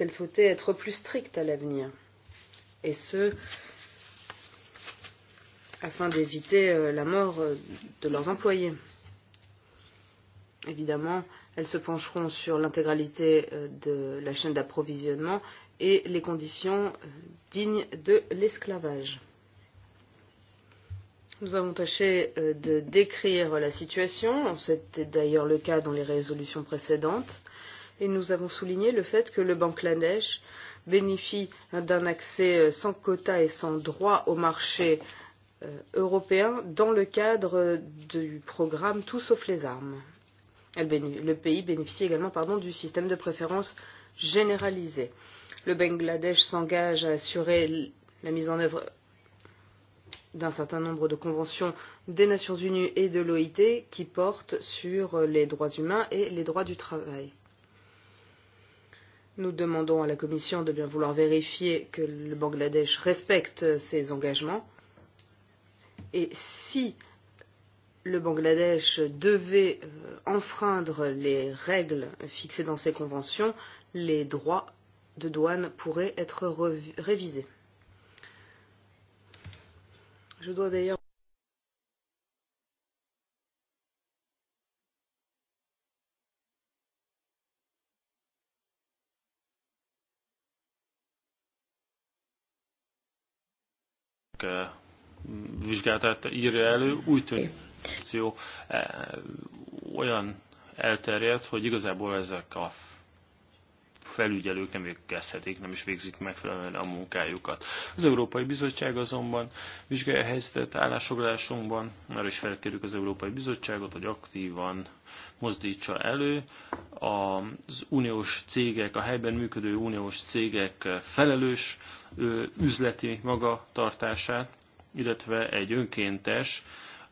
qu'elle souhaitait être plus stricte à l'avenir, et ce, afin d'éviter euh, la mort euh, de leurs employés. Évidemment, elles se pencheront sur l'intégralité euh, de la chaîne d'approvisionnement et les conditions dignes de l'esclavage. Nous avons tâché de décrire la situation, c'était d'ailleurs le cas dans les résolutions précédentes, et nous avons souligné le fait que le Bangladesh bénéficie d'un accès euh, sans quota et sans droit au marché euh, européen dans le cadre euh, du programme Tout sauf les armes. Le pays bénéficie également pardon, du système de préférence généralisé. Le Bangladesh s'engage à assurer la mise en œuvre d'un certain nombre de conventions des Nations Unies et de l'OIT qui portent sur les droits humains et les droits du travail. Nous demandons à la Commission de bien vouloir vérifier que le Bangladesh respecte ses engagements. Et si le Bangladesh devait euh, enfreindre les règles fixées dans ces conventions, les droits de douane pourraient être révisés. Je dois d'ailleurs pszichiátert írja elő, úgy tűnik, e, olyan elterjedt, hogy igazából ezek a felügyelők nem végezhetik, nem is végzik megfelelően a munkájukat. Az Európai Bizottság azonban vizsgálja a helyzetet állásfoglalásunkban, már is felkérjük az Európai Bizottságot, hogy aktívan mozdítsa elő az uniós cégek, a helyben működő uniós cégek felelős üzleti magatartását, illetve egy önkéntes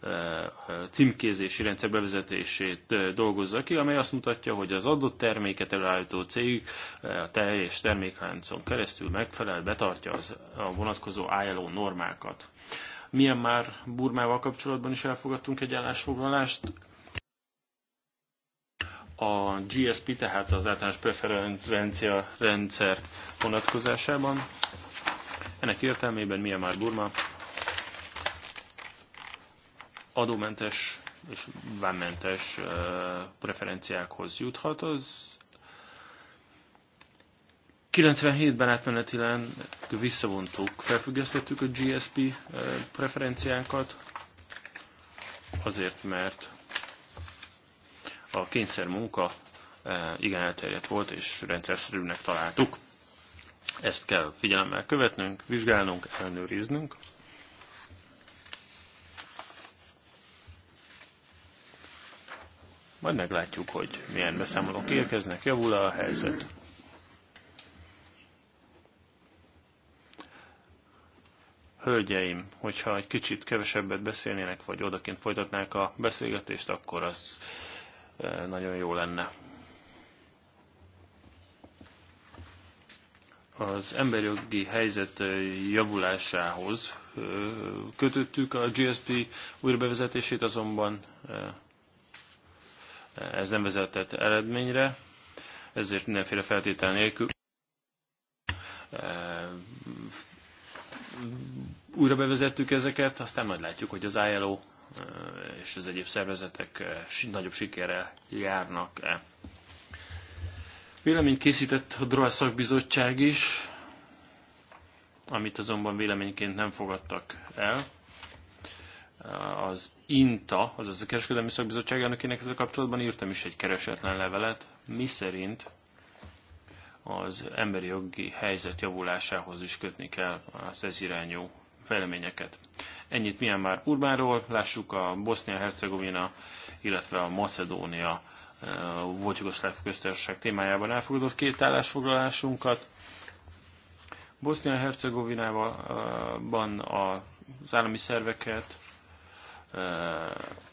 e, e, címkézési rendszer bevezetését e, dolgozza ki, amely azt mutatja, hogy az adott terméket előállító cég a teljes termékláncon keresztül megfelel, betartja az, a vonatkozó ILO normákat. Milyen már Burmával kapcsolatban is elfogadtunk egy állásfoglalást, a GSP, tehát az általános preferencia rendszer vonatkozásában. Ennek értelmében már Burma adómentes és vámmentes preferenciákhoz juthat, az 97-ben átmenetileg visszavontuk, felfüggesztettük a GSP preferenciánkat, azért mert a kényszer munka igen elterjedt volt, és rendszerszerűnek találtuk. Ezt kell figyelemmel követnünk, vizsgálnunk, ellenőriznünk. Majd meglátjuk, hogy milyen beszámolók érkeznek, javul a helyzet. Hölgyeim, hogyha egy kicsit kevesebbet beszélnének, vagy odakint folytatnák a beszélgetést, akkor az eh, nagyon jó lenne. az emberjogi helyzet eh, javulásához eh, kötöttük a GSP újrabevezetését, azonban ez nem vezetett eredményre, ezért mindenféle feltétel nélkül e, újra bevezettük ezeket, aztán majd látjuk, hogy az ILO e, és az egyéb szervezetek e, nagyobb sikerrel járnak-e. Véleményt készített a DROA szakbizottság is, amit azonban véleményként nem fogadtak el az INTA, azaz a Kereskedelmi Szakbizottság elnökének ezzel kapcsolatban írtam is egy keresetlen levelet, mi szerint az emberi jogi helyzet javulásához is kötni kell az ez irányú fejleményeket. Ennyit milyen már Urbánról, lássuk a Bosznia-Hercegovina, illetve a Macedónia eh, volt Jugoszláv köztársaság témájában elfogadott két állásfoglalásunkat. Bosznia-Hercegovinában eh, az állami szerveket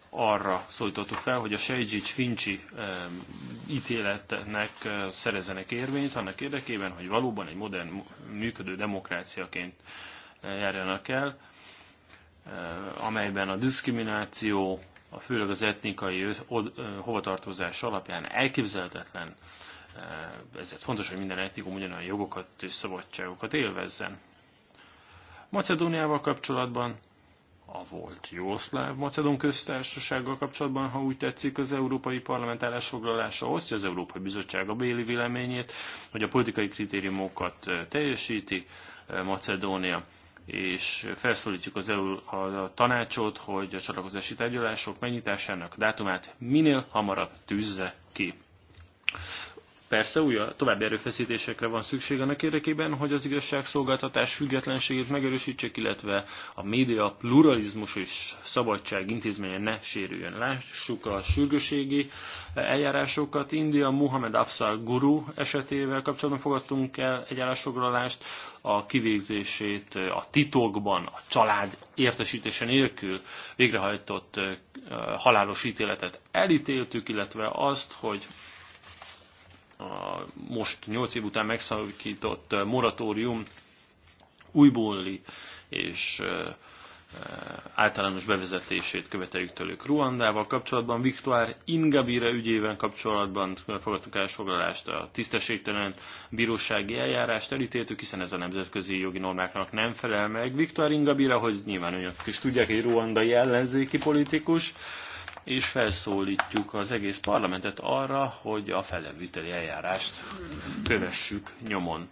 arra szólítottuk fel, hogy a Sejdzsics Fincsi ítéletnek szerezenek érvényt annak érdekében, hogy valóban egy modern, működő demokráciaként járjanak el, amelyben a diszkrimináció, a főleg az etnikai hovatartozás alapján elképzelhetetlen, ezért fontos, hogy minden etnikum ugyanolyan jogokat és szabadságokat élvezzen. Macedóniával kapcsolatban a volt Jószláv Macedon köztársasággal kapcsolatban, ha úgy tetszik, az Európai Parlament állásfoglalása osztja az Európai Bizottság a béli véleményét, hogy a politikai kritériumokat eh, teljesíti eh, Macedónia, és felszólítjuk az EU, a tanácsot, hogy a csatlakozási tárgyalások megnyitásának dátumát minél hamarabb tűzze ki. Persze újra további erőfeszítésekre van szükség annak érdekében, hogy az igazságszolgáltatás függetlenségét megerősítsék, illetve a média pluralizmus és szabadság intézménye ne sérüljön. Lássuk a sürgőségi eljárásokat. India Muhammad Afsar Guru esetével kapcsolatban fogadtunk el egy állásfoglalást, a kivégzését a titokban, a család értesítése nélkül végrehajtott eh, halálos ítéletet elítéltük, illetve azt, hogy a most 8 év után megszakított eh, moratórium újbóli és eh, eh, általános bevezetését követeljük tőlük. Ruandával kapcsolatban Viktor Ingabire ügyében kapcsolatban fogadtuk elsoglalást, a tisztességtelen bírósági eljárást elítéltük, hiszen ez a nemzetközi jogi normáknak nem felel meg. Viktor Ingabire, hogy nyilván önök is tudják, egy ruandai ellenzéki politikus, és felszólítjuk az egész parlamentet arra, hogy a felelőviteli eljárást kövessük nyomon.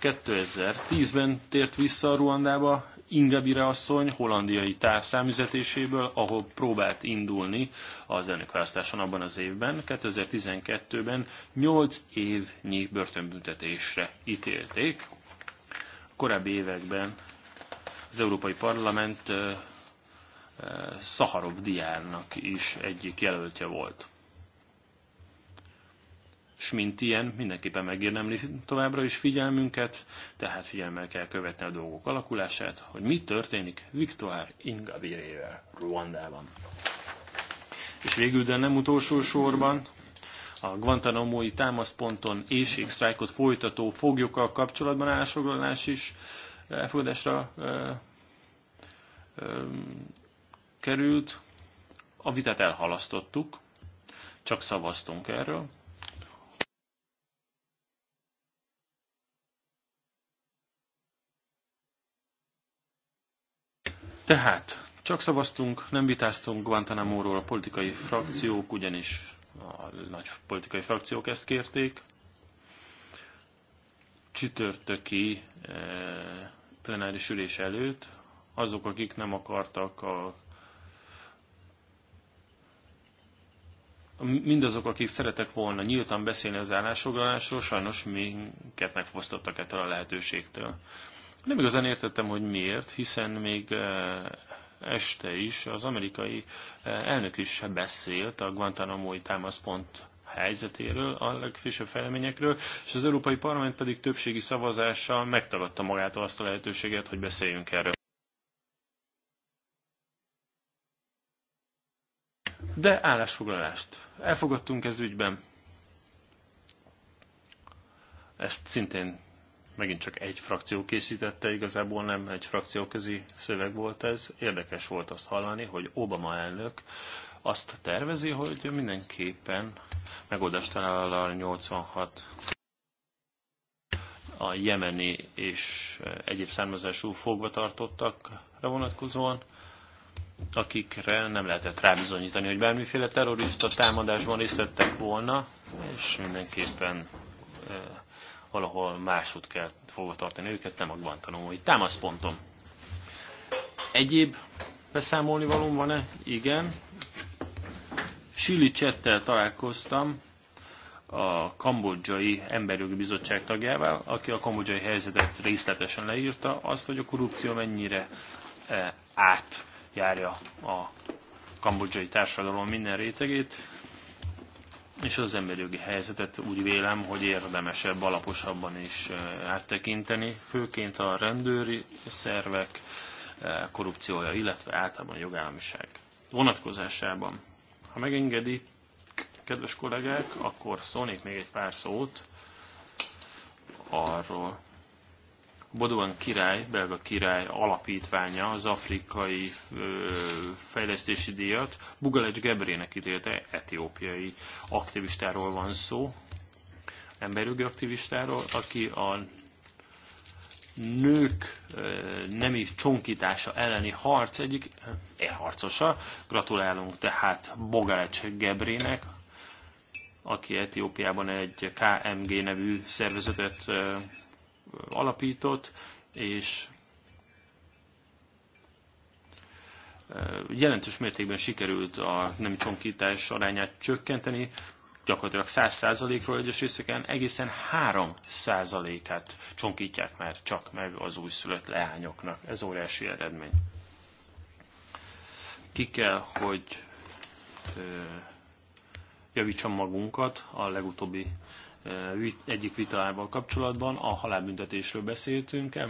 2010-ben tért vissza a Ruandába Ingabire asszony hollandiai társzámüzetéséből, ahol próbált indulni az elnökválasztáson abban az évben. 2012-ben 8 évnyi börtönbüntetésre ítélték. korábbi években az Európai Parlament Eh, Szaharov diárnak is egyik jelöltje volt. S mint ilyen, mindenképpen megérdemli továbbra is figyelmünket, tehát figyelmel kell követni a dolgok alakulását, hogy mi történik Viktor Ingavirével Ruandában. És végül, de nem utolsó sorban, a Guantanamo-i támaszponton éjségsztrájkot folytató foglyokkal kapcsolatban állásfoglalás is elfogadásra eh, eh, került, a vitát elhalasztottuk, csak szavaztunk erről. Tehát, csak szavaztunk, nem vitáztunk Guantanamo-ról a politikai frakciók, ugyanis a nagy politikai frakciók ezt kérték. Csütörtöki eh, plenáris ülés előtt azok, akik nem akartak a mindazok, akik szeretek volna nyíltan beszélni az állásfoglalásról, sajnos minket megfosztottak ettől a lehetőségtől. Nem igazán értettem, hogy miért, hiszen még eh, este is az amerikai eh, elnök is beszélt a Guantanamo-i támaszpont helyzetéről, a legfrissebb fejleményekről, és az Európai Parlament pedig többségi szavazással megtagadta magától azt a lehetőséget, hogy beszéljünk erről. De állásfoglalást elfogadtunk ez ügyben. Ezt szintén megint csak egy frakció készítette, igazából nem egy frakcióközi szöveg volt ez. Érdekes volt azt hallani, hogy Obama elnök azt tervezi, hogy mindenképpen megoldást talál a 86 a jemeni és egyéb származású fogvatartottakra vonatkozóan akikre nem lehetett rábizonyítani, hogy bármiféle terrorista támadásban részt vettek volna, és mindenképpen e, valahol máshogy kell fogva tartani őket, nem a Guantanamo-i támaszpontom. Egyéb beszámolni valóm van-e? Igen. Sili Csettel találkoztam, a kambodzsai emberjogi bizottság tagjával, aki a kambodzsai helyzetet részletesen leírta, azt, hogy a korrupció mennyire át járja a kambodzsai társadalom minden rétegét, és az emberjogi helyzetet úgy vélem, hogy érdemesebb, alaposabban is eh, áttekinteni, főként a rendőri szervek eh, korrupciója, illetve általában jogállamiság vonatkozásában. Ha megengedi, kedves kollégák, akkor szólnék még egy pár szót arról, Bodoan király, belga király alapítványa az afrikai ö, fejlesztési díjat Bugalecs Gebrének ítélte, etiópiai aktivistáról van szó, emberjogi aktivistáról, aki a nők nemi csonkítása elleni harc egyik elharcosa. Gratulálunk tehát Bogalecs Gebrének, aki Etiópiában egy KMG nevű szervezetet alapított, és jelentős mértékben sikerült a nemi csonkítás arányát csökkenteni, gyakorlatilag 100%-ról egyes részeken egészen 3%-át csonkítják már csak meg az újszülött leányoknak. Ez óriási eredmény. Ki kell, hogy javítsam magunkat a legutóbbi Eh, egyik vitával kapcsolatban a halálbüntetésről beszéltünk. Eh,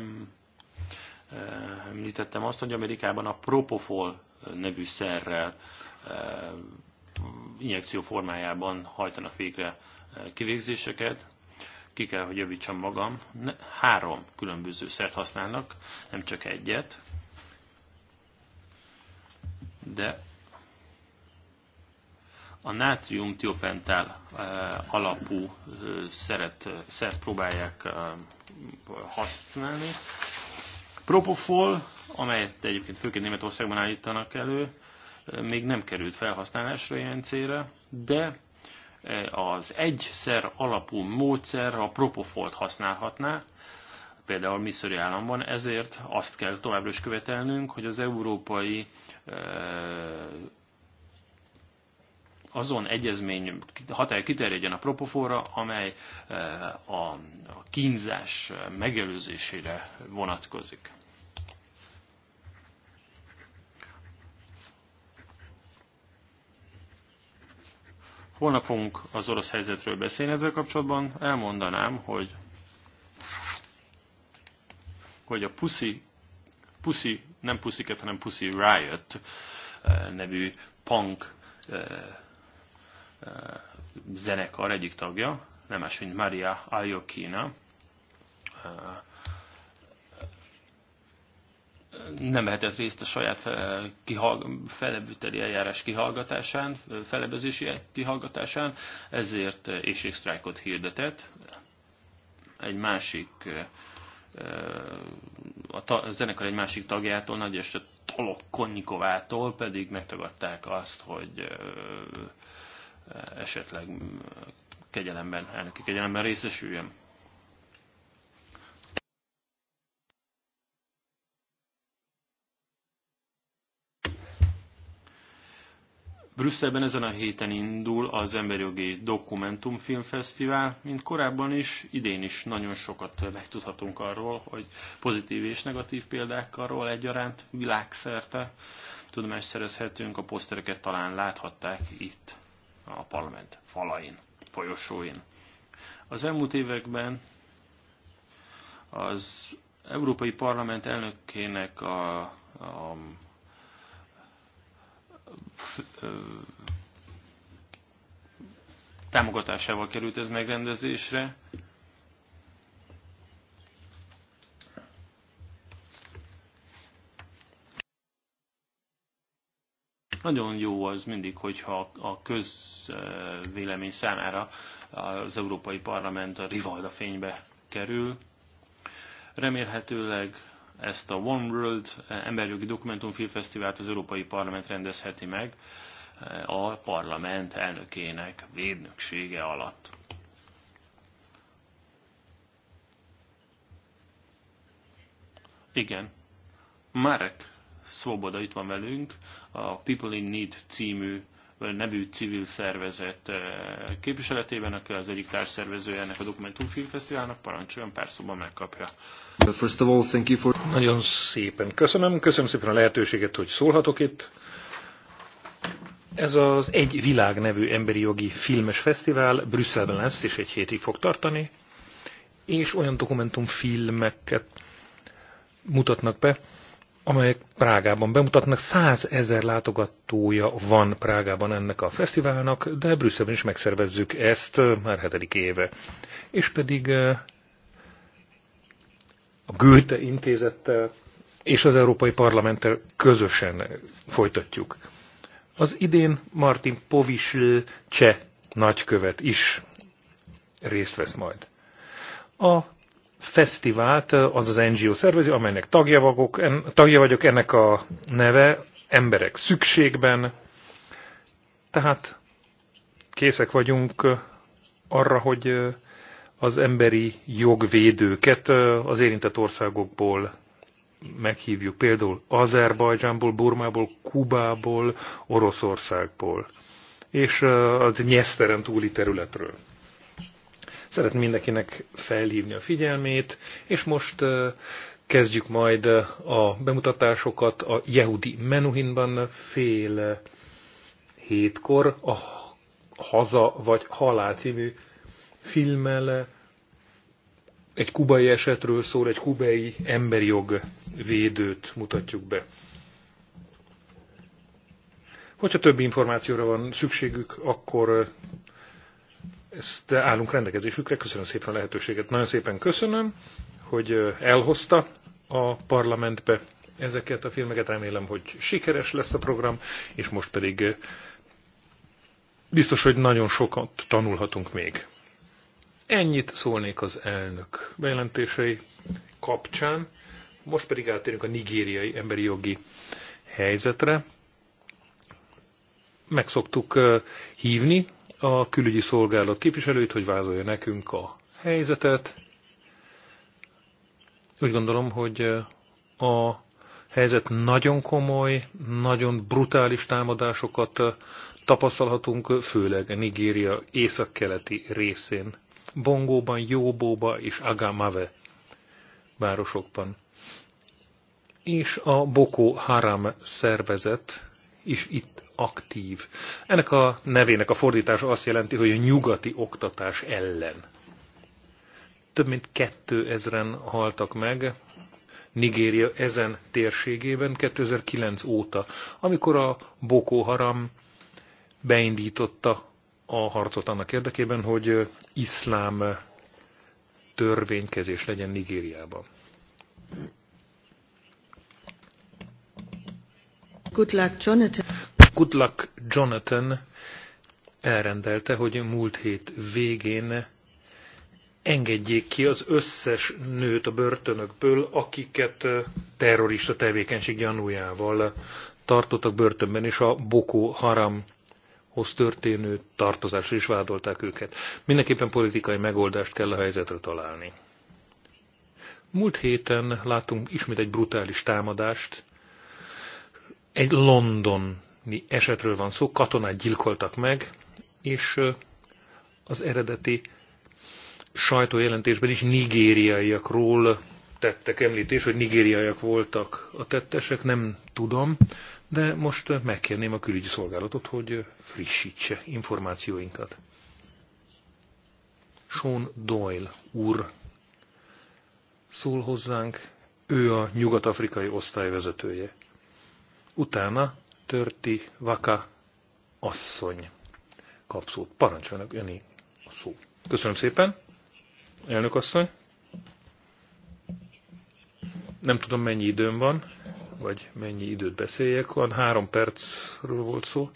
említettem azt, hogy Amerikában a Propofol nevű szerrel eh, injekció formájában hajtanak végre kivégzéseket. Ki kell, hogy javítsam magam. Három különböző szert használnak, nem csak egyet. De a nátrium-tiopentál eh, alapú eh, szeret, szert próbálják eh, használni. Propofol, amelyet egyébként főként Németországban állítanak elő, még nem került felhasználásra ilyen célra, de az egyszer alapú módszer a propofolt használhatná, például Missouri államban, ezért azt kell továbbra is követelnünk, hogy az európai azon egyezmény hatály kiterjedjen a propofóra, amely eh, a kínzás megelőzésére vonatkozik. Holnap fogunk az orosz helyzetről beszélni ezzel kapcsolatban. Elmondanám, hogy, hogy a Pussy, Pussy nem Pussycat, hanem Pussy Riot eh, nevű punk eh, zenekar egyik tagja, nem más, mint Maria Aljokina. Nem vehetett részt a saját eh, felebüteli eljárás kihallgatásán, felebezési kihallgatásán, ezért eh, éjségsztrájkot hirdetett. Egy másik eh, a, ta, a zenekar egy másik tagjától, nagy és Tolok Konnyikovától pedig megtagadták azt, hogy esetleg mm, kegyelemben, elnöki kegyelemben részesüljön. Brüsszelben ezen a héten indul az Emberjogi Dokumentum Filmfesztivál, mint korábban is, idén is nagyon sokat megtudhatunk arról, hogy pozitív és negatív példákról egyaránt világszerte tudomást szerezhetünk, a posztereket talán láthatták itt a parlament falain, folyosóin. Az elmúlt években az Európai Parlament elnökének a, a f, ö, támogatásával került ez megrendezésre. Nagyon jó az mindig, hogyha a közvélemény számára az Európai Parlament a rivalda fénybe kerül. Remélhetőleg ezt a One World emberjogi dokumentumfilmfesztivált az Európai Parlament rendezheti meg eh, a parlament elnökének védnöksége alatt. Igen. Marek Svoboda itt van velünk, a People in Need című nevű civil szervezet eh, képviseletében, aki az egyik társszervezője ennek a dokumentumfilmfesztiválnak, parancsoljon, pár szóban megkapja. First of all, thank you for... Nagyon szépen köszönöm, köszönöm szépen a lehetőséget, hogy szólhatok itt. Ez az Egy Világ nevű emberi jogi filmes fesztivál Brüsszelben lesz, és egy hétig fog tartani, és olyan dokumentumfilmeket mutatnak be, amelyek Prágában bemutatnak. Százezer látogatója van Prágában ennek a fesztiválnak, de Brüsszelben is megszervezzük ezt eh, már hetedik éve. És pedig eh, a Goethe intézettel és az Európai Parlamenttel közösen folytatjuk. Az idén Martin Povisl cseh nagykövet is részt vesz majd. A fesztivált az az NGO szervező, amelynek tagja vagyok, en, tagja vagyok, ennek a neve Emberek szükségben. Tehát készek vagyunk arra, hogy az emberi jogvédőket az érintett országokból meghívjuk, például Azerbajdzsánból, Burmából, Kubából, Oroszországból, és a Nyeszteren túli területről. Szeretném mindenkinek felhívni a figyelmét, és most kezdjük majd a bemutatásokat a Jehudi Menuhinban fél hétkor a Haza vagy Halál című filmmel egy kubai esetről szól, egy kubai emberi jog védőt mutatjuk be. Hogyha több információra van szükségük, akkor ezt állunk rendelkezésükre. Köszönöm szépen a lehetőséget. Nagyon szépen köszönöm, hogy elhozta a parlamentbe ezeket a filmeket. Remélem, hogy sikeres lesz a program, és most pedig biztos, hogy nagyon sokat tanulhatunk még. Ennyit szólnék az elnök bejelentései kapcsán. Most pedig átérünk a nigériai emberi jogi helyzetre. Megszoktuk hívni a külügyi szolgálat képviselőit, hogy vázolja nekünk a helyzetet. Úgy gondolom, hogy eh, a helyzet nagyon komoly, nagyon brutális támadásokat eh, tapasztalhatunk, főleg Nigéria északkeleti részén, Bongóban, Jóbóba és Agamave városokban. És a Boko Haram szervezet is itt aktív. Ennek a nevének a fordítása azt jelenti, hogy a nyugati oktatás ellen. Több mint 2000-en haltak meg Nigéria ezen térségében 2009 óta, amikor a Boko Haram beindította a harcot annak érdekében, hogy iszlám törvénykezés legyen Nigériában. Good luck, Jonathan. Kutlak Jonathan elrendelte, hogy múlt hét végén engedjék ki az összes nőt a börtönökből, akiket terrorista tevékenység gyanújával tartottak börtönben, és a Boko Haram hoz történő tartozásra is vádolták őket. Mindenképpen politikai megoldást kell a helyzetre találni. Múlt héten láttunk ismét egy brutális támadást, egy London mi esetről van szó, katonát gyilkoltak meg, és az eredeti sajtójelentésben is nigériaiakról tettek említést, hogy nigériaiak voltak a tettesek, nem tudom, de most megkérném a külügyi szolgálatot, hogy frissítse információinkat. Sean Doyle úr szól hozzánk, ő a nyugat-afrikai osztály vezetője. Utána Törti Vaka asszony kapszót. Parancsolnak öni a szó. Köszönöm szépen, elnök asszony. Nem tudom, mennyi időm van, vagy mennyi időt beszéljek. Van három percről volt szó.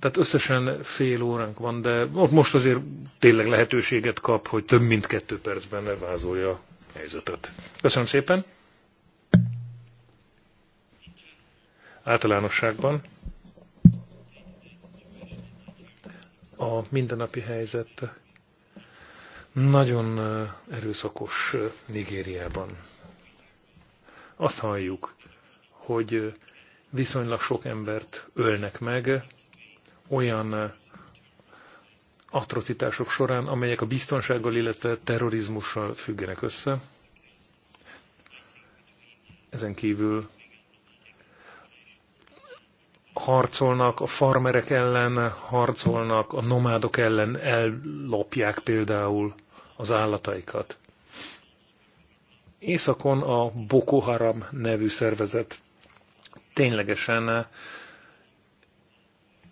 Tehát összesen fél óránk van, de most azért tényleg lehetőséget kap, hogy több mint kettő percben levázolja a helyzetet. Köszönöm szépen! általánosságban. A mindennapi helyzet nagyon erőszakos Nigériában. Azt halljuk, hogy viszonylag sok embert ölnek meg olyan atrocitások során, amelyek a biztonsággal, illetve terrorizmussal függenek össze. Ezen kívül harcolnak, a farmerek ellen harcolnak, a nomádok ellen ellopják például az állataikat. Északon a Boko Haram nevű szervezet ténylegesen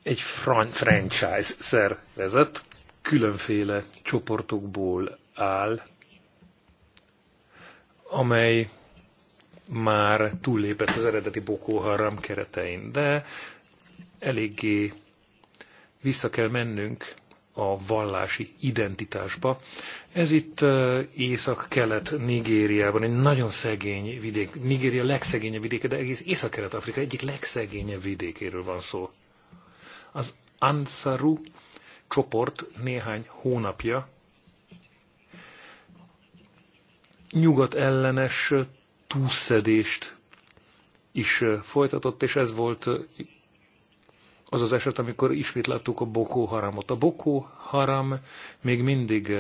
egy franchise szervezet, különféle csoportokból áll, amely már túllépett az eredeti Boko Haram keretein, de eléggé vissza kell mennünk a vallási identitásba. Ez itt észak-kelet Nigériában, egy nagyon szegény vidék. Nigéria legszegényebb vidéke, de egész észak-kelet-Afrika egyik legszegényebb vidékéről van szó. Az Ansaru csoport néhány hónapja nyugat ellenes túszedést is folytatott, és ez volt az az eset, amikor ismét láttuk a Boko Haramot. A Boko Haram még mindig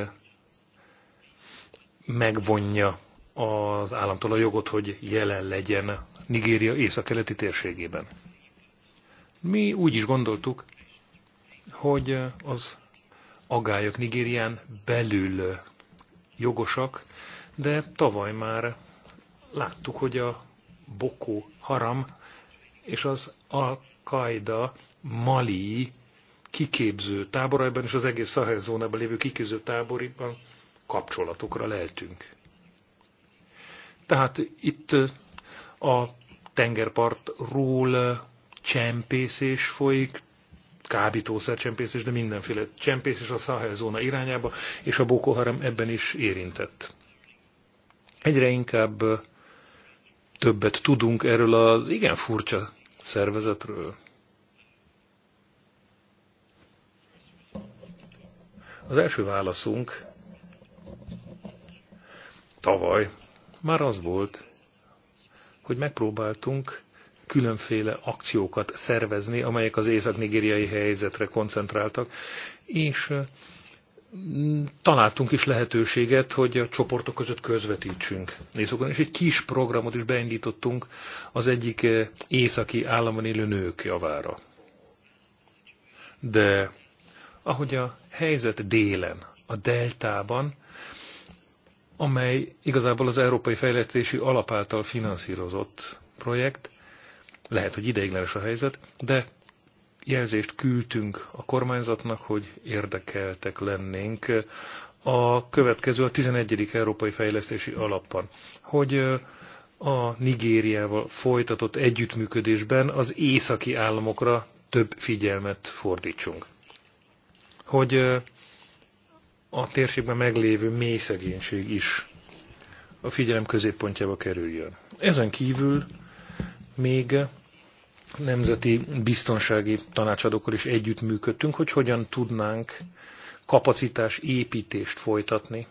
megvonja az államtól a jogot, hogy jelen legyen Nigéria északkeleti térségében. Mi úgy is gondoltuk, hogy az agályok Nigérián belül jogosak, de tavaly már láttuk, hogy a Boko Haram és az Al-Qaeda mali kiképző táboraiban és az egész Sahel zónában lévő kiképző táboriban kapcsolatokra leltünk. Tehát itt a tengerpartról csempészés folyik, kábítószer csempészés, de mindenféle csempészés a Sahel zóna irányába, és a Boko Haram ebben is érintett. Egyre inkább többet tudunk erről az igen furcsa szervezetről. Az első válaszunk tavaly már az volt, hogy megpróbáltunk különféle akciókat szervezni, amelyek az észak-nigériai helyzetre koncentráltak, és találtunk is lehetőséget, hogy a csoportok között közvetítsünk északon, és egy kis programot is beindítottunk az egyik északi államban élő nők javára. De ahogy a helyzet délen, a deltában, amely igazából az Európai Fejlesztési Alap által finanszírozott projekt, lehet, hogy ideiglenes a helyzet, de jelzést küldtünk a kormányzatnak, hogy érdekeltek lennénk a következő, a 11. Európai Fejlesztési Alapban, hogy a Nigériával folytatott együttműködésben az északi államokra több figyelmet fordítsunk hogy a térségben meglévő mély szegénység is a figyelem középpontjába kerüljön. Ezen kívül még nemzeti biztonsági tanácsadókkal is együttműködtünk, hogy hogyan tudnánk kapacitás építést folytatni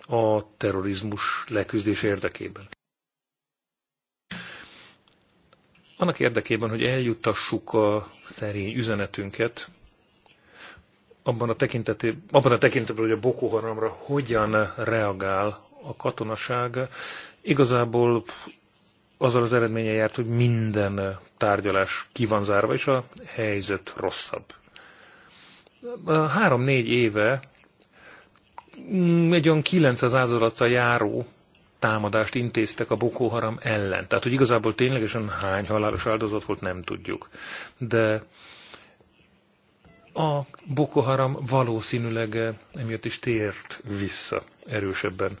a terrorizmus leküzdés érdekében. Annak érdekében, hogy eljuttassuk a szerény üzenetünket abban a, abban a tekintetben, hogy a Boko Haramra hogyan reagál a katonaság, igazából azzal az eredménye járt, hogy minden tárgyalás ki van zárva, és a helyzet rosszabb. Három-négy éve egy olyan 900 áldozattal járó támadást intéztek a Boko Haram ellen. Tehát, hogy igazából ténylegesen hány halálos áldozat volt, nem tudjuk. De a Boko Haram valószínűleg emiatt is tért vissza erősebben.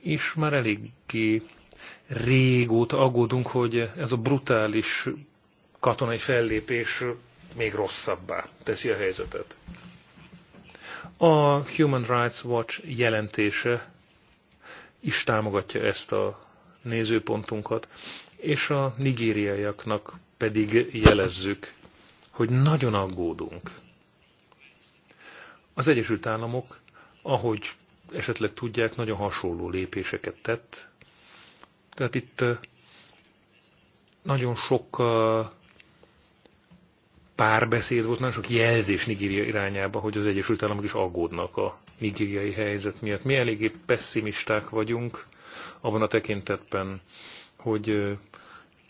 És már eléggé régóta aggódunk, hogy ez a brutális katonai fellépés még rosszabbá teszi a helyzetet. A Human Rights Watch jelentése is támogatja ezt a nézőpontunkat, és a nigériaiaknak pedig jelezzük, hogy nagyon aggódunk. Az Egyesült Államok, ahogy esetleg tudják, nagyon hasonló lépéseket tett. Tehát itt nagyon sok párbeszéd volt, nagyon sok jelzés Nigéria irányába, hogy az Egyesült Államok is aggódnak a nigériai helyzet miatt. Mi eléggé pessimisták vagyunk abban a tekintetben, hogy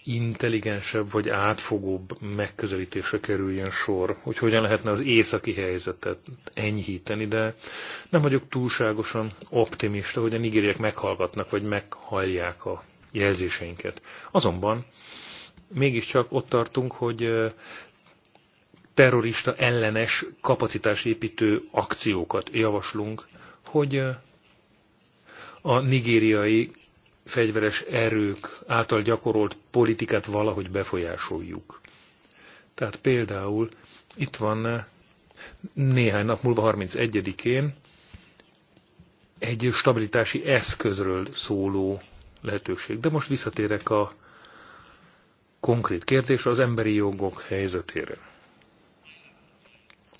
intelligensebb vagy átfogóbb megközelítésre kerüljön sor, hogy hogyan lehetne az északi helyzetet enyhíteni, de nem vagyok túlságosan optimista, hogy a nigériek meghallgatnak vagy meghallják a jelzéseinket. Azonban mégiscsak ott tartunk, hogy terrorista ellenes kapacitásépítő akciókat javaslunk, hogy a nigériai fegyveres erők által gyakorolt politikát valahogy befolyásoljuk. Tehát például itt van eh, néhány nap múlva, 31-én egy stabilitási eszközről szóló lehetőség. De most visszatérek a konkrét kérdésre, az emberi jogok helyzetére.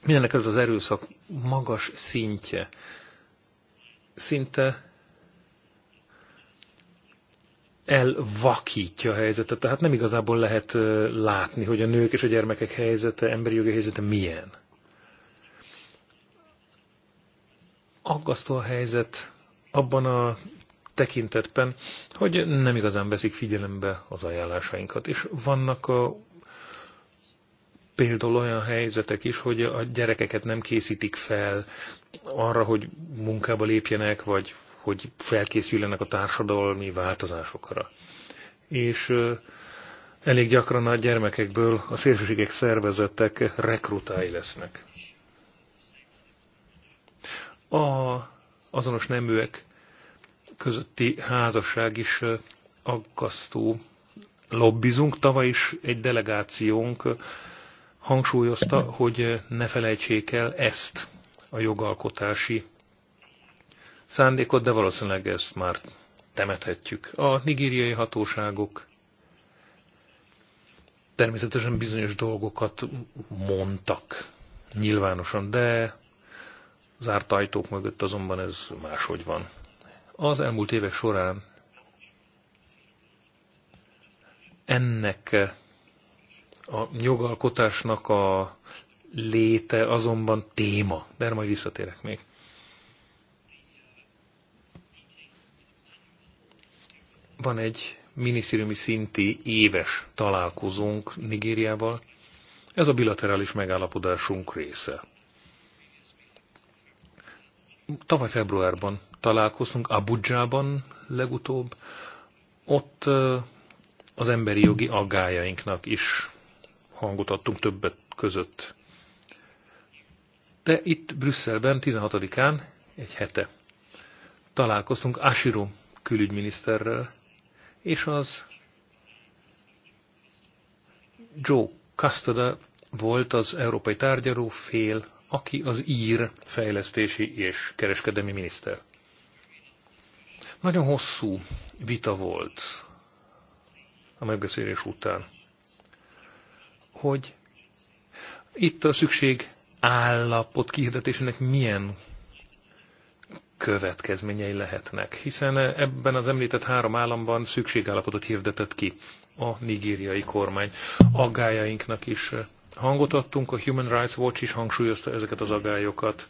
Mindenek az erőszak magas szintje. Szinte elvakítja a helyzetet, tehát nem igazából lehet látni, hogy a nők és a gyermekek helyzete, emberi jogi helyzete milyen. Aggasztó a helyzet abban a tekintetben, hogy nem igazán veszik figyelembe az ajánlásainkat. És vannak a, például olyan helyzetek is, hogy a gyerekeket nem készítik fel arra, hogy munkába lépjenek, vagy hogy felkészüljenek a társadalmi változásokra. És elég gyakran a gyermekekből a szélsőségek szervezetek rekrutái lesznek. A azonos neműek közötti házasság is aggasztó. Lobbizunk, tavaly is egy delegációnk hangsúlyozta, hogy ne felejtsék el ezt a jogalkotási szándékot, de valószínűleg ezt már temethetjük. A nigériai hatóságok természetesen bizonyos dolgokat mondtak nyilvánosan, de zárt ajtók mögött azonban ez máshogy van. Az elmúlt évek során ennek a jogalkotásnak a léte azonban téma, de erre majd visszatérek még. Van egy minisztériumi szinti éves találkozónk Nigériával. Ez a bilaterális megállapodásunk része. Tavaly februárban találkoztunk Abudzsában legutóbb. Ott az emberi jogi aggájainknak is hangot adtunk többet között. De itt Brüsszelben 16-án, egy hete, találkoztunk Asiro külügyminiszterrel, és az Joe Custoda volt az európai tárgyaló fél, aki az ír fejlesztési és kereskedelmi miniszter. Nagyon hosszú vita volt a megbeszélés után, hogy itt a szükség állapot kihirdetésének milyen következményei lehetnek, hiszen ebben az említett három államban szükségállapotot hirdetett ki a nigériai kormány. Aggájainknak is hangot adtunk, a Human Rights Watch is hangsúlyozta ezeket az aggályokat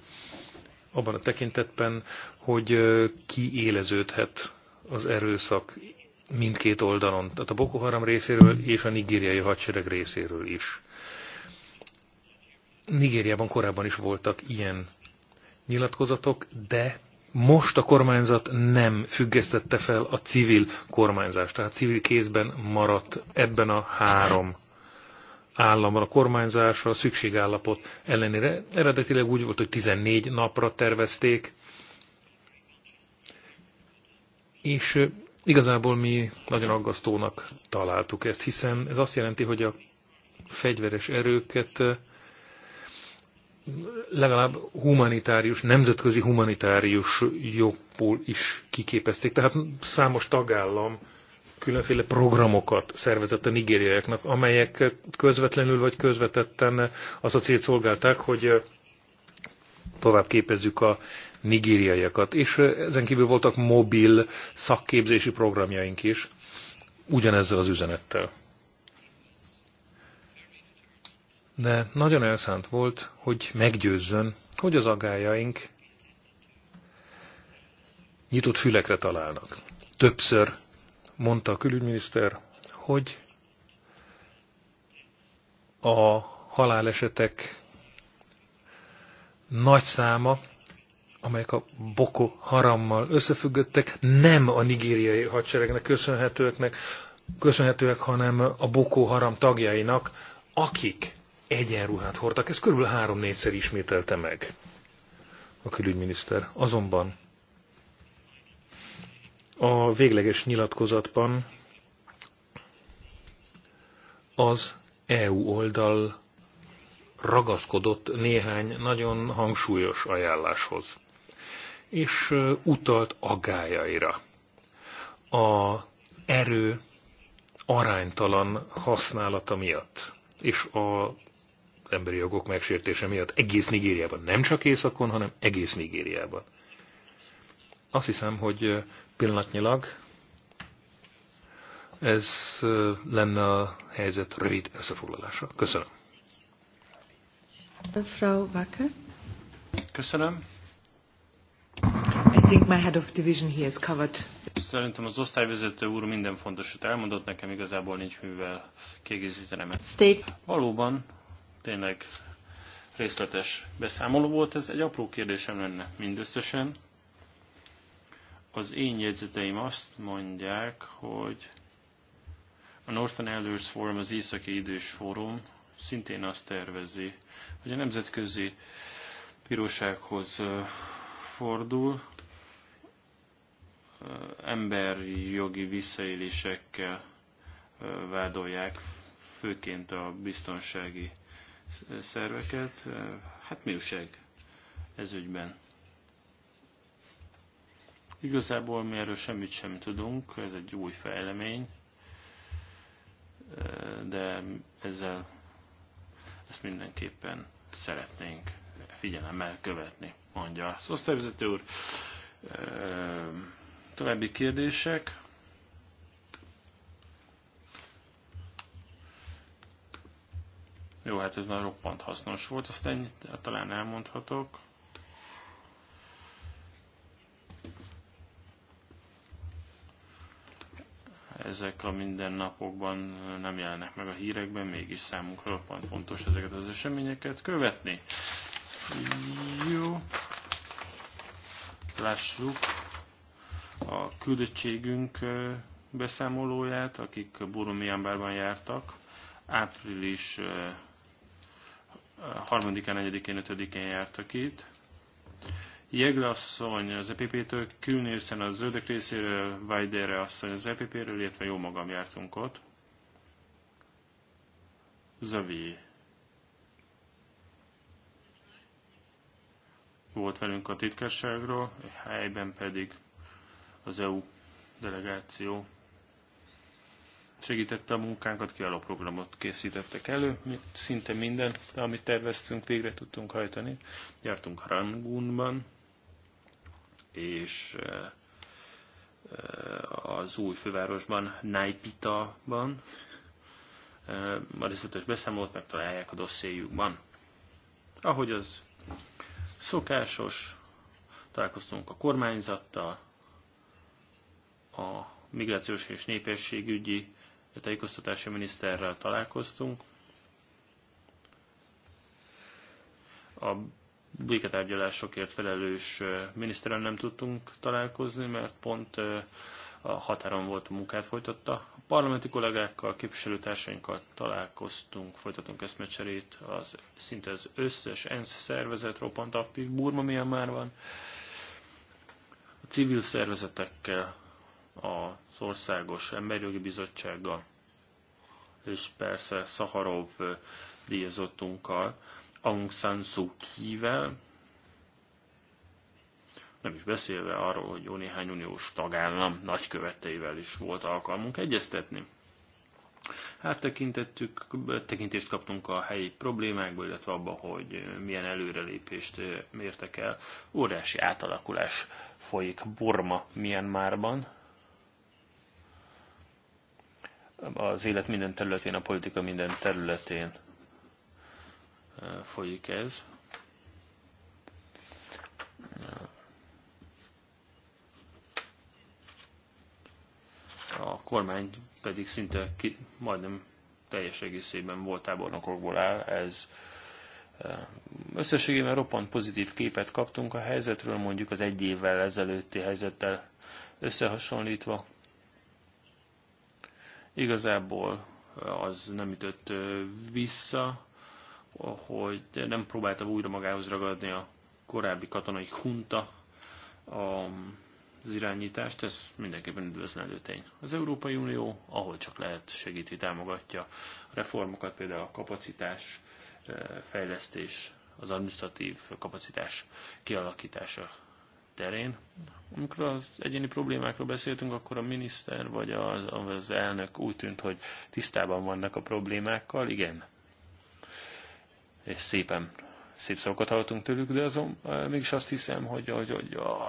abban a tekintetben, hogy kiéleződhet az erőszak mindkét oldalon, tehát a Boko Haram részéről és a nigériai hadsereg részéről is. Nigériában korábban is voltak ilyen nyilatkozatok, de most a kormányzat nem függesztette fel a civil kormányzást, tehát civil kézben maradt ebben a három államban a kormányzásra, a szükségállapot ellenére. Eredetileg úgy volt, hogy 14 napra tervezték, és igazából mi nagyon aggasztónak találtuk ezt, hiszen ez azt jelenti, hogy a fegyveres erőket legalább humanitárius, nemzetközi humanitárius jogból is kiképezték. Tehát számos tagállam különféle programokat szervezett a nigériaiaknak, amelyek közvetlenül vagy közvetetten az a célt szolgálták, hogy tovább képezzük a nigériaiakat. És ezen kívül voltak mobil szakképzési programjaink is, ugyanezzel az üzenettel. de nagyon elszánt volt, hogy meggyőzzön, hogy az agályaink nyitott fülekre találnak. Többször mondta a külügyminiszter, hogy a halálesetek nagy száma, amelyek a Boko Harammal összefüggöttek, nem a nigériai hadseregnek köszönhetőeknek, köszönhetőek, hanem a Boko Haram tagjainak, akik egyenruhát hordtak. Ez körül három-négyszer ismételte meg a külügyminiszter. Azonban a végleges nyilatkozatban az EU oldal ragaszkodott néhány nagyon hangsúlyos ajánláshoz, és utalt agájaira. A erő aránytalan használata miatt, és a emberi jogok megsértése miatt egész Nigériában, nem csak északon, hanem egész Nigériában. Azt hiszem, hogy pillanatnyilag ez lenne a helyzet rövid összefoglalása. Köszönöm. Frau Wacker. Köszönöm. I think my head of division here has covered. Szerintem az osztályvezető úr minden fontosat elmondott, nekem igazából nincs mivel kiegészítenem. State. Valóban tényleg részletes beszámoló volt. Ez egy apró kérdésem lenne mindösszesen. Az én jegyzeteim azt mondják, hogy a Northern Elders Forum, az Északi Idős Fórum szintén azt tervezi, hogy a Nemzetközi Bírósághoz fordul emberi jogi visszaélésekkel vádolják, főként a biztonsági szerveket. Hát mi újság ez ügyben? Igazából mi erről semmit sem tudunk, ez egy új fejlemény, de ezzel ezt mindenképpen szeretnénk figyelemmel követni, mondja az osztályvezető úr. További kérdések. Jó, hát ez nagyon roppant hasznos volt, azt ennyit hát talán elmondhatok. Ezek a mindennapokban nem jelennek meg a hírekben, mégis számunkra roppant fontos ezeket az eseményeket követni. Jó. Lássuk a küldöttségünk beszámolóját, akik Burumiambárban jártak. Április harmadikán, negyedikén, ötödikén jártak itt. Jegle asszony az EPP-től, Külnészen a zöldök részéről, Vajdere asszony az EPP-ről, illetve jó magam jártunk ott. Zavi volt velünk a titkárságról, helyben pedig az EU delegáció segítette a munkánkat, ki programot készítettek elő, szinte minden, amit terveztünk, végre tudtunk hajtani. Jártunk Rangunban, és eh, eh, az új fővárosban, Naipita-ban. Eh, a részletes beszámolót megtalálják a dossziéjukban. Ahogy az szokásos, találkoztunk a kormányzattal, a migrációs és népességügyi a tájékoztatási miniszterrel találkoztunk. A béketárgyalásokért felelős miniszterrel nem tudtunk találkozni, mert pont a határon volt a munkát folytatta. A parlamenti kollégákkal, képviselőtársainkkal találkoztunk, folytatunk eszmecserét, az, szinte az összes ENSZ szervezet roppant aktív, Burma már van. a civil szervezetekkel, az Országos Emberjogi Bizottsággal, és persze Szaharov díjazottunkkal, Aung San Suu Kyi-vel, nem is beszélve arról, hogy jó néhány uniós tagállam nagyköveteivel is volt alkalmunk egyeztetni. Hát tekintettük, tekintést kaptunk a helyi problémákból, illetve abba, hogy milyen előrelépést mértek el. Óriási átalakulás folyik Burma Myanmarban, az élet minden területén, a politika minden területén folyik ez. A kormány pedig szinte ki, majdnem teljes egészében volt tábornokokból áll, ez összességében roppant pozitív képet kaptunk a helyzetről, mondjuk az egy évvel ezelőtti helyzettel összehasonlítva. Igazából az nem ütött vissza, hogy nem próbálta újra magához ragadni a korábbi katonai hunta az irányítást, ez mindenképpen üdvözlendő tény. Az Európai Unió, ahol csak lehet, segíti, támogatja a reformokat, például a kapacitás fejlesztés, az administratív kapacitás kialakítása terén. Amikor az egyéni problémákról beszéltünk, akkor a miniszter vagy az, az elnök úgy tűnt, hogy tisztában vannak a problémákkal, igen. És szépen, szép szavakat hallottunk tőlük, de azon eh, mégis azt hiszem, hogy, hogy, hogy hogy ah,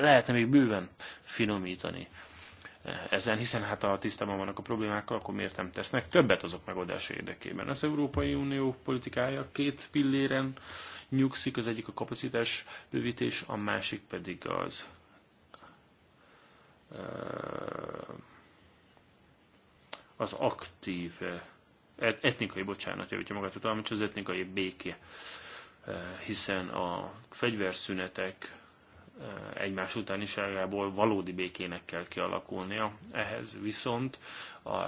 lehetne még bőven finomítani ezen, hiszen hát ha tisztában vannak a problémákkal, akkor miért nem tesznek többet azok megoldása érdekében. Az Európai Unió politikája két pilléren nyugszik, az egyik a kapacitás bővítés, a másik pedig az eh, az aktív eh, etnikai bocsánat, javítja magát a talmács, az etnikai béke, eh, hiszen a fegyverszünetek egymás utániságából valódi békének kell kialakulnia. Ehhez viszont a,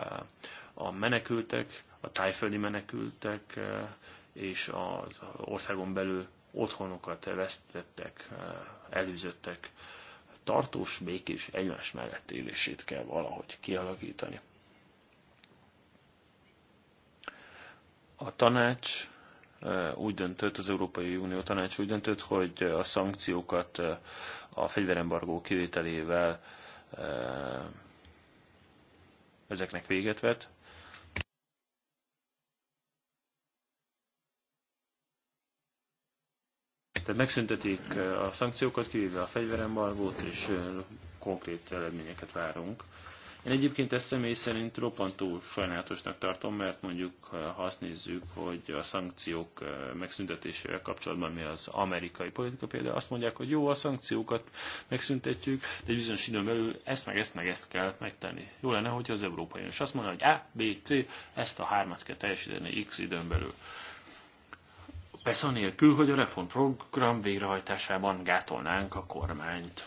a menekültek, a tájföldi menekültek és az országon belül otthonokat vesztettek, előzöttek, tartós békés egymás mellett élését kell valahogy kialakítani. A tanács úgy döntött, az Európai Unió Tanács úgy döntött, hogy a szankciókat a fegyverembargó kivételével ezeknek véget vet. Tehát megszüntetik a szankciókat, kivéve a fegyverembargót, és konkrét eredményeket várunk. Én egyébként ezt személy szerint roppantó sajnálatosnak tartom, mert mondjuk ha azt nézzük, hogy a szankciók megszüntetésével kapcsolatban mi az amerikai politika például, azt mondják, hogy jó, a szankciókat megszüntetjük, de egy bizonyos időn belül ezt meg ezt meg ezt kell megtenni. Jó lenne, hogy az Európai is azt mondja, hogy A, B, C, ezt a hármat kell teljesíteni X időn belül. Persze anélkül, hogy a reformprogram végrehajtásában gátolnánk a kormányt.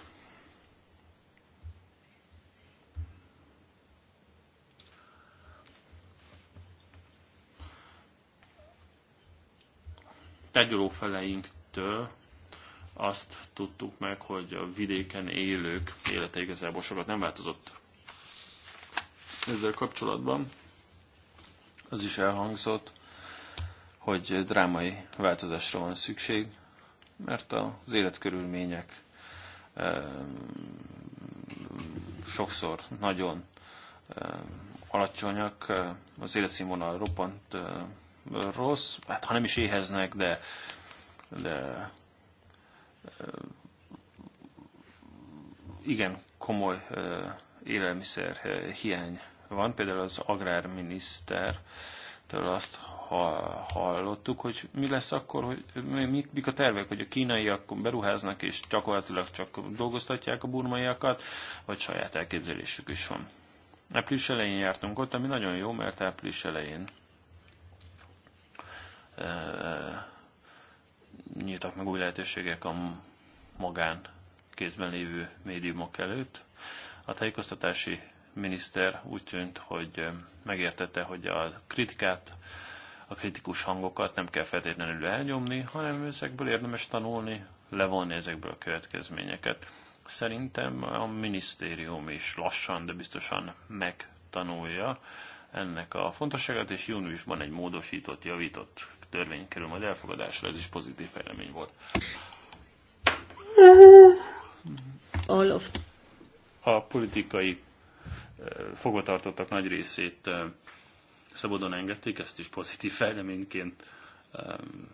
tárgyalófeleinktől azt tudtuk meg, hogy a vidéken élők élete igazából sokat nem változott. Ezzel kapcsolatban az is elhangzott, hogy drámai változásra van szükség, mert az életkörülmények sokszor nagyon alacsonyak, az életszínvonal roppant rossz, hát ha nem is éheznek, de, de igen komoly élelmiszer hiány van. Például az agrárminiszter azt hallottuk, hogy mi lesz akkor, hogy mik, mik a tervek, hogy a kínaiak beruháznak és gyakorlatilag csak dolgoztatják a burmaiakat, vagy saját elképzelésük is van. Április elején jártunk ott, ami nagyon jó, mert április elején nyíltak meg új lehetőségek a magán kézben lévő médiumok előtt. A tájékoztatási miniszter úgy tűnt, hogy megértette, hogy a kritikát, a kritikus hangokat nem kell feltétlenül elnyomni, hanem ezekből érdemes tanulni, levonni ezekből a következményeket. Szerintem a minisztérium is lassan, de biztosan megtanulja ennek a fontosságát, és júniusban egy módosított, javított törvény kerül majd elfogadásra, ez is pozitív fejlemény volt. Uh, all of... A politikai uh, fogvatartottak nagy részét uh, szabadon engedték, ezt is pozitív fejleményként um,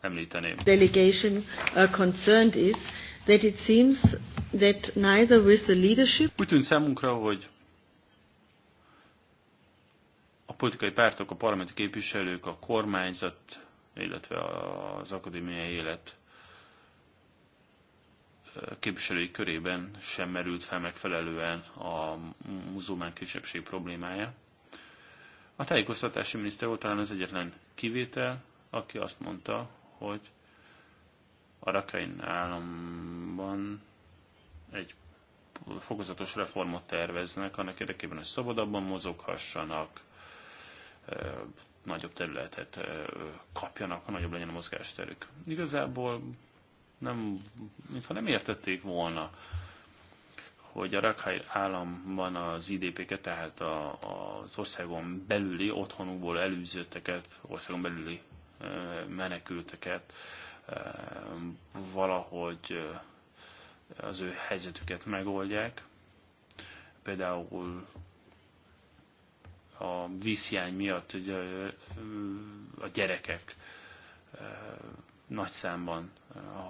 említeném. Delegation concerned is that it seems that neither with the leadership Úgy tűnt számunkra, hogy politikai pártok, a parlamenti képviselők, a kormányzat, illetve az akadémiai élet képviselői körében sem merült fel megfelelően a muzulmán kisebbség problémája. A tájékoztatási miniszter volt talán az egyetlen kivétel, aki azt mondta, hogy a Rakhine államban egy fokozatos reformot terveznek, annak érdekében, hogy szabadabban mozoghassanak, nagyobb területet kapjanak, ha nagyobb legyen a mozgásterük. Igazából nem, mintha nem értették volna, hogy a Rakhai államban az idp tehát a, az országon belüli, otthonukból előzőteket, országon belüli menekülteket valahogy az ő helyzetüket megoldják. Például a vízhiány miatt ugye, a gyerekek nagy számban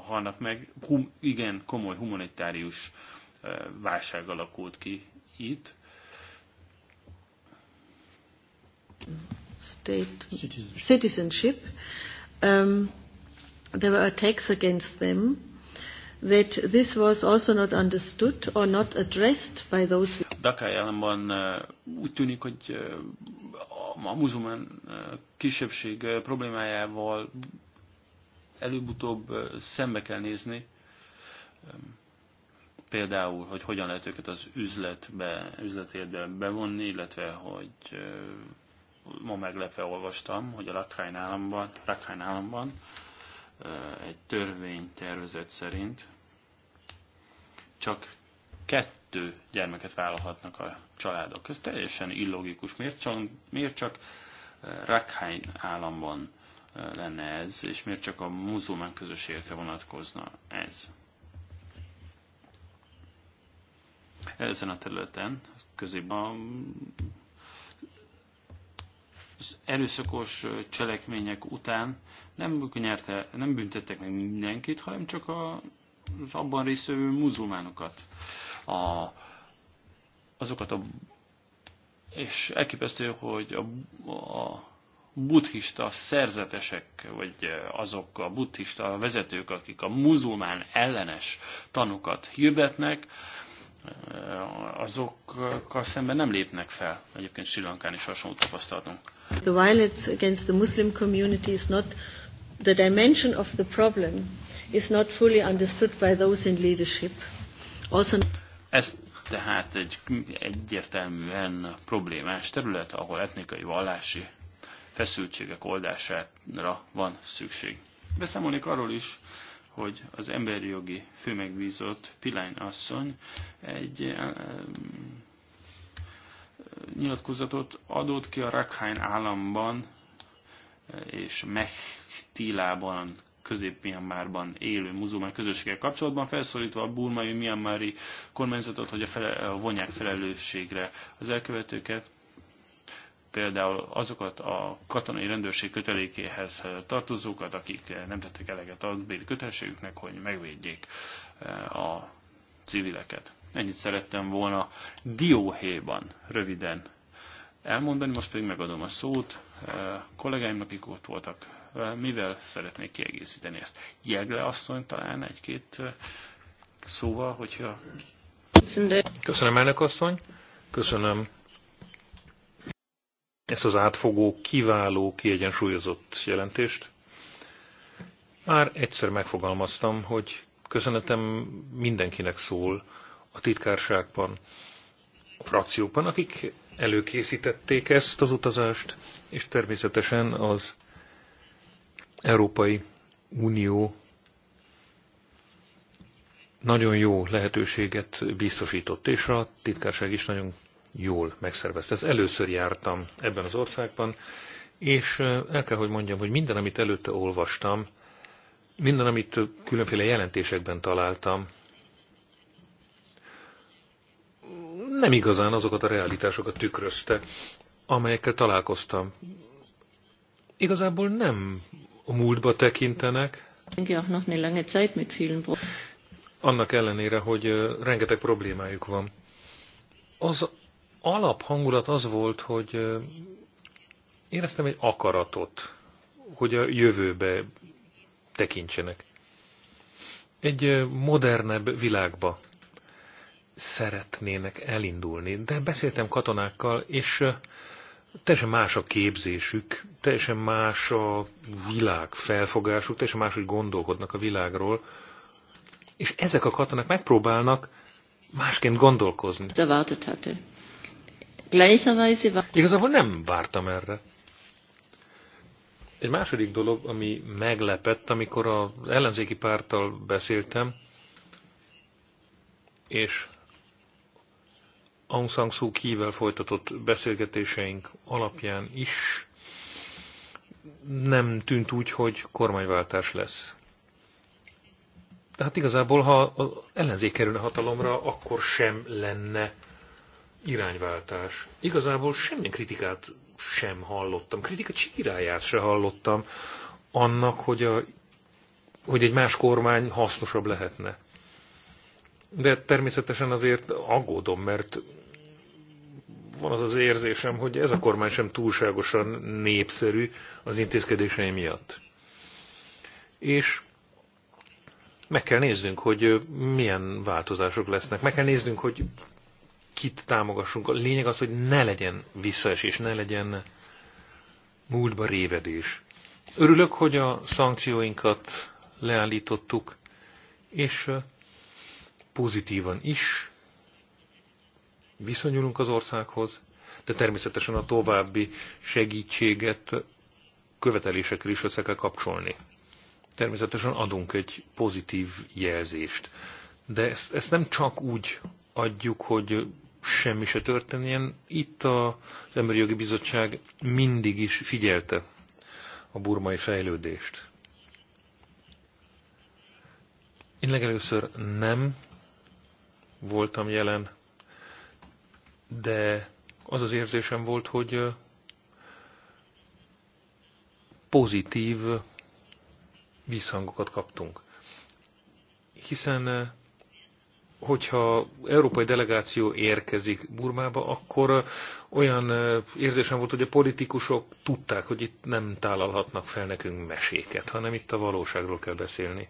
halnak meg. Hum, igen, komoly humanitárius válság alakult ki itt. State citizenship. citizenship. Um, there were attacks against them. That this was also not understood or not addressed by those. Dakai államban úgy tűnik, hogy a muzulmán kisebbség problémájával előbb-utóbb szembe kell nézni, például, hogy hogyan lehet őket az üzletbe, üzletérbe bevonni, illetve, hogy ma meglepve olvastam, hogy a Rakhine államban, Rakhine államban egy törvénytervezet szerint csak kettő kettő gyermeket vállalhatnak a családok. Ez teljesen illogikus. Miért csak, miért csak eh, Rakhine államban eh, lenne ez, és miért csak a muzulmán közösségekre vonatkozna ez? Ezen a területen közében az erőszakos eh, cselekmények után nem, nyerte, nem büntettek meg mindenkit, hanem csak a, az abban résztvevő muzulmánokat a, azokat a és elképesztő, hogy a, a buddhista szerzetesek, vagy azok a buddhista vezetők, akik a muzulmán ellenes tanukat hirdetnek, azokkal szemben nem lépnek fel. Egyébként Sri Lankán is hasonló tapasztalatunk. The violence against the Muslim community is not the dimension of the problem is not fully understood by those in leadership. Also ez tehát egy egyértelműen problémás terület, ahol etnikai vallási feszültségek oldására van szükség. Beszámolnék arról is, hogy az emberi jogi főmegbízott Pilány asszony egy nyilatkozatot adott ki a Rakhine államban és Mechtilában Közép-Mianmárban élő muzulmán közösséggel kapcsolatban, felszólítva a burmai mianmári kormányzatot, hogy a fele, vonják felelősségre az elkövetőket, például azokat a katonai rendőrség kötelékéhez tartozókat, akik nem tettek eleget a béli kötelességüknek, hogy megvédjék eh, a civileket. Ennyit szerettem volna dióhéjban röviden elmondani, most pedig megadom a szót eh, kollégáimnak, akik ott voltak mivel szeretnék kiegészíteni ezt? Jegle asszony talán egy-két szóval, hogyha... Köszönöm, elnök asszony. Köszönöm ezt az átfogó, kiváló, kiegyensúlyozott jelentést. Már egyszer megfogalmaztam, hogy köszönetem mindenkinek szól a titkárságban, a frakciókban, akik előkészítették ezt az utazást, és természetesen az Európai Unió nagyon jó lehetőséget biztosított, és a titkárság is nagyon jól megszervezte. Ez először jártam ebben az országban, és el kell, hogy mondjam, hogy minden, amit előtte olvastam, minden, amit különféle jelentésekben találtam, nem igazán azokat a realitásokat tükrözte, amelyekkel találkoztam. Igazából nem a múltba tekintenek. Annak ellenére, hogy rengeteg problémájuk van. Az alaphangulat az volt, hogy éreztem egy akaratot, hogy a jövőbe tekintsenek. Egy modernebb világba szeretnének elindulni. De beszéltem katonákkal, és teljesen más a képzésük, teljesen más a világ felfogásuk, teljesen hogy gondolkodnak a világról, és ezek a katonák megpróbálnak másként gondolkozni. Er? Igazából nem vártam erre. Egy második dolog, ami meglepett, amikor az ellenzéki párttal beszéltem, és Aung San Suu Kyi-vel folytatott beszélgetéseink alapján is nem tűnt úgy, hogy kormányváltás lesz. Tehát igazából, ha az ellenzék kerülne hatalomra, akkor sem lenne irányváltás. Igazából semmilyen kritikát sem hallottam. Kritika csíráját se hallottam annak, hogy, a, hogy egy más kormány hasznosabb lehetne. De természetesen azért aggódom, mert van az az érzésem, hogy ez a kormány sem túlságosan népszerű az intézkedései miatt. És meg kell néznünk, hogy milyen változások lesznek. Meg kell néznünk, hogy kit támogassunk. A lényeg az, hogy ne legyen visszaesés, ne legyen múltba révedés. Örülök, hogy a szankcióinkat leállítottuk, és pozitívan is viszonyulunk az országhoz, de természetesen a további segítséget követelésekkel is össze kell kapcsolni. Természetesen adunk egy pozitív jelzést. De ezt, ezt nem csak úgy adjuk, hogy semmi se történjen. Itt az Emberi Jogi Bizottság mindig is figyelte a burmai fejlődést. Én legelőször nem voltam jelen, de az az érzésem volt, hogy pozitív visszhangokat kaptunk. Hiszen hogyha európai delegáció érkezik Burmába, akkor olyan érzésem volt, hogy a politikusok tudták, hogy itt nem tálalhatnak fel nekünk meséket, hanem itt a valóságról kell beszélni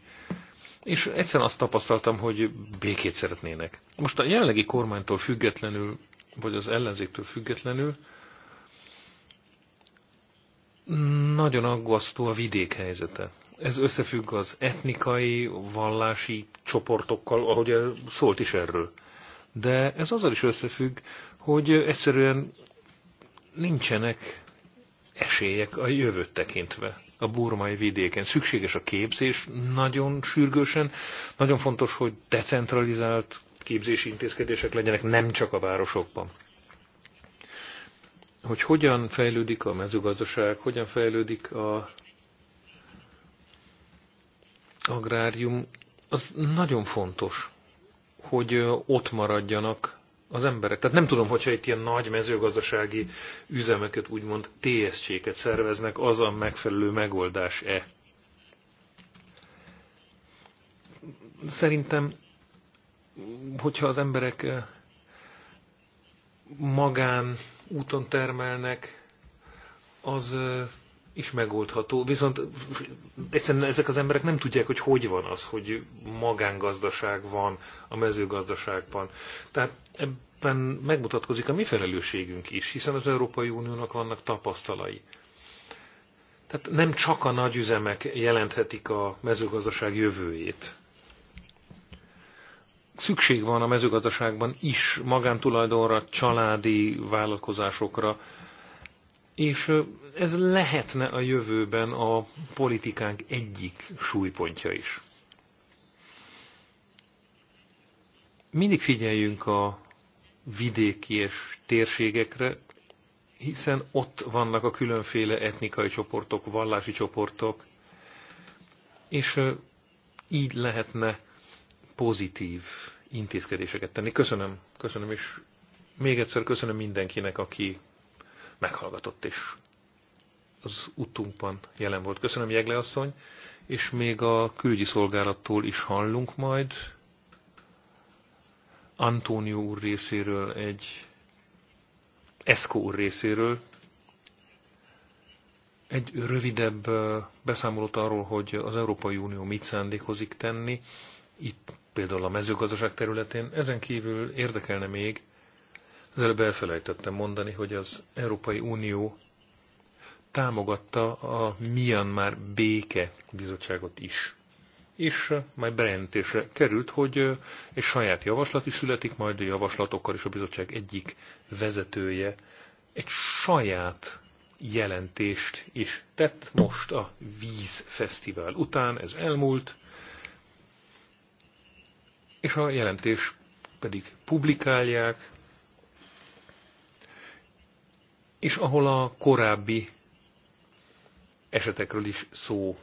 és egyszerűen azt tapasztaltam, hogy békét szeretnének. Most a jelenlegi kormánytól függetlenül, vagy az ellenzéktől függetlenül, nagyon aggasztó a vidék helyzete. Ez összefügg az etnikai, vallási csoportokkal, ahogy szólt is erről. De ez azzal is összefügg, hogy egyszerűen nincsenek esélyek a jövőt tekintve a burmai vidéken. Szükséges a képzés nagyon sürgősen, nagyon fontos, hogy decentralizált képzési intézkedések legyenek, nem csak a városokban. Hogy hogyan fejlődik a mezőgazdaság, hogyan fejlődik a agrárium, az nagyon fontos, hogy ott maradjanak az emberek. Tehát nem tudom, hogyha itt ilyen nagy mezőgazdasági üzemeket, úgymond TSC-ket szerveznek, az a megfelelő megoldás-e. Szerintem, hogyha az emberek eh, magán úton termelnek, az eh, is megoldható, viszont egyszerűen ezek az emberek nem tudják, hogy hogy van az, hogy magángazdaság van a mezőgazdaságban. Tehát ebben megmutatkozik a mi felelősségünk is, hiszen az Európai Uniónak vannak tapasztalai. Tehát nem csak a nagyüzemek jelenthetik a mezőgazdaság jövőjét. Szükség van a mezőgazdaságban is magántulajdonra, családi vállalkozásokra, és ez lehetne a jövőben a politikánk egyik súlypontja is. Mindig figyeljünk a vidéki és térségekre, hiszen ott vannak a különféle etnikai csoportok, vallási csoportok, és így lehetne pozitív intézkedéseket tenni. Köszönöm, köszönöm, és még egyszer köszönöm mindenkinek, aki meghallgatott és az utunkban jelen volt. Köszönöm, Jegle asszony, és még a külügyi szolgálattól is hallunk majd. Antónió úr részéről egy Eszkó úr részéről egy rövidebb beszámolót arról, hogy az Európai Unió mit szándékozik tenni, itt például a mezőgazdaság területén. Ezen kívül érdekelne még, az előbb elfelejtettem mondani, hogy az Európai Unió támogatta a Myanmar Béke Bizottságot is. És majd bejelentésre került, hogy egy saját javaslat is születik, majd a javaslatokkal is a bizottság egyik vezetője egy saját jelentést is tett most a vízfesztivál után, ez elmúlt, és a jelentés pedig publikálják, és ahol a korábbi esetekről is szó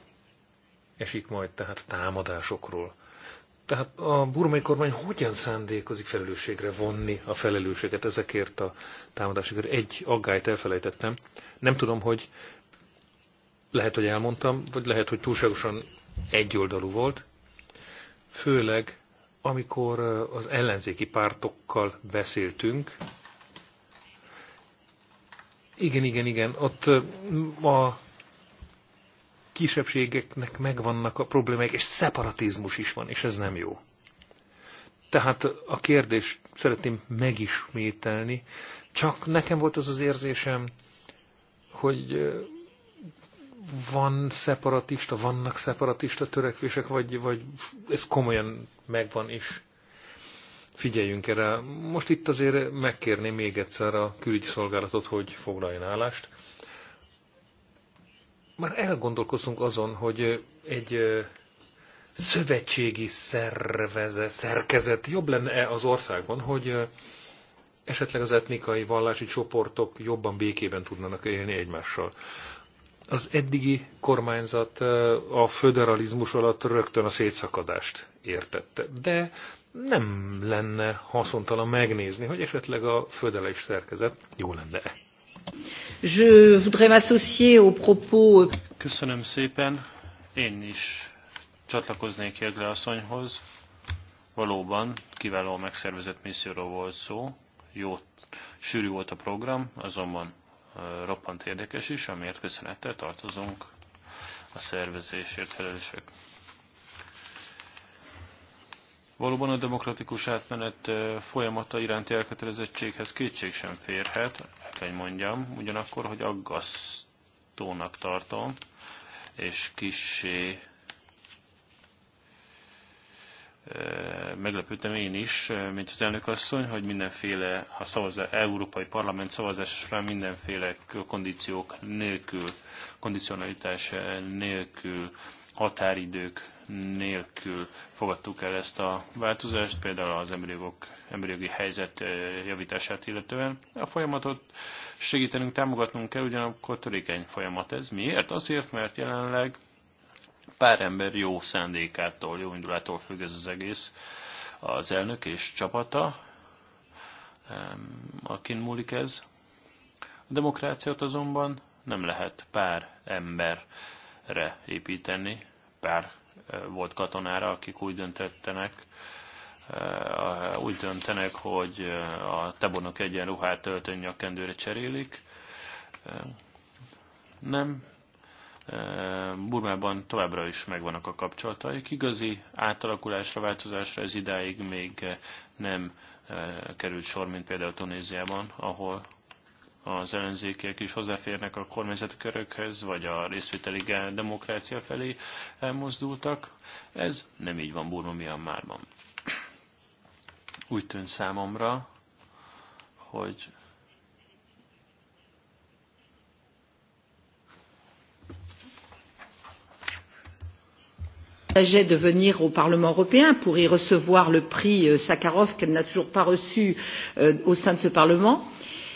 esik majd, tehát támadásokról. Tehát a burmai kormány hogyan szándékozik felelősségre vonni a felelősséget ezekért a támadásokért? Egy aggályt elfelejtettem. Nem tudom, hogy lehet, hogy elmondtam, vagy lehet, hogy túlságosan egyoldalú volt. Főleg, amikor az ellenzéki pártokkal beszéltünk, igen, igen, igen. Ott a kisebbségeknek megvannak a problémáik, és szeparatizmus is van, és ez nem jó. Tehát a kérdést szeretném megismételni, csak nekem volt az az érzésem, hogy van szeparatista, vannak szeparatista törekvések, vagy, vagy ez komolyan megvan, és figyeljünk erre. Most itt azért megkérném még egyszer a külügyszolgálatot, szolgálatot, hogy foglaljon állást. Már elgondolkozunk azon, hogy egy szövetségi szerveze, szerkezet jobb lenne-e az országban, hogy esetleg az etnikai, vallási csoportok jobban békében tudnának élni egymással. Az eddigi kormányzat a föderalizmus alatt rögtön a szétszakadást értette, de nem lenne haszontalan megnézni, hogy esetleg a is szerkezet jó lenne-e. Je voudrais m'associer au propos... Euh, Köszönöm szépen. Én is csatlakoznék Jegle asszonyhoz. Valóban kiváló megszervezett misszióról volt szó. Jó, sűrű volt a program, azonban roppant érdekes is, amiért köszönettel tartozunk a szervezésért felelősök. Valóban a demokratikus átmenet folyamata iránti elkötelezettséghez kétség sem férhet, el hát, én mondjam, ugyanakkor, hogy aggasztónak tartom, és kissé meglepődtem én is, mint az elnök asszony, hogy mindenféle a szavazás, európai parlament szavazás során mindenféle kondíciók nélkül, kondicionalitás nélkül határidők nélkül fogadtuk el ezt a változást, például az emberi, jogok, helyzet javítását illetően. A folyamatot segítenünk, támogatnunk kell, ugyanakkor törékeny folyamat ez. Miért? Azért, mert jelenleg pár ember jó szándékától, jó indulától függ ez az egész. Az elnök és csapata, akin múlik ez. A demokráciát azonban nem lehet pár emberre építeni, pár volt katonára, akik úgy döntöttenek, úgy döntenek, hogy a tebornok egyenruhát töltön nyakendőre cserélik. Nem. Burmában továbbra is megvannak a kapcsolataik. Igazi átalakulásra, változásra ez idáig még nem került sor, mint például Tunéziában, ahol az ellenzékek is hozzáférnek a kormányzati körökhöz, vagy a részvételi demokrácia felé elmozdultak. Ez nem így van Burma Mianmárban. Úgy tűnt számomra, hogy envisageait de venir au Parlement européen pour y recevoir le prix euh, Sakharov qu'elle n'a toujours pas reçu euh, au sein de ce Parlement.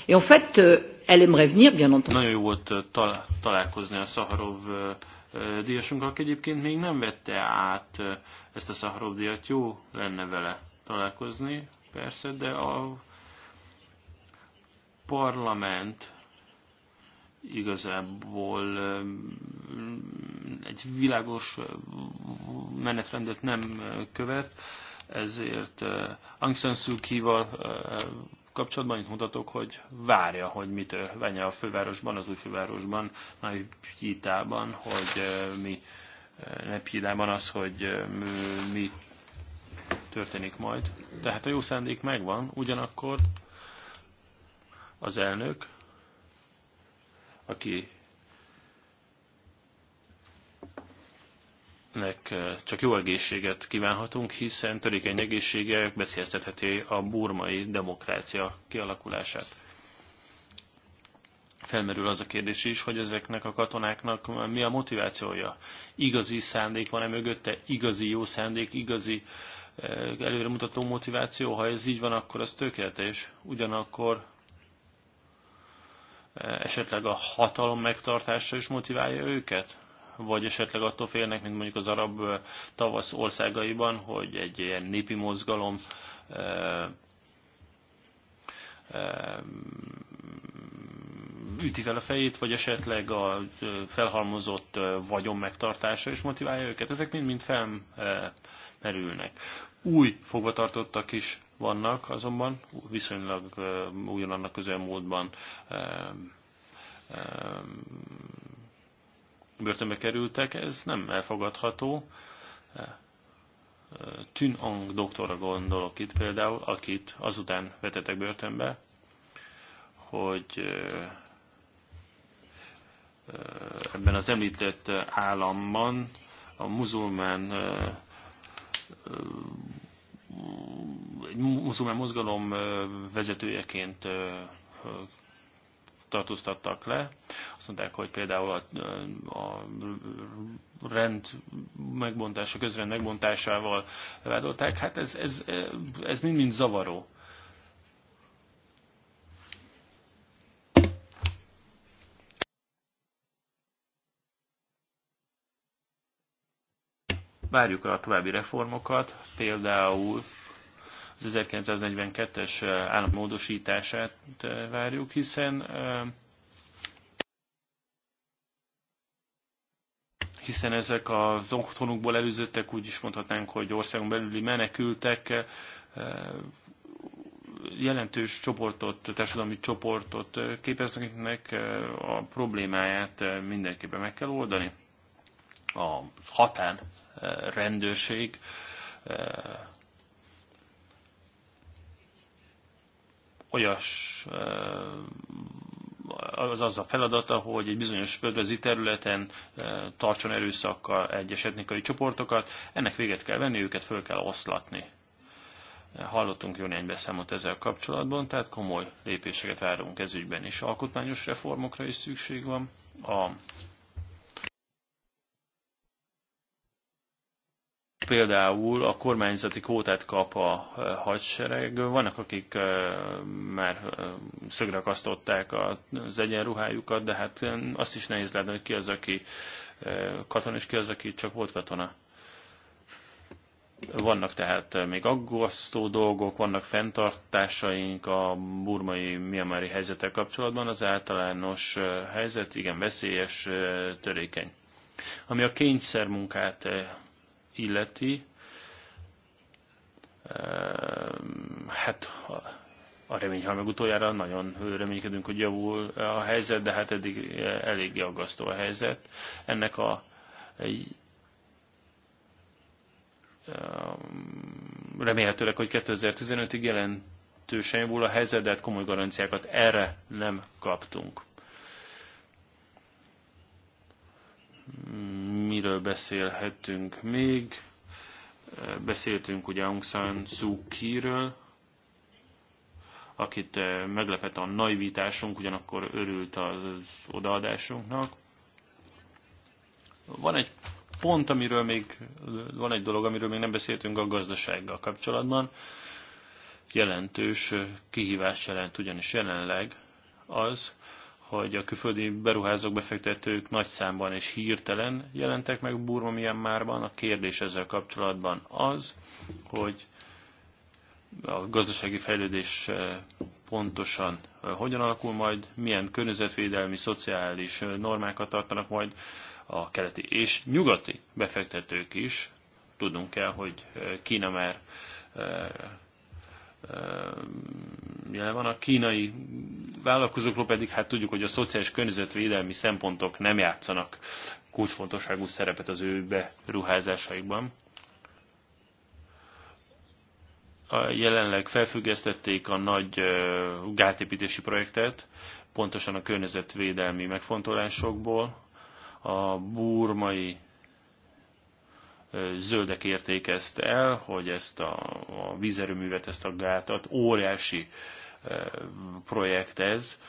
Et en fait, euh, elle aimerait venir, bien entendu. Nagyon jó volt euh, tal találkozni a Szaharov euh, díjasunkkal, aki egyébként még nem vette át ezt a Szaharov díjat. Jó lenne vele találkozni, persze, de a parlament igazából egy világos menetrendet nem követ, ezért Aung San Suu Kyi-val kapcsolatban itt mutatok, hogy várja, hogy mit venye a fővárosban, az új fővárosban, nagy hitában, hogy mi Nepjidában az, hogy mi történik majd. Tehát a jó szándék megvan, ugyanakkor az elnök, aki nek eh, csak jó egészséget kívánhatunk, hiszen törékeny egészsége beszélhetheti a burmai demokrácia kialakulását. Felmerül az a kérdés is, hogy ezeknek a katonáknak mi a motivációja. Igazi szándék van-e mögötte, igazi jó szándék, igazi eh, előremutató motiváció. Ha ez így van, akkor az tökéletes. Ugyanakkor eh, esetleg a hatalom megtartása is motiválja őket? vagy esetleg attól félnek, mint mondjuk az arab tavasz országaiban, hogy egy ilyen népi mozgalom üti fel a fejét, vagy esetleg a felhalmozott vagyon megtartása is motiválja őket. Ezek mind-mind felmerülnek. Új fogvatartottak is vannak azonban, viszonylag ugyanannak közelmúltban börtönbe kerültek, ez nem elfogadható. Eh, eh, Tün Ang doktorra gondolok itt például, akit azután vetettek börtönbe, hogy eh, ebben az említett államban a muzulmán egy muzulmán mozgalom vezetőjeként tartóztattak le. Azt mondták, hogy például a, a rend megbontása, közrend megbontásával vádolták. Hát ez, ez, ez mind-mind zavaró. Várjuk a további reformokat, például az 1942-es állammódosítását várjuk, hiszen hiszen ezek az otthonukból előzöttek, úgy is mondhatnánk, hogy országon belüli menekültek, jelentős csoportot, társadalmi csoportot képeznek, a problémáját mindenképpen meg kell oldani. A határ rendőrség olyas az az a feladata, hogy egy bizonyos földrezi területen tartson erőszakkal egyes etnikai csoportokat, ennek véget kell venni, őket föl kell oszlatni. Hallottunk jó néhány beszámot ezzel kapcsolatban, tehát komoly lépéseket várunk ezügyben is. Alkotmányos reformokra is szükség van. A Például a kormányzati kvótát kap a e, hadsereg. Vannak, akik e, már e, szögrakasztották az egyenruhájukat, de hát azt is nehéz látni, hogy ki az, aki katona, és ki az, aki csak volt katona. Vannak tehát még aggasztó dolgok, vannak fenntartásaink a burmai miamári helyzetek kapcsolatban, az általános helyzet igen veszélyes, törékeny. Ami a kényszermunkát illeti, ehm, hát a remény, ha meg utoljára nagyon reménykedünk, hogy javul a helyzet, de hát eddig e, eléggé aggasztó a helyzet. Ennek a ehm, remélhetőleg, hogy 2015-ig jelentősen javul a helyzet, de hát komoly garanciákat erre nem kaptunk. Hmm miről beszélhetünk még. Beszéltünk ugye Aung San Suu Kyi-ről, akit eh, meglepett a naivitásunk, ugyanakkor örült az odaadásunknak. Van egy pont, amiről még, van egy dolog, amiről még nem beszéltünk a gazdasággal kapcsolatban. Jelentős eh, kihívás jelent ugyanis jelenleg az, hogy a külföldi beruházók, befektetők nagy számban és hirtelen jelentek meg Burma Myanmarban. A kérdés ezzel kapcsolatban az, hogy a gazdasági fejlődés eh, pontosan eh, hogyan alakul majd, milyen környezetvédelmi, szociális eh, normákat tartanak majd a keleti és nyugati befektetők is. Tudnunk kell, hogy Kína már jelen van. A kínai vállalkozókról pedig hát tudjuk, hogy a szociális környezetvédelmi szempontok nem játszanak kulcsfontosságú szerepet az ő beruházásaikban. A jelenleg felfüggesztették a nagy gátépítési projektet, pontosan a környezetvédelmi megfontolásokból. A burmai zöldek érték ezt el, hogy ezt a, a vízerőművet, ezt a gátat, óriási projekt ez,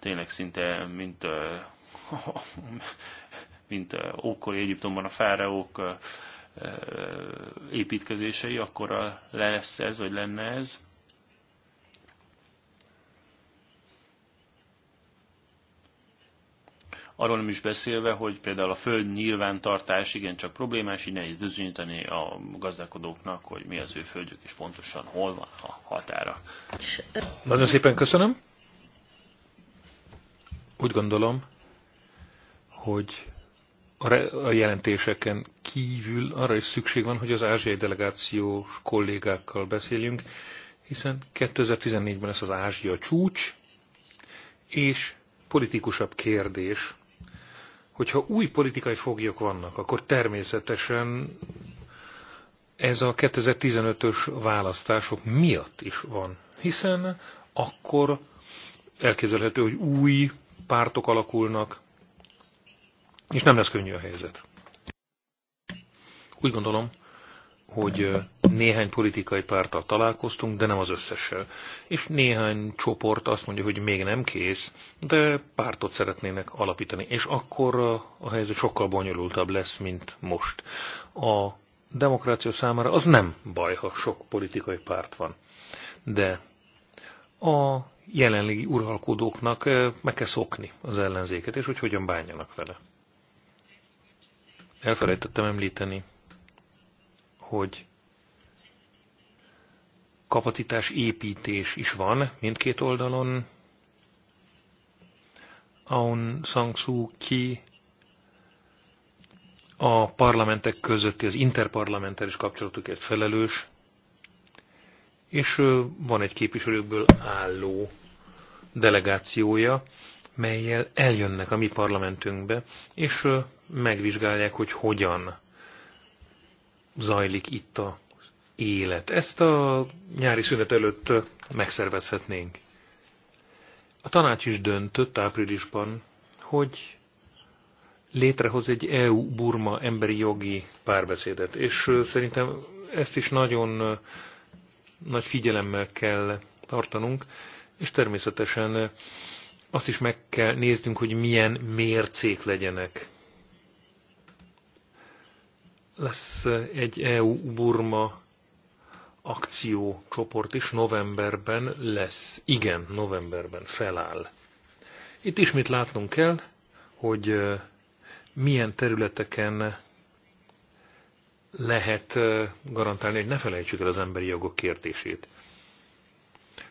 tényleg szinte mint mint ókori Egyiptomban a fáraók építkezései, akkor lesz ez, vagy lenne ez. Arról nem is beszélve, hogy például a föld nyilvántartás igencsak problémás, így nehéz bizonyítani a gazdálkodóknak, hogy mi az ő földjük, és pontosan hol van a határa. Nagyon szépen köszönöm. Úgy gondolom, hogy a jelentéseken kívül arra is szükség van, hogy az ázsiai delegációs kollégákkal beszéljünk, hiszen 2014-ben lesz az Ázsia csúcs, és politikusabb kérdés hogyha új politikai foglyok vannak, akkor természetesen ez a 2015-ös választások miatt is van, hiszen akkor elképzelhető, hogy új pártok alakulnak, és nem lesz könnyű a helyzet. Úgy gondolom, hogy néhány politikai párttal találkoztunk, de nem az összessel. És néhány csoport azt mondja, hogy még nem kész, de pártot szeretnének alapítani. És akkor a helyzet sokkal bonyolultabb lesz, mint most. A demokrácia számára az nem baj, ha sok politikai párt van. De a jelenlegi uralkodóknak eh, meg kell szokni az ellenzéket, és hogy hogyan bánjanak vele. Elfelejtettem említeni, hogy kapacitás építés is van mindkét oldalon. Aung San Suu Kyi a parlamentek közötti, az interparlamentáris kapcsolatokért felelős, és van egy képviselőkből álló delegációja, melyel eljönnek a mi parlamentünkbe, és megvizsgálják, hogy hogyan zajlik itt a élet. Ezt a nyári szünet előtt megszervezhetnénk. A tanács is döntött áprilisban, hogy létrehoz egy EU-Burma emberi jogi párbeszédet, és szerintem ezt is nagyon nagy figyelemmel kell tartanunk, és természetesen azt is meg kell néznünk, hogy milyen mércék legyenek. Lesz egy EU-Burma akciócsoport is novemberben lesz. Igen, novemberben feláll. Itt ismét látnunk kell, hogy milyen területeken lehet garantálni, hogy ne felejtsük el az emberi jogok kértését.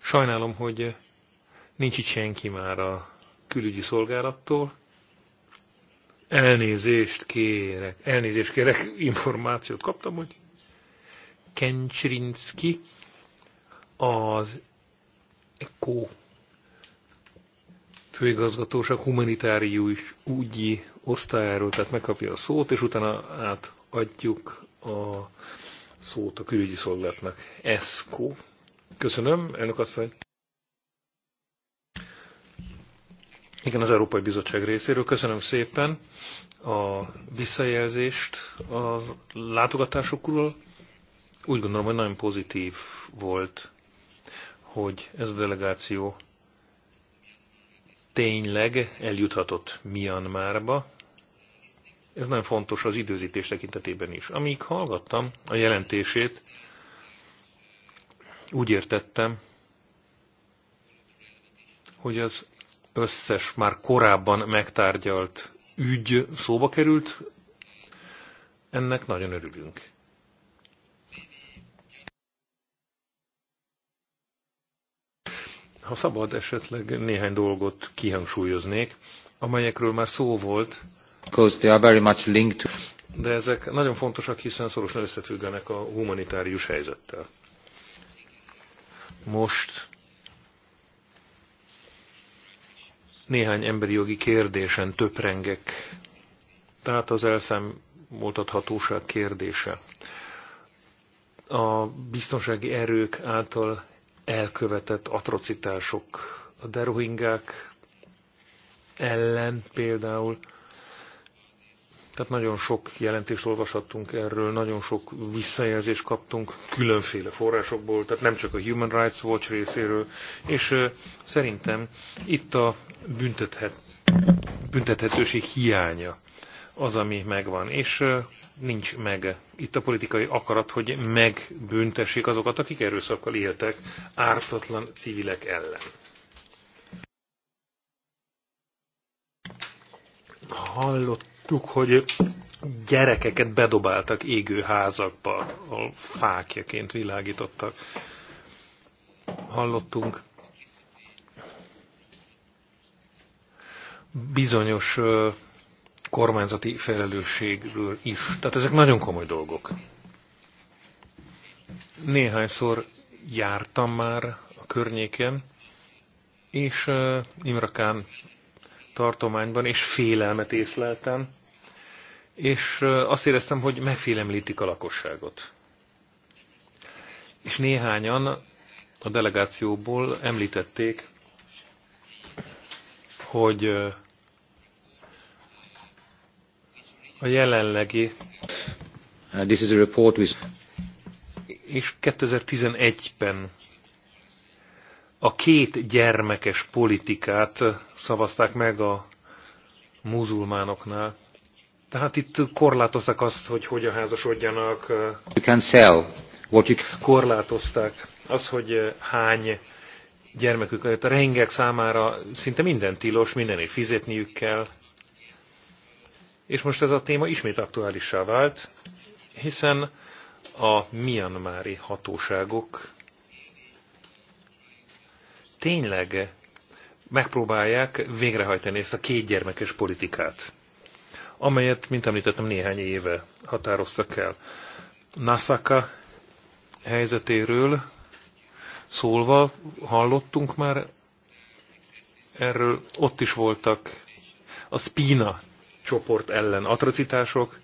Sajnálom, hogy nincs itt senki már a külügyi szolgálattól. Elnézést kérek, elnézést kérek, információt kaptam, hogy Kencsrinszki, az ECO főigazgatóság humanitárius úgyi osztályáról, tehát megkapja a szót, és utána átadjuk a szót a külügyi szolgálatnak. ESCO. Köszönöm, elnök asszony. Igen, az Európai Bizottság részéről. Köszönöm szépen a visszajelzést a látogatásokról. Úgy gondolom, hogy nagyon pozitív volt, hogy ez a delegáció tényleg eljuthatott Myanmarba. Ez nagyon fontos az időzítés tekintetében is. Amíg hallgattam a jelentését, úgy értettem, hogy az összes már korábban megtárgyalt ügy szóba került, ennek nagyon örülünk. Ha szabad, esetleg néhány dolgot kihangsúlyoznék, amelyekről már szó volt. They are very much linked. De ezek nagyon fontosak, hiszen szorosan összefüggenek a humanitárius helyzettel. Most néhány emberi jogi kérdésen töprengek. Tehát az elszámoltathatóság kérdése. A biztonsági erők által elkövetett atrocitások, a derohingák ellen például. Tehát nagyon sok jelentést olvashattunk erről, nagyon sok visszajelzést kaptunk különféle forrásokból, tehát nem csak a Human Rights Watch részéről, és szerintem itt a büntethet, büntethetőség hiánya az, ami megvan. És nincs meg itt a politikai akarat, hogy megbüntessék azokat, akik erőszakkal éltek ártatlan civilek ellen. Hallottuk, hogy gyerekeket bedobáltak égő házakba, ahol fákjaként világítottak. Hallottunk bizonyos kormányzati felelősségről is. Tehát ezek nagyon komoly dolgok. Néhányszor jártam már a környéken, és uh, Imrakán tartományban, és félelmet észleltem, és uh, azt éreztem, hogy megfélemlítik a lakosságot. És néhányan a delegációból említették, hogy uh, a jelenlegi uh, This is a report with... és 2011-ben a két gyermekes politikát szavazták meg a muzulmánoknál. Tehát itt korlátozták azt, hogy hogyan házasodjanak. Uh, you can sell what you... Korlátozták az, hogy uh, hány gyermekük, a rengek számára szinte minden tilos, mindenért fizetniük kell. És most ez a téma ismét aktuálissá vált, hiszen a mianmári hatóságok tényleg megpróbálják végrehajtani ezt a kétgyermekes politikát, amelyet, mint említettem, néhány éve határoztak el. Nasaka helyzetéről szólva hallottunk már erről, ott is voltak a Spina csoport ellen atrocitások,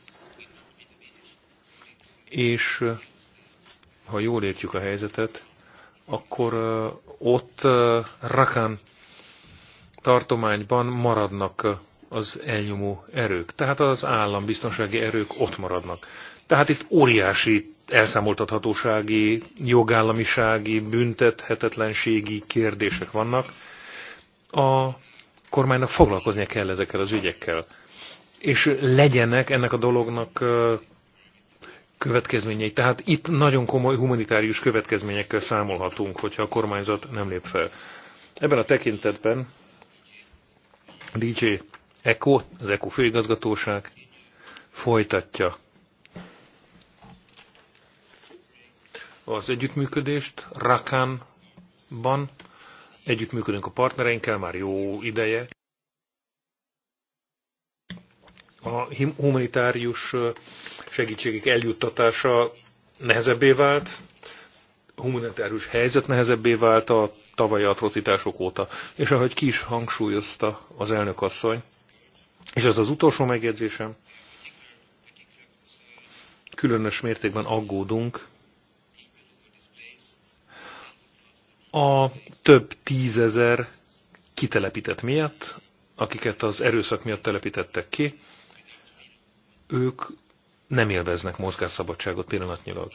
és ha jól értjük a helyzetet, akkor ott Rakan tartományban maradnak az elnyomó erők. Tehát az állambiztonsági erők ott maradnak. Tehát itt óriási elszámoltathatósági, jogállamisági, büntethetetlenségi kérdések vannak. A kormánynak foglalkoznia kell ezekkel az ügyekkel és legyenek ennek a dolognak következményei. Tehát itt nagyon komoly humanitárius következményekkel számolhatunk, hogyha a kormányzat nem lép fel. Ebben a tekintetben DJ ECO, az ECO főigazgatóság folytatja az együttműködést Rakánban. Együttműködünk a partnereinkkel már jó ideje. a humanitárius segítségek eljuttatása nehezebbé vált, humanitárius helyzet nehezebbé vált a tavalyi atrocitások óta. És ahogy ki is hangsúlyozta az elnök asszony, és ez az utolsó megjegyzésem, különös mértékben aggódunk a több tízezer kitelepített miatt, akiket az erőszak miatt telepítettek ki, ők nem élveznek mozgásszabadságot pillanatnyilag.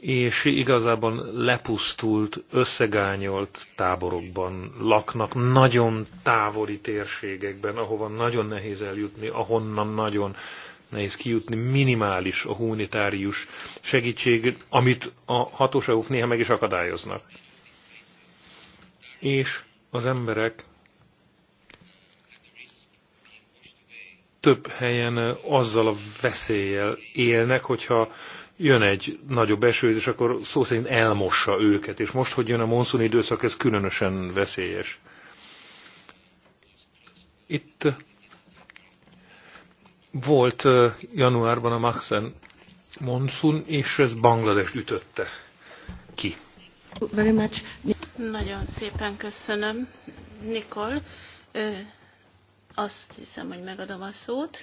És igazából lepusztult, összegányolt táborokban laknak, nagyon távoli térségekben, ahova nagyon nehéz eljutni, ahonnan nagyon nehéz kijutni, minimális a humanitárius segítség, amit a hatóságok néha meg is akadályoznak. És az emberek több helyen azzal a veszéllyel élnek, hogyha jön egy nagyobb eső, és akkor szó szerint elmossa őket. És most, hogy jön a monszun időszak, ez különösen veszélyes. Itt volt januárban a Maxen monszun, és ez Banglades ütötte ki. Very much. Nagyon szépen köszönöm, Nikol azt hiszem, hogy megadom a szót,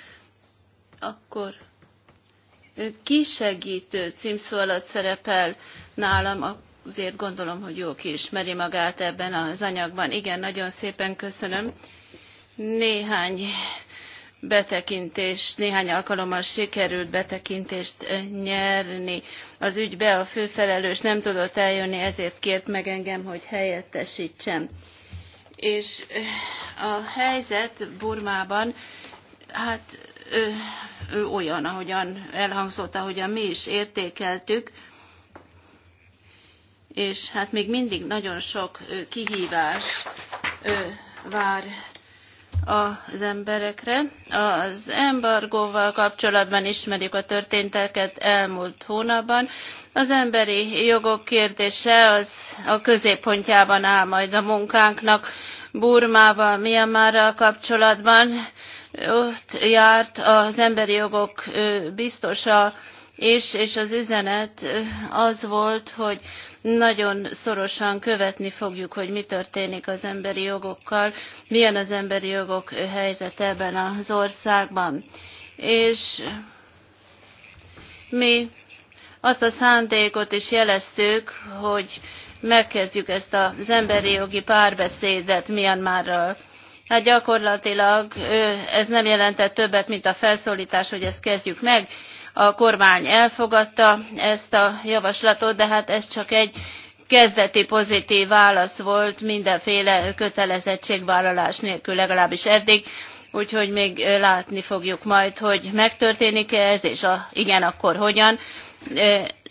akkor kisegítő címszó alatt szerepel nálam, azért gondolom, hogy jó ismeri magát ebben az anyagban. Igen, nagyon szépen köszönöm. Néhány betekintést, néhány alkalommal sikerült betekintést nyerni az ügybe. A főfelelős nem tudott eljönni, ezért kért meg engem, hogy helyettesítsem. És a helyzet Burmában, hát ő ő olyan, ahogyan elhangzott, ahogyan mi is értékeltük, és hát még mindig nagyon sok kihívás vár az emberekre. Az embargóval kapcsolatban ismerjük a történteket elmúlt hónapban. Az emberi jogok kérdése az a középpontjában áll majd a munkánknak Burmával, Myanmarral kapcsolatban. Ott járt az emberi jogok biztosa, és, és az üzenet az volt, hogy nagyon szorosan követni fogjuk, hogy mi történik az emberi jogokkal, milyen az emberi jogok helyzet ebben az országban. És mi azt a szándékot is jeleztük, hogy megkezdjük ezt az emberi jogi párbeszédet Myanmarral. Hát gyakorlatilag ez nem jelentett többet, mint a felszólítás, hogy ezt kezdjük meg. A kormány elfogadta ezt a javaslatot, de hát ez csak egy kezdeti pozitív válasz volt mindenféle kötelezettségvállalás nélkül, legalábbis eddig. Úgyhogy még látni fogjuk majd, hogy megtörténik-e ez, és a, igen, akkor hogyan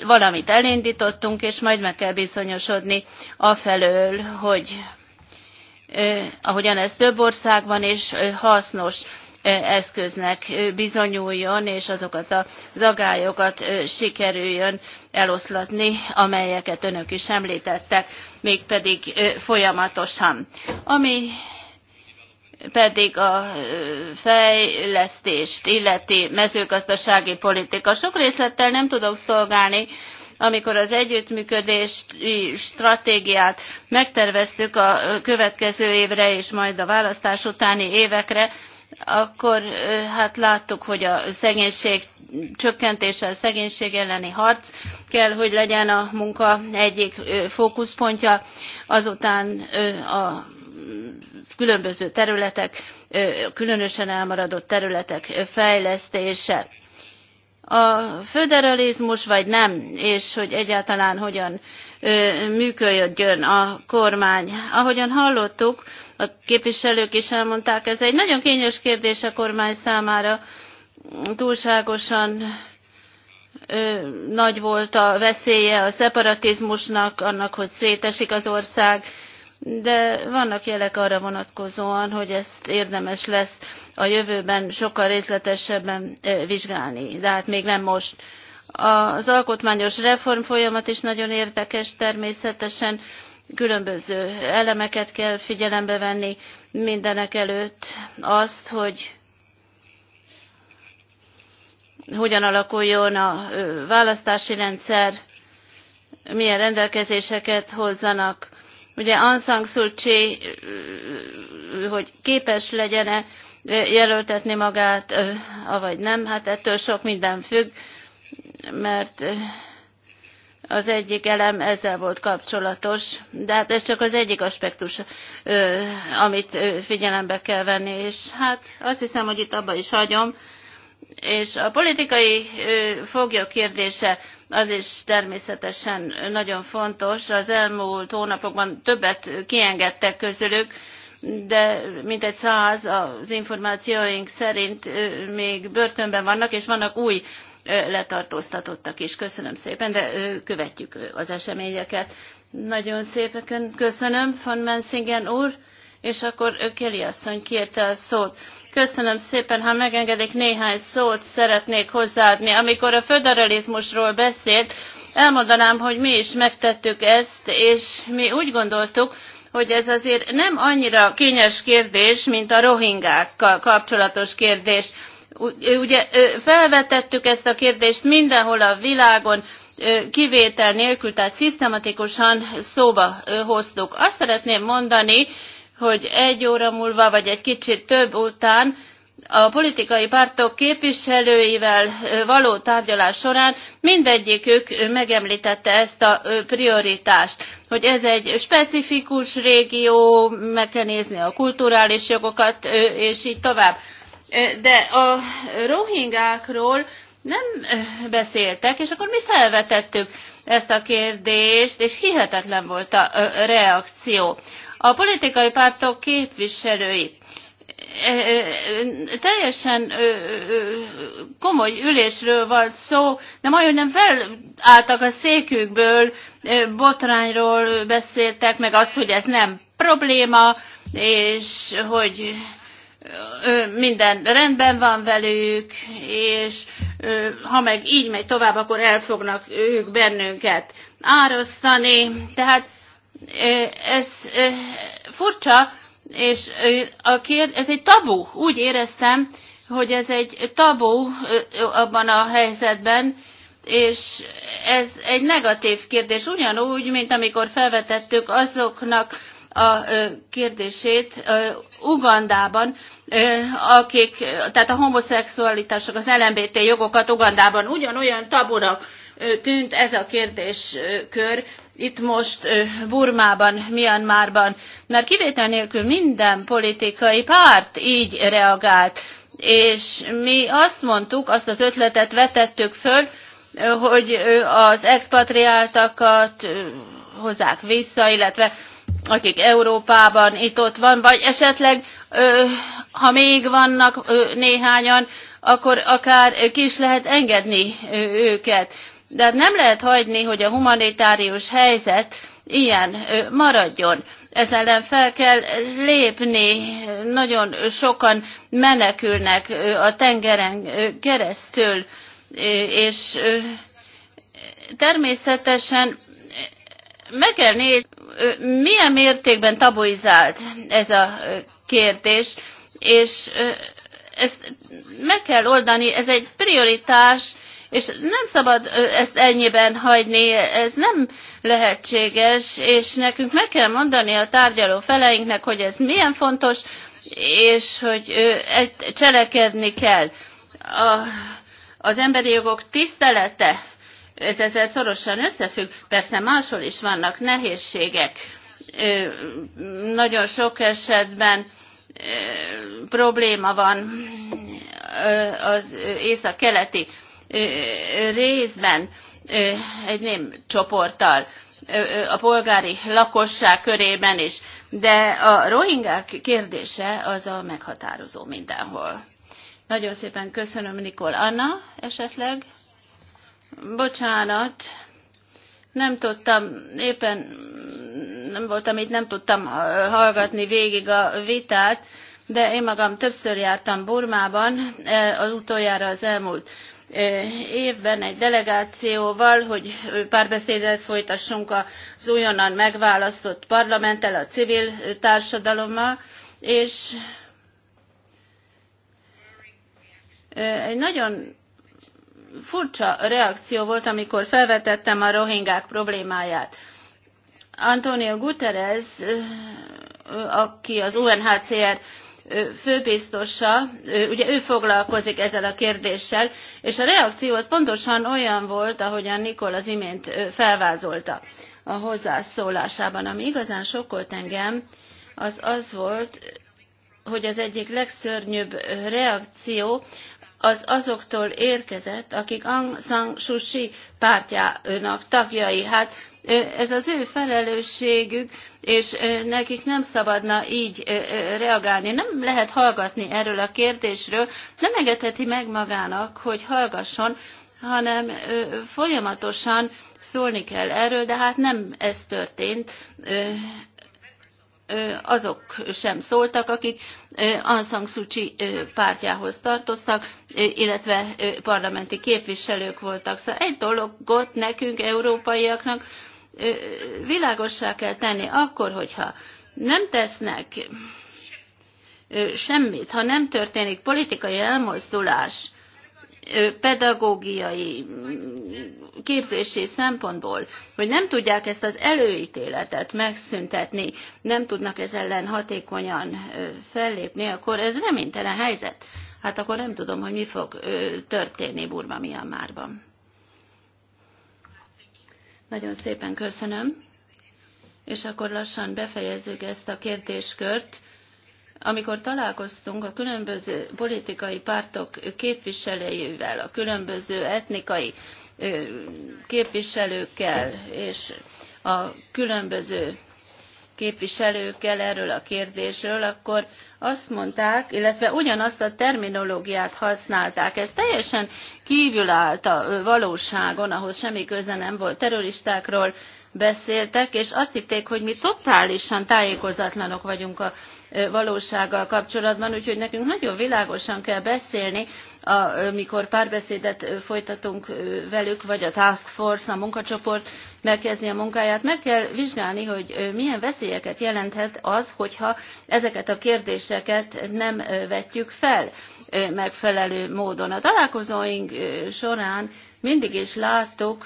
valamit elindítottunk, és majd meg kell bizonyosodni afelől, hogy ahogyan ez több országban is hasznos eszköznek bizonyuljon, és azokat a zagályokat sikerüljön eloszlatni, amelyeket önök is említettek, mégpedig folyamatosan. Ami pedig a fejlesztést illeti mezőgazdasági politika. Sok részlettel nem tudok szolgálni, amikor az együttműködés stratégiát megterveztük a következő évre és majd a választás utáni évekre, akkor hát láttuk, hogy a szegénység csökkentése, a szegénység elleni harc kell, hogy legyen a munka egyik fókuszpontja, azután a különböző területek, különösen elmaradott területek fejlesztése. A föderalizmus vagy nem, és hogy egyáltalán hogyan működjön a kormány. Ahogyan hallottuk, a képviselők is elmondták, ez egy nagyon kényes kérdés a kormány számára, túlságosan nagy volt a veszélye a szeparatizmusnak, annak, hogy szétesik az ország, de vannak jelek arra vonatkozóan, hogy ezt érdemes lesz a jövőben sokkal részletesebben eh, vizsgálni, de hát még nem most. Az alkotmányos reform folyamat is nagyon érdekes természetesen, különböző elemeket kell figyelembe venni mindenek előtt azt, hogy hogyan alakuljon a választási rendszer, milyen rendelkezéseket hozzanak ugye Ansang Suu hogy képes legyen-e jelöltetni magát, avagy nem, hát ettől sok minden függ, mert az egyik elem ezzel volt kapcsolatos, de hát ez csak az egyik aspektus, amit figyelembe kell venni, és hát azt hiszem, hogy itt abba is hagyom, és a politikai foglyok kérdése az is természetesen nagyon fontos. Az elmúlt hónapokban többet kiengedtek közülük, de mintegy száz az információink szerint még börtönben vannak, és vannak új letartóztatottak is. Köszönöm szépen, de követjük az eseményeket. Nagyon szépen köszönöm, von Menzingen úr, és akkor Kelly asszony kérte a szót. Köszönöm szépen, ha megengedik néhány szót szeretnék hozzáadni. Amikor a föderalizmusról beszélt, elmondanám, hogy mi is megtettük ezt, és mi úgy gondoltuk, hogy ez azért nem annyira kényes kérdés, mint a rohingákkal kapcsolatos kérdés. Ugye felvetettük ezt a kérdést mindenhol a világon, kivétel nélkül, tehát szisztematikusan szóba hoztuk. Azt szeretném mondani, hogy egy óra múlva, vagy egy kicsit több után a politikai pártok képviselőivel való tárgyalás során mindegyikük megemlítette ezt a prioritást, hogy ez egy specifikus régió, meg kell nézni a kulturális jogokat, és így tovább. De a rohingákról nem beszéltek, és akkor mi felvetettük ezt a kérdést, és hihetetlen volt a reakció. A politikai pártok képviselői teljesen komoly ülésről volt szó, de majd nem felálltak a székükből, botrányról beszéltek, meg azt, hogy ez nem probléma, és hogy minden rendben van velük, és ha meg így megy tovább, akkor el fognak ők bennünket árasztani. Tehát ez furcsa, és a kér, ez egy tabu. Úgy éreztem, hogy ez egy tabu abban a helyzetben, és ez egy negatív kérdés, ugyanúgy, mint amikor felvetettük azoknak a kérdését Ugandában, akik, tehát a homoszexualitások, az LMBT jogokat Ugandában ugyanolyan tabunak tűnt ez a kérdéskör, itt most Burmában, Myanmarban, mert kivétel nélkül minden politikai párt így reagált. És mi azt mondtuk, azt az ötletet vetettük föl, hogy az expatriáltakat hozzák vissza, illetve akik Európában itt-ott van, vagy esetleg, ha még vannak néhányan, akkor akár ki is lehet engedni őket de hát nem lehet hagyni, hogy a humanitárius helyzet ilyen maradjon. Ez ellen fel kell lépni, nagyon sokan menekülnek a tengeren keresztül, és természetesen meg kell nézni, milyen mértékben tabuizált ez a kérdés, és ezt meg kell oldani, ez egy prioritás, és nem szabad ezt ennyiben hagyni, ez nem lehetséges, és nekünk meg kell mondani a tárgyaló feleinknek, hogy ez milyen fontos, és hogy cselekedni kell. A, az emberi jogok tisztelete, ez ezzel szorosan összefügg, persze máshol is vannak nehézségek. Nagyon sok esetben probléma van az észak-keleti részben egy nem csoporttal a polgári lakosság körében is. De a rohingák kérdése az a meghatározó mindenhol. Nagyon szépen köszönöm, Nikol. Anna, esetleg? Bocsánat, nem tudtam, éppen nem voltam itt, nem tudtam hallgatni végig a vitát, de én magam többször jártam Burmában, az utoljára az elmúlt évben egy delegációval, hogy párbeszédet folytassunk az újonnan megválasztott parlamenttel, a civil társadalommal, és egy nagyon furcsa reakció volt, amikor felvetettem a rohingák problémáját. Antonio Guterres, aki az UNHCR főbiztosa, ugye ő foglalkozik ezzel a kérdéssel, és a reakció az pontosan olyan volt, ahogyan Nikol az imént felvázolta a hozzászólásában. Ami igazán sokkolt engem, az az volt, hogy az egyik legszörnyűbb reakció az azoktól érkezett, akik Aung San Suu Kyi pártjának tagjai. Hát ez az ő felelősségük, és nekik nem szabadna így reagálni. Nem lehet hallgatni erről a kérdésről, nem engedheti meg magának, hogy hallgasson, hanem folyamatosan szólni kell erről, de hát nem ez történt. Azok sem szóltak, akik Aung San Suu Kyi pártjához tartoztak, illetve parlamenti képviselők voltak. Szóval egy dologot nekünk, európaiaknak világossá kell tenni akkor, hogyha nem tesznek semmit, ha nem történik politikai elmozdulás, pedagógiai mm, képzési szempontból, hogy nem tudják ezt az előítéletet megszüntetni, nem tudnak ez ellen hatékonyan fellépni, akkor ez reménytelen helyzet. Hát akkor nem tudom, hogy mi fog történni Burma Mianmárban. Nagyon szépen köszönöm. És akkor lassan befejezzük ezt a kérdéskört. Amikor találkoztunk a különböző politikai pártok képviselőivel, a különböző etnikai képviselőkkel és a különböző képviselőkkel erről a kérdésről, akkor azt mondták, illetve ugyanazt a terminológiát használták. Ez teljesen kívül állt a valóságon, ahhoz semmi köze nem volt. Terroristákról beszéltek, és azt hitték, hogy mi totálisan tájékozatlanok vagyunk a valósággal kapcsolatban, úgyhogy nekünk nagyon világosan kell beszélni, amikor párbeszédet folytatunk velük, vagy a task force, a munkacsoport megkezdi a munkáját, meg kell vizsgálni, hogy milyen veszélyeket jelenthet az, hogyha ezeket a kérdéseket nem vetjük fel megfelelő módon. A találkozóink során mindig is láttuk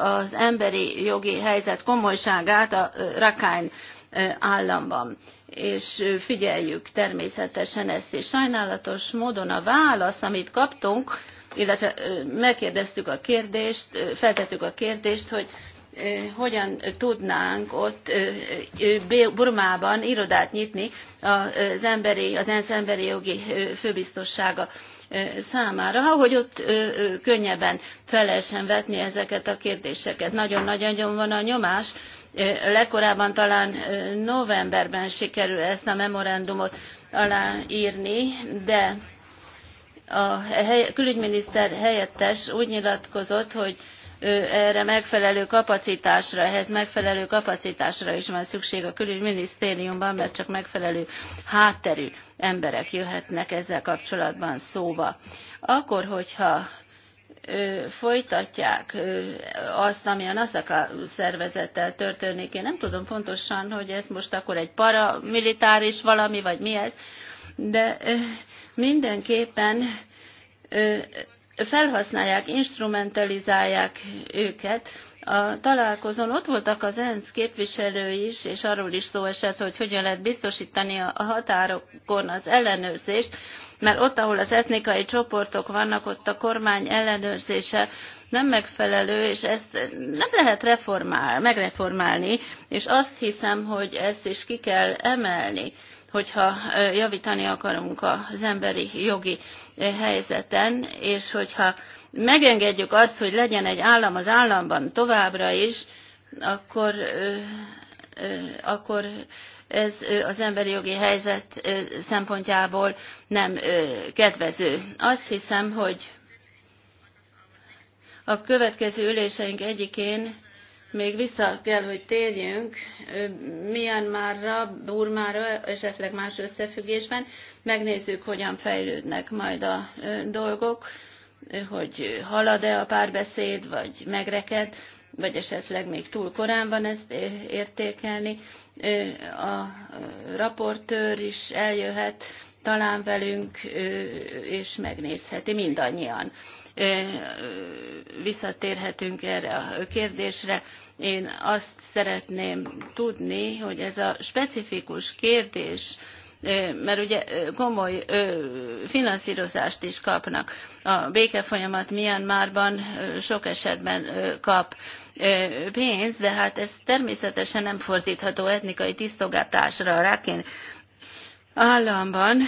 az emberi jogi helyzet komolyságát a Rakhine államban és figyeljük természetesen ezt, és sajnálatos módon a válasz, amit kaptunk, illetve megkérdeztük a kérdést, feltettük a kérdést, hogy hogyan tudnánk ott Burmában irodát nyitni az, emberi, az ENSZ emberi jogi főbiztossága számára, hogy ott könnyebben fel lehessen vetni ezeket a kérdéseket. Nagyon nagyon van a nyomás, legkorábban talán novemberben sikerül ezt a memorandumot aláírni, de a külügyminiszter helyettes úgy nyilatkozott, hogy erre megfelelő kapacitásra, ehhez megfelelő kapacitásra is van szükség a külügyminisztériumban, mert csak megfelelő hátterű emberek jöhetnek ezzel kapcsolatban szóba. Akkor, hogyha folytatják azt, ami a NASZAKA szervezettel történik. Én nem tudom pontosan, hogy ez most akkor egy paramilitáris valami, vagy mi ez, de mindenképpen felhasználják, instrumentalizálják őket. A találkozón ott voltak az ENSZ képviselő is, és arról is szó esett, hogy hogyan lehet biztosítani a határokon az ellenőrzést, mert ott, ahol az etnikai csoportok vannak, ott a kormány ellenőrzése nem megfelelő, és ezt nem lehet reformál, megreformálni, és azt hiszem, hogy ezt is ki kell emelni hogyha javítani akarunk az emberi jogi helyzeten, és hogyha megengedjük azt, hogy legyen egy állam az államban továbbra is, akkor, akkor ez az emberi jogi helyzet szempontjából nem kedvező. Azt hiszem, hogy a következő üléseink egyikén még vissza kell, hogy térjünk Myanmarra, Burmára, esetleg más összefüggésben. Megnézzük, hogyan fejlődnek majd a dolgok, hogy halad-e a párbeszéd, vagy megreked, vagy esetleg még túl korán van ezt értékelni a raportőr is eljöhet talán velünk, és megnézheti mindannyian. Visszatérhetünk erre a kérdésre. Én azt szeretném tudni, hogy ez a specifikus kérdés, mert ugye komoly finanszírozást is kapnak. A békefolyamat Myanmarban sok esetben kap pénz, de hát ez természetesen nem fordítható etnikai tisztogatásra a rákén államban,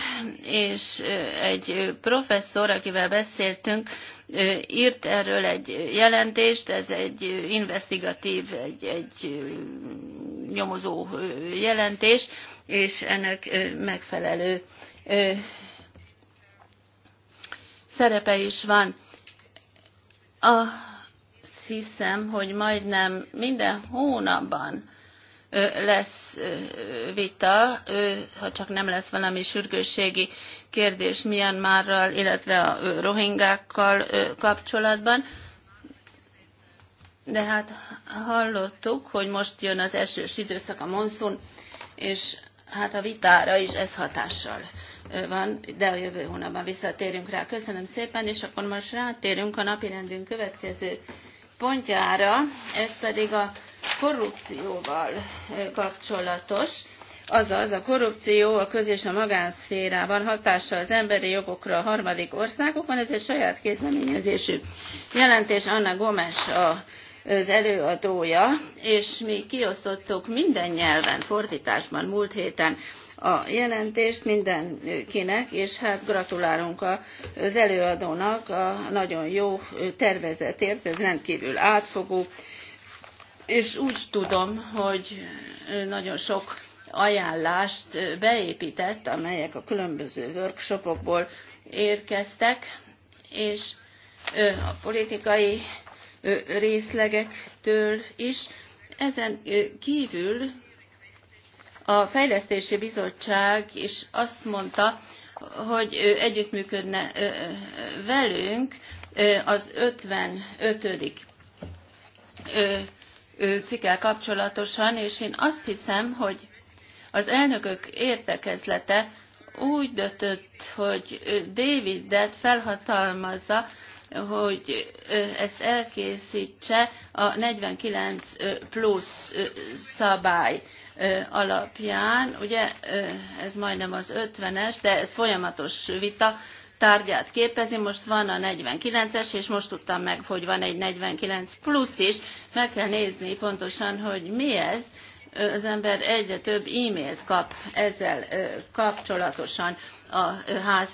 és egy professzor, akivel beszéltünk, írt erről egy jelentést, ez egy investigatív, egy, egy nyomozó jelentés, és ennek megfelelő szerepe is van. A hiszem, hogy majdnem minden hónapban lesz vita, ha csak nem lesz valami sürgősségi kérdés Myanmarral, illetve a rohingákkal kapcsolatban. De hát hallottuk, hogy most jön az esős időszak, a monszun, és hát a vitára is ez hatással van, de a jövő hónapban visszatérünk rá. Köszönöm szépen, és akkor most rátérünk a napirendünk következő pontjára, ez pedig a korrupcióval kapcsolatos, azaz a korrupció a köz- és a magánszférában hatása az emberi jogokra a harmadik országokban, ez egy saját kézleményezésű jelentés, Anna Gomes a az előadója, és mi kiosztottuk minden nyelven, fordításban múlt héten a jelentést mindenkinek, és hát gratulálunk az előadónak a nagyon jó tervezetért, ez rendkívül átfogó, és úgy tudom, hogy nagyon sok ajánlást beépített, amelyek a különböző workshopokból érkeztek, és a politikai részlegektől is. Ezen kívül a Fejlesztési Bizottság is azt mondta, hogy ő együttműködne velünk az 55 cikkel kapcsolatosan, és én azt hiszem, hogy az elnökök értekezlete úgy döntött, hogy Davidet felhatalmazza, hogy ezt elkészítse a 49 plusz szabály alapján, ugye ez majdnem az 50-es, de ez folyamatos vita, tárgyát képezi, most van a 49-es, és most tudtam meg, hogy van egy 49 plusz is, meg kell nézni pontosan, hogy mi ez, az ember egyre több e-mailt kap ezzel kapcsolatosan a ház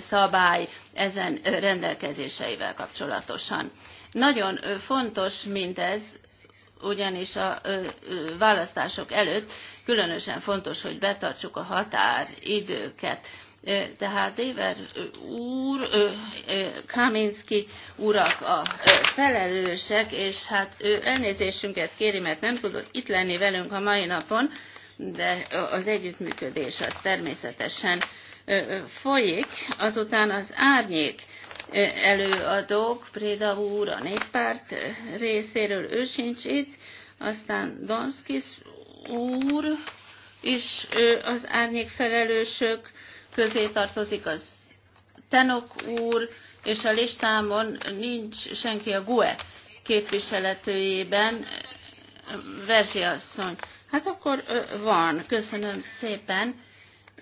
szabály ezen rendelkezéseivel kapcsolatosan. Nagyon fontos mindez, ugyanis a választások előtt különösen fontos, hogy betartsuk a határidőket. Tehát Éver úr, Kaminski urak a felelősek, és hát ő elnézésünket kéri, mert nem tudott itt lenni velünk a mai napon, de az együttműködés az természetesen folyik. Azután az árnyék előadók, Préda úr a néppárt részéről, ő sincs itt, aztán Donskis úr is az árnyék felelősök közé tartozik az Tenok úr, és a listámon nincs senki a GUE képviseletőjében, Verzsi asszony. Hát akkor van, köszönöm szépen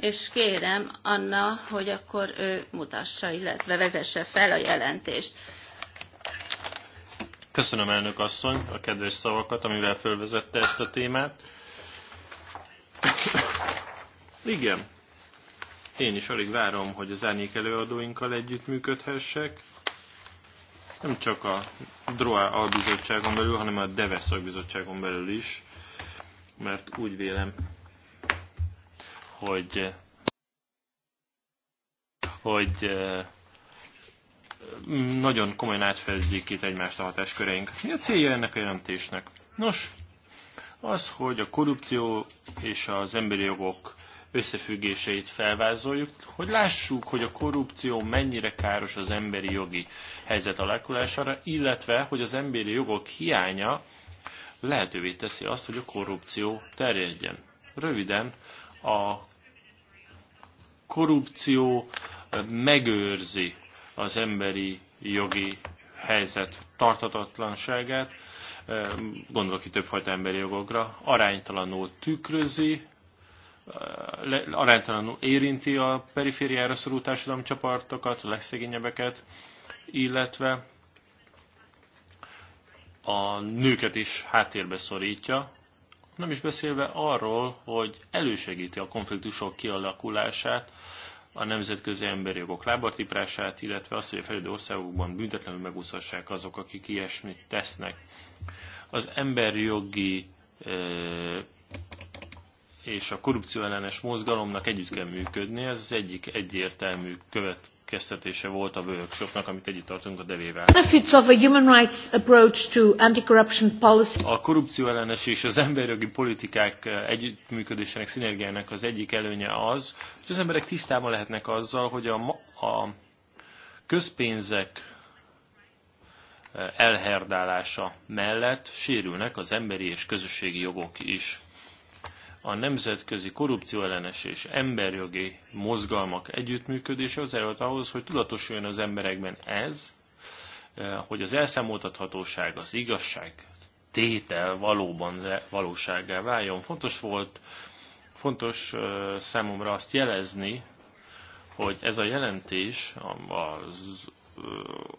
és kérem Anna, hogy akkor ő mutassa, illetve vezesse fel a jelentést. Köszönöm elnök asszony a kedves szavakat, amivel fölvezette ezt a témát. Igen, én is alig várom, hogy az árnyék előadóinkkal együttműködhessek. Nem csak a DROA albizottságon belül, hanem a DEVE szakbizottságon belül is, mert úgy vélem, hogy hogy eh, nagyon komolyan átfedezzék itt egymást a hatásköreink. Mi a célja ennek a jelentésnek? Nos, az, hogy a korrupció és az emberi jogok összefüggéseit felvázoljuk, hogy lássuk, hogy a korrupció mennyire káros az emberi jogi helyzet alakulására, illetve, hogy az emberi jogok hiánya lehetővé teszi azt, hogy a korrupció terjedjen. Röviden, a korrupció megőrzi az emberi jogi helyzet tartatatlanságát, gondolok itt többfajta emberi jogokra, aránytalanul tükrözi, aránytalanul érinti a perifériára szorú társadalmi csoportokat, a legszegényebbeket, illetve a nőket is háttérbe szorítja, nem is beszélve arról, hogy elősegíti a konfliktusok kialakulását, a nemzetközi emberi jogok lábartiprását, illetve azt, hogy a fejlődő országokban büntetlenül megúszhassák azok, akik ilyesmit tesznek. Az emberi jogi és a korrupció ellenes mozgalomnak együtt kell működni, ez az egyik egyértelmű követ, következtetése volt a workshopnak, amit együtt tartunk a devével. a A korrupció ellenes és az emberjogi politikák együttműködésének, szinergiának az egyik előnye az, hogy az emberek tisztában lehetnek azzal, hogy a, a közpénzek eh, elherdálása mellett sérülnek az emberi és közösségi jogok is a nemzetközi korrupcióellenes és emberjogi mozgalmak együttműködése az előtt ahhoz, hogy tudatosuljon az emberekben ez, eh, hogy az elszámoltathatóság, az igazság tétel valóban valósággá váljon. Fontos volt, fontos eh, számomra azt jelezni, hogy ez a jelentés az eh,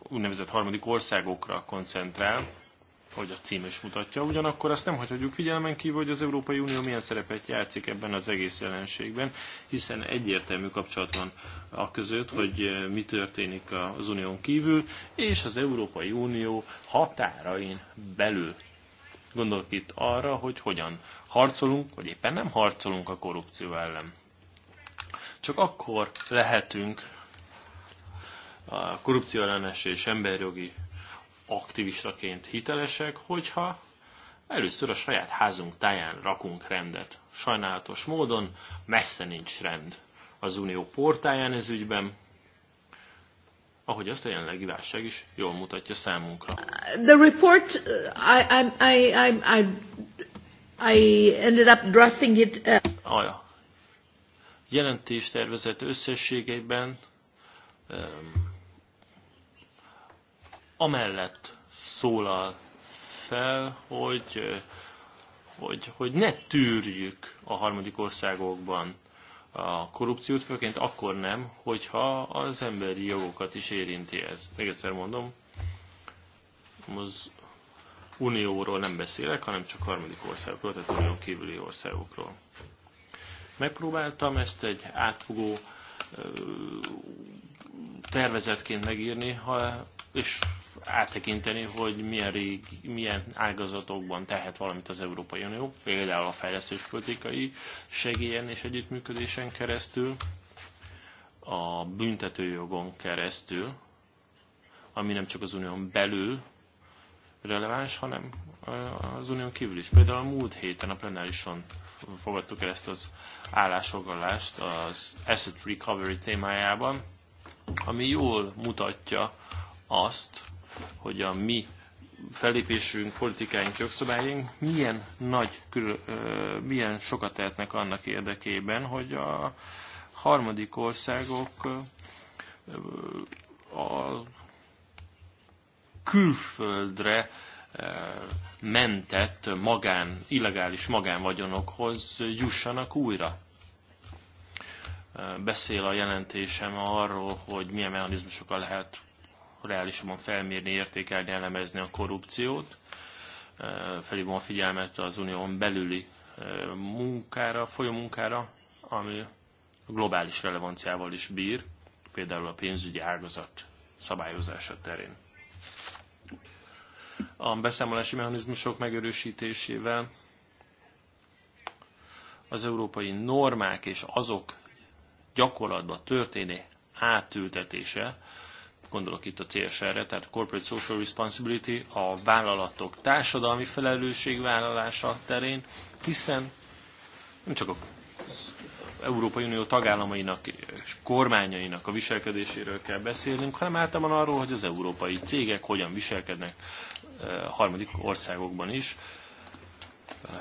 úgynevezett harmadik országokra koncentrál, hogy a cím is mutatja. Ugyanakkor azt nem hagyhatjuk figyelmen kívül, hogy az Európai Unió milyen szerepet játszik ebben az egész jelenségben, hiszen egyértelmű kapcsolat van a között, hogy eh, mi történik az Unión kívül, és az Európai Unió határain belül. Gondolok itt arra, hogy hogyan harcolunk, vagy éppen nem harcolunk a korrupció ellen. Csak akkor lehetünk a korrupció ellenes és emberjogi aktivistaként hitelesek, hogyha először a saját házunk táján rakunk rendet. Sajnálatos módon messze nincs rend az unió portáján ez ügyben, ahogy azt a jelenlegi válság is jól mutatja számunkra. Uh, the report, uh, I, I, I, I, I ended up drafting it. Uh, a jelentéstervezet összességében um, amellett szólal fel, hogy, hogy, hogy ne tűrjük a harmadik országokban a korrupciót, főként akkor nem, hogyha az emberi jogokat is érinti ez. Még egyszer mondom, az unióról nem beszélek, hanem csak harmadik országokról, tehát unión kívüli országokról. Megpróbáltam ezt egy átfogó tervezetként megírni, ha, és áttekinteni, hogy milyen, rég, milyen ágazatokban tehet valamit az Európai Unió, például a fejlesztős politikai segélyen és együttműködésen keresztül, a büntetőjogon keresztül, ami nem csak az unión belül releváns, hanem az unión kívül is. Például a múlt héten a plenárison fogadtuk el ezt az állásfoglalást az Asset Recovery témájában, ami jól mutatja azt, hogy a mi felépésünk, politikáink, jogszabályaink milyen nagy, milyen sokat tehetnek annak érdekében, hogy a harmadik országok a külföldre mentett magán, illegális magánvagyonokhoz jussanak újra. Beszél a jelentésem arról, hogy milyen mechanizmusokkal lehet reálisan felmérni, értékelni, elemezni a korrupciót. Felhívom a figyelmet az unión belüli munkára, folyamunkára, ami globális relevanciával is bír, például a pénzügyi ágazat szabályozása terén. A beszámolási mechanizmusok megerősítésével az európai normák és azok gyakorlatba történő átültetése gondolok itt a CSR-re, tehát Corporate Social Responsibility, a vállalatok társadalmi felelősségvállalása terén, hiszen nem csak a Európai Unió tagállamainak és kormányainak a viselkedéséről kell beszélnünk, hanem általában arról, hogy az európai cégek hogyan viselkednek eh, harmadik országokban is. Eh,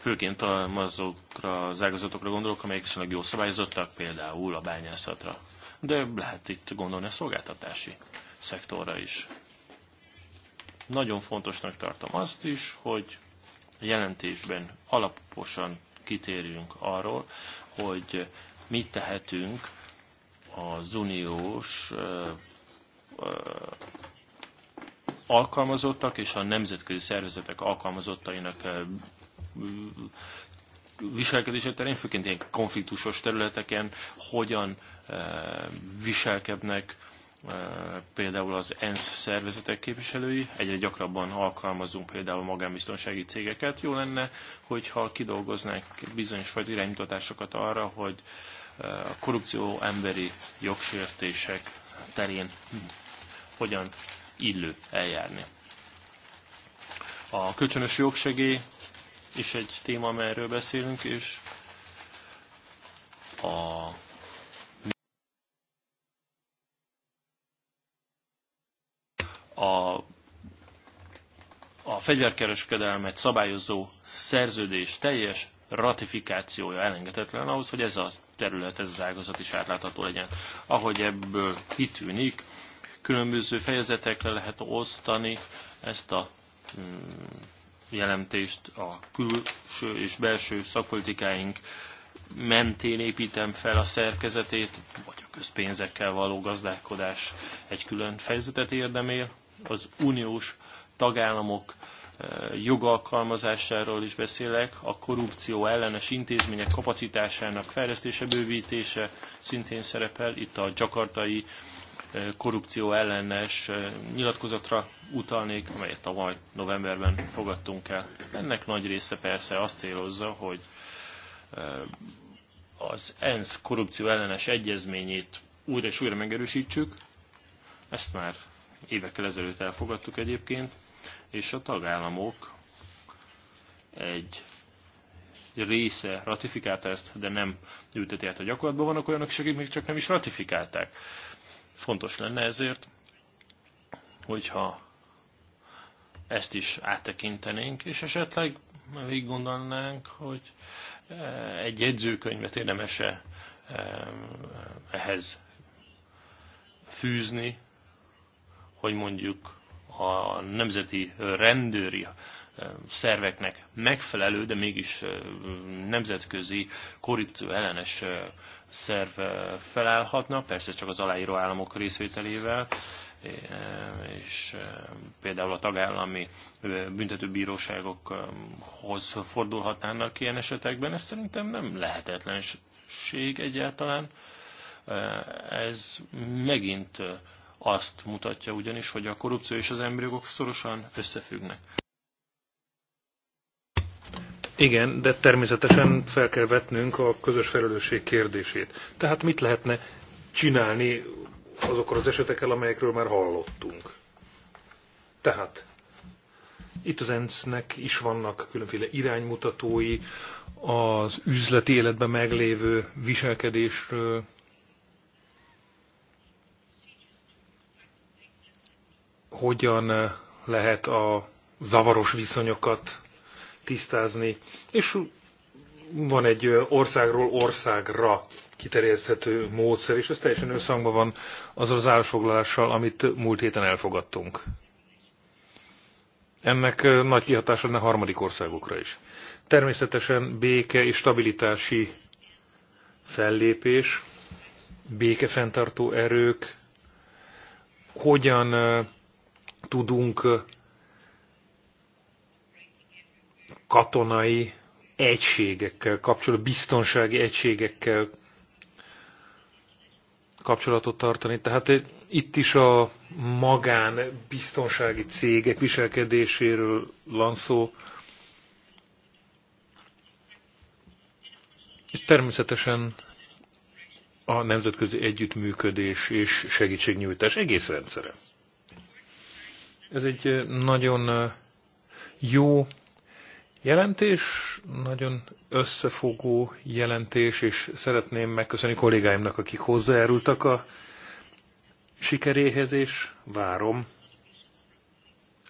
főként azokra az ágazatokra gondolok, amelyek viszonylag jó szabályozottak, például a bányászatra de lehet itt gondolni a szolgáltatási szektorra is. Nagyon fontosnak tartom azt is, hogy jelentésben alaposan kitérjünk arról, hogy mit tehetünk az uniós alkalmazottak és a nemzetközi szervezetek alkalmazottainak viselkedése terén, főként ilyen konfliktusos területeken, hogyan eh, viselkednek eh, például az ENSZ szervezetek képviselői, egyre gyakrabban alkalmazunk például magánbiztonsági cégeket. Jó lenne, hogyha kidolgoznák bizonyos fajta iránymutatásokat arra, hogy eh, a korrupció emberi jogsértések terén hogyan illő eljárni. A kölcsönös jogsegély is egy téma, amelyről beszélünk, és a a, a fegyverkereskedelmet szabályozó szerződés teljes ratifikációja elengedhetetlen ahhoz, hogy ez a terület, ez az ágazat is átlátható legyen. Ahogy ebből kitűnik, különböző fejezetekre lehet osztani ezt a hmm, jelentést a külső és belső szakpolitikáink mentén építem fel a szerkezetét, vagy a közpénzekkel való gazdálkodás egy külön fejezetet érdemél. Az uniós tagállamok eh, jogalkalmazásáról is beszélek, a korrupció ellenes intézmények kapacitásának fejlesztése, bővítése szintén szerepel, itt a gyakartai korrupció ellenes nyilatkozatra utalnék, amelyet tavaly novemberben fogadtunk el. Ennek nagy része persze azt célozza, hogy az ENSZ korrupció ellenes egyezményét újra és újra megerősítsük. Ezt már évekkel ezelőtt elfogadtuk egyébként, és a tagállamok egy része ratifikálta ezt, de nem ülteti át a gyakorlatban. Vannak olyanok akik még csak nem is ratifikálták. Fontos lenne ezért, hogyha ezt is áttekintenénk, és esetleg végig gondolnánk, hogy eh, egy jegyzőkönyvet érdemese eh, ehhez fűzni, hogy mondjuk a nemzeti rendőri szerveknek megfelelő, de mégis nemzetközi korrupció ellenes szerv felállhatna, persze csak az aláíró államok részvételével, és például a tagállami büntetőbíróságokhoz fordulhatnának ilyen esetekben. Ez szerintem nem lehetetlenség egyáltalán. Ez megint azt mutatja ugyanis, hogy a korrupció és az emberi jogok szorosan összefüggnek. Igen, de természetesen fel kell vetnünk a közös felelősség kérdését. Tehát mit lehetne csinálni azokkal az esetekkel, amelyekről már hallottunk? Tehát itt az ENSZ-nek is vannak különféle iránymutatói, az üzleti életben meglévő viselkedésről, hogyan lehet a zavaros viszonyokat tisztázni, és van egy országról országra kiterjeszthető módszer, és ez teljesen összhangban van azzal az állásfoglalással, amit múlt héten elfogadtunk. Ennek nagy kihatása lenne harmadik országokra is. Természetesen béke és stabilitási fellépés, békefenntartó erők, hogyan tudunk katonai egységekkel kapcsolatban, biztonsági egységekkel kapcsolatot tartani. Tehát itt is a magán biztonsági cégek viselkedéséről van szó. És természetesen a nemzetközi együttműködés és segítségnyújtás egész rendszere. Ez egy nagyon jó jelentés nagyon összefogó jelentés, és szeretném megköszönni kollégáimnak, akik hozzájárultak a sikeréhez, és várom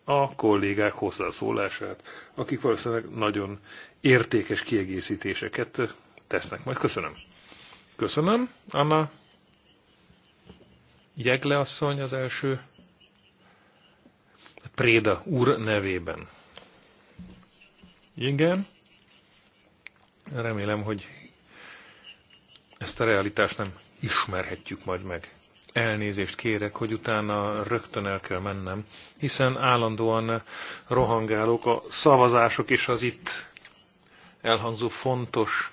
a kollégák hozzászólását, akik valószínűleg nagyon értékes kiegészítéseket tesznek. Majd köszönöm. Köszönöm, Anna. Jegle asszony az első. Préda úr nevében. Igen. Remélem, hogy ezt a realitást nem ismerhetjük majd meg. Elnézést kérek, hogy utána rögtön el kell mennem, hiszen állandóan rohangálok a szavazások és az itt elhangzó fontos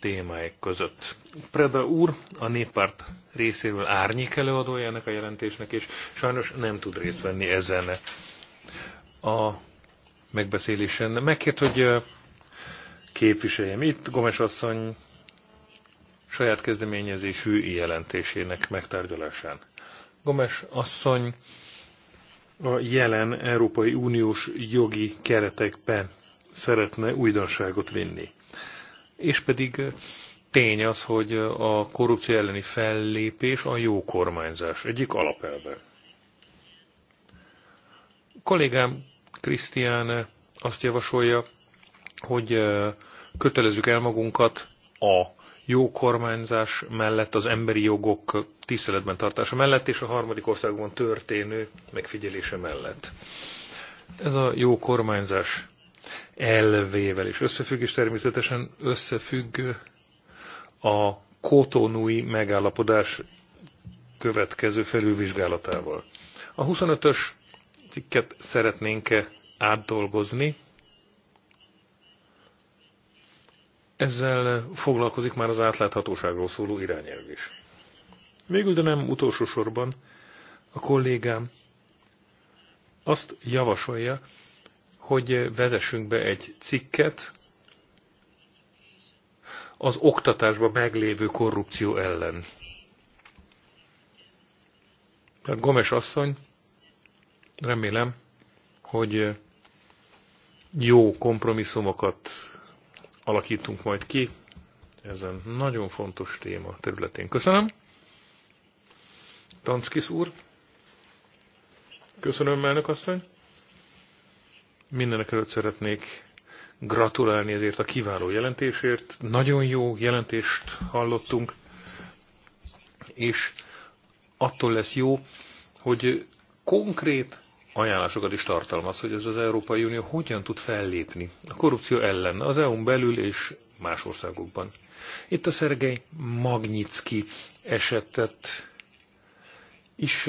témáik között. Preda úr a néppárt részéről árnyék előadója ennek a jelentésnek, és sajnos nem tud részt venni ezen. A megbeszélésen megkért, hogy képviseljem itt Gomes asszony saját kezdeményezésű jelentésének megtárgyalásán. Gomes asszony a jelen Európai Uniós jogi keretekben szeretne újdonságot vinni. És pedig tény az, hogy a korrupció elleni fellépés a jó kormányzás egyik alapelve. Kollégám Krisztián azt javasolja, hogy kötelezzük el magunkat a jó kormányzás mellett, az emberi jogok tiszteletben tartása mellett és a harmadik országban történő megfigyelése mellett. Ez a jó kormányzás elvével is összefügg, és természetesen összefügg a kotonui megállapodás következő felülvizsgálatával. A 25-ös cikket szeretnénk átdolgozni. Ezzel foglalkozik már az átláthatóságról szóló irányelv is. Végül, de nem utolsó sorban, a kollégám azt javasolja, hogy vezessünk be egy cikket az oktatásban meglévő korrupció ellen. Tehát Gomes asszony Remélem, hogy jó kompromisszumokat alakítunk majd ki ezen nagyon fontos téma területén. Köszönöm. Tanckis úr. Köszönöm, elnök asszony. Mindenek előtt szeretnék gratulálni ezért a kiváló jelentésért. Nagyon jó jelentést hallottunk, és attól lesz jó, hogy konkrét ajánlásokat is tartalmaz, hogy ez az Európai Unió hogyan tud fellépni a korrupció ellen az EU-n belül és más országokban. Itt a Szergei Magnyicki esetet is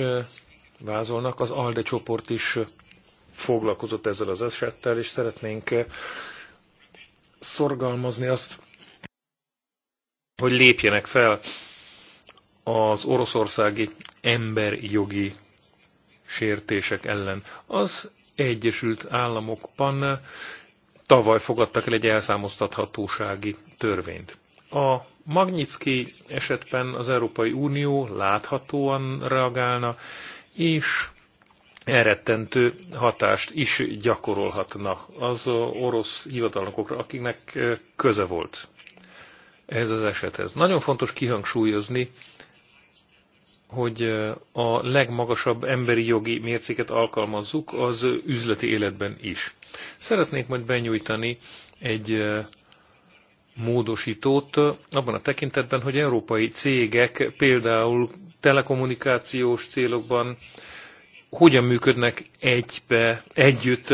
vázolnak, az ALDE csoport is foglalkozott ezzel az esettel, és szeretnénk szorgalmazni azt, hogy lépjenek fel az oroszországi emberjogi sértések ellen. Az Egyesült Államokban tavaly fogadtak el egy elszámoztathatósági törvényt. A Magnitsky esetben az Európai Unió láthatóan reagálna, és elrettentő hatást is gyakorolhatna az orosz hivatalnokokra, akiknek köze volt ez az esethez. Nagyon fontos kihangsúlyozni, hogy a legmagasabb emberi jogi mércéket alkalmazzuk az üzleti életben is. Szeretnék majd benyújtani egy módosítót abban a tekintetben, hogy európai cégek például telekommunikációs célokban hogyan működnek egybe, együtt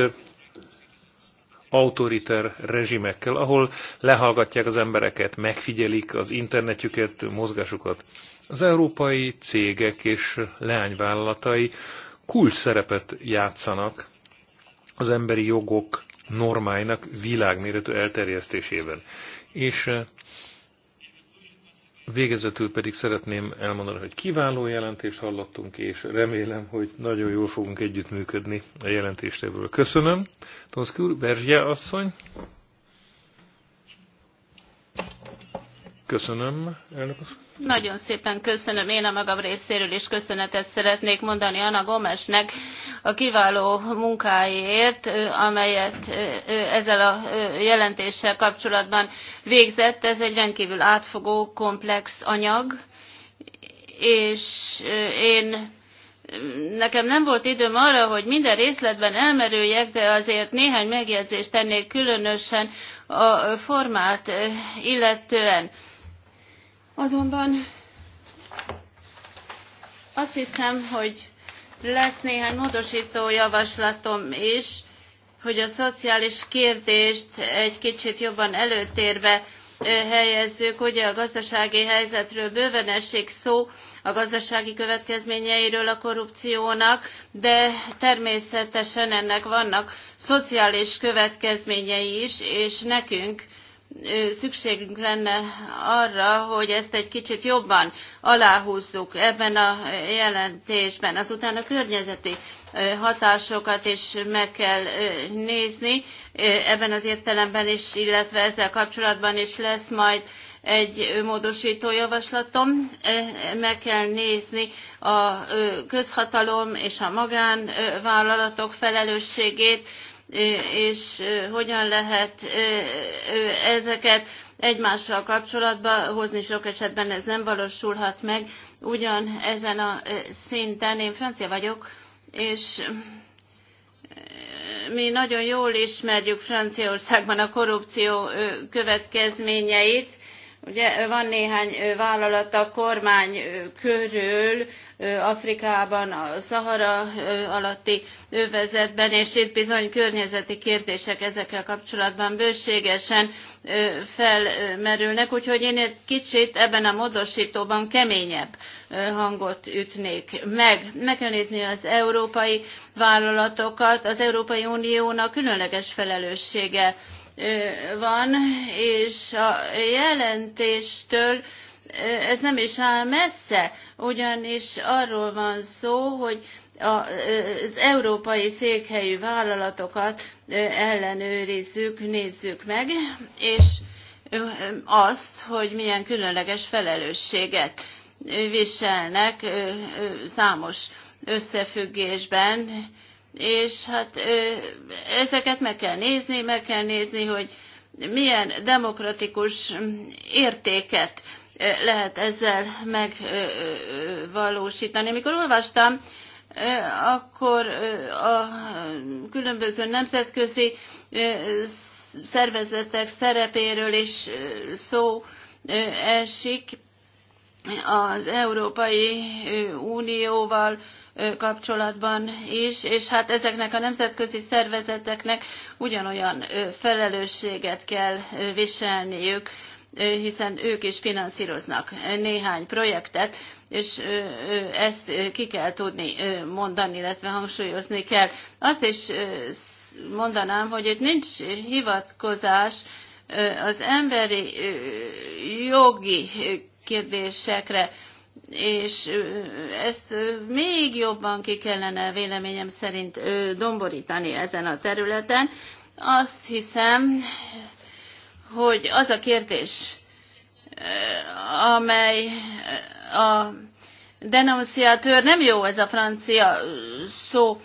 autoriter rezsimekkel, ahol lehallgatják az embereket, megfigyelik az internetjüket, mozgásukat. Az európai cégek és leányvállalatai kulcs szerepet játszanak az emberi jogok normáinak világméretű elterjesztésében. És eh, végezetül pedig szeretném elmondani, hogy kiváló jelentést hallottunk, és remélem, hogy nagyon jól fogunk együttműködni a jelentéstevőről. Köszönöm. Tonszki úr, Berzsia asszony. Köszönöm, Nagyon szépen köszönöm. Én a magam részéről is köszönetet szeretnék mondani Anna Gomesnek a kiváló munkáért, amelyet ezzel a jelentéssel kapcsolatban végzett. Ez egy rendkívül átfogó, komplex anyag, és én nekem nem volt időm arra, hogy minden részletben elmerüljek, de azért néhány megjegyzést tennék különösen a formát illetően. Azonban azt hiszem, hogy lesz néhány módosító javaslatom is, hogy a szociális kérdést egy kicsit jobban előtérbe helyezzük. Ugye a gazdasági helyzetről bőven esik szó, a gazdasági következményeiről a korrupciónak, de természetesen ennek vannak szociális következményei is, és nekünk szükségünk lenne arra, hogy ezt egy kicsit jobban aláhúzzuk ebben a jelentésben. Azután a környezeti hatásokat is meg kell nézni ebben az értelemben is, illetve ezzel kapcsolatban is lesz majd egy módosító javaslatom. Meg kell nézni a közhatalom és a magánvállalatok felelősségét, és hogyan lehet ezeket egymással kapcsolatba hozni, sok esetben ez nem valósulhat meg ugyan ezen a szinten. Én francia vagyok, és mi nagyon jól ismerjük Franciaországban a korrupció következményeit. Ugye van néhány vállalat a kormány körül, Afrikában, a Szahara alatti övezetben, és itt bizony környezeti kérdések ezekkel kapcsolatban bőségesen felmerülnek, úgyhogy én egy kicsit ebben a módosítóban keményebb hangot ütnék meg. Meg kell nézni az európai vállalatokat, az Európai Uniónak különleges felelőssége van, és a jelentéstől ez nem is áll messze, ugyanis arról van szó, hogy az európai székhelyű vállalatokat ellenőrizzük, nézzük meg, és azt, hogy milyen különleges felelősséget viselnek számos összefüggésben, és hát ezeket meg kell nézni, meg kell nézni, hogy milyen demokratikus értéket lehet ezzel megvalósítani. Amikor olvastam, akkor a különböző nemzetközi szervezetek szerepéről is szó esik az Európai Unióval kapcsolatban is, és hát ezeknek a nemzetközi szervezeteknek ugyanolyan felelősséget kell viselniük hiszen ők is finanszíroznak néhány projektet, és ezt ki kell tudni mondani, illetve hangsúlyozni kell. Azt is mondanám, hogy itt nincs hivatkozás az emberi jogi kérdésekre, és ezt még jobban ki kellene véleményem szerint domborítani ezen a területen. Azt hiszem, hogy az a kérdés, eh, amely eh, a denunciatőr, nem jó ez a francia eh, szó,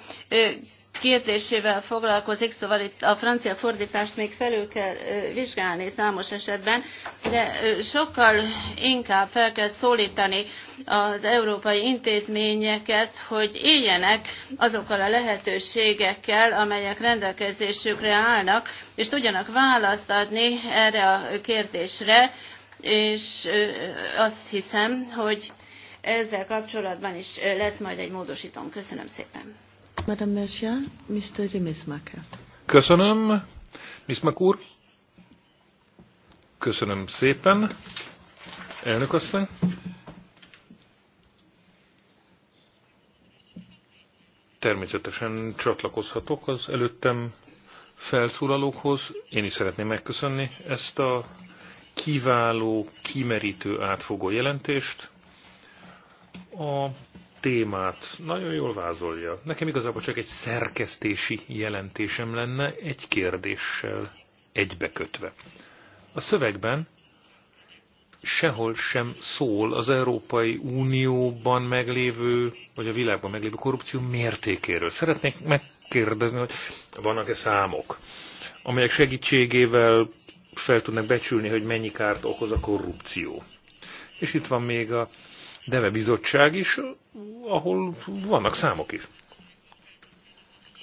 kérdésével foglalkozik, szóval itt a francia fordítást még felül kell vizsgálni számos esetben, de sokkal inkább fel kell szólítani az európai intézményeket, hogy éljenek azokkal a lehetőségekkel, amelyek rendelkezésükre állnak, és tudjanak választ adni erre a kérdésre, és azt hiszem, hogy ezzel kapcsolatban is lesz majd egy módosítom. Köszönöm szépen. Mr. Köszönöm, Mismak úr. Köszönöm szépen, elnök asszony. Természetesen csatlakozhatok az előttem felszólalókhoz. Én is szeretném megköszönni ezt a kiváló, kimerítő, átfogó jelentést. A témát nagyon jól vázolja. Nekem igazából csak egy szerkesztési jelentésem lenne egy kérdéssel egybekötve. A szövegben sehol sem szól az Európai Unióban meglévő, vagy a világban meglévő korrupció mértékéről. Szeretnék megkérdezni, hogy vannak-e számok, amelyek segítségével fel tudnak becsülni, hogy mennyi kárt okoz a korrupció. És itt van még a neve Bizottság is, ahol vannak számok is.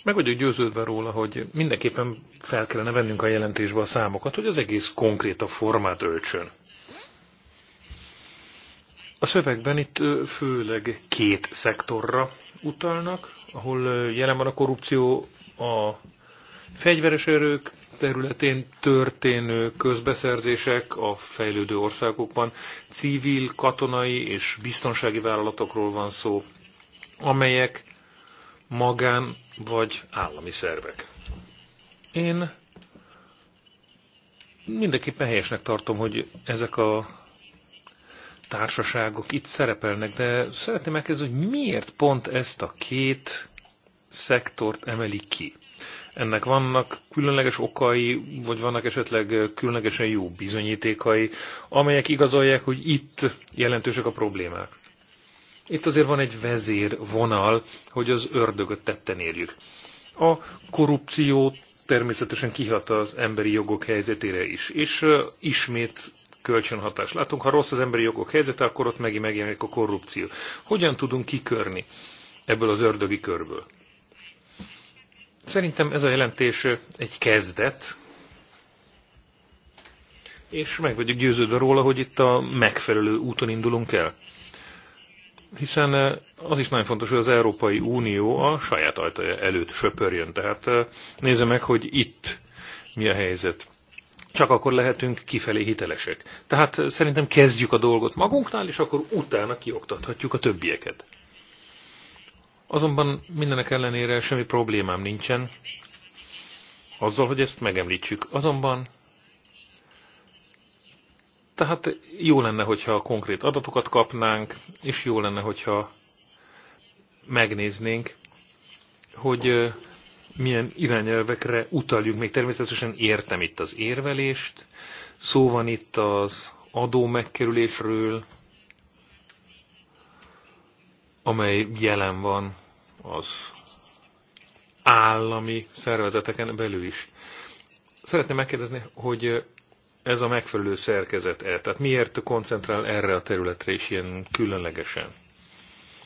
Meg vagyok győződve róla, hogy mindenképpen fel kellene vennünk a jelentésbe a számokat, hogy az egész konkrét a formát öltsön. A szövegben itt főleg két szektorra utalnak, ahol jelen van a korrupció, a fegyveres erők területén történő közbeszerzések a fejlődő országokban civil, katonai és biztonsági vállalatokról van szó, amelyek magán vagy állami szervek. Én mindenképpen helyesnek tartom, hogy ezek a társaságok itt szerepelnek, de szeretném megkérdezni, hogy miért pont ezt a két szektort emeli ki? ennek vannak különleges okai, vagy vannak esetleg különlegesen jó bizonyítékai, amelyek igazolják, hogy itt jelentősek a problémák. Itt azért van egy vezér vonal, hogy az ördögöt tetten érjük. A korrupció természetesen kihat az emberi jogok helyzetére is, és ismét kölcsönhatás. látunk. Ha rossz az emberi jogok helyzete, akkor ott megint megjelenik a korrupció. Hogyan tudunk kikörni ebből az ördögi körből? Szerintem ez a jelentés egy kezdet, és meg vagyok győződve róla, hogy itt a megfelelő úton indulunk el. Hiszen az is nagyon fontos, hogy az Európai Unió a saját ajtaja előtt söpörjön. Tehát nézze meg, hogy itt mi a helyzet. Csak akkor lehetünk kifelé hitelesek. Tehát szerintem kezdjük a dolgot magunknál, és akkor utána kioktathatjuk a többieket. Azonban mindenek ellenére semmi problémám nincsen azzal, hogy ezt megemlítsük. Azonban tehát jó lenne, hogyha konkrét adatokat kapnánk, és jó lenne, hogyha megnéznénk, hogy milyen irányelvekre utaljunk. Még természetesen értem itt az érvelést, szó van itt az adó megkerülésről, amely jelen van az állami szervezeteken belül is. Szeretném megkérdezni, hogy ez a megfelelő szerkezet-e? Tehát miért koncentrál erre a területre is ilyen különlegesen?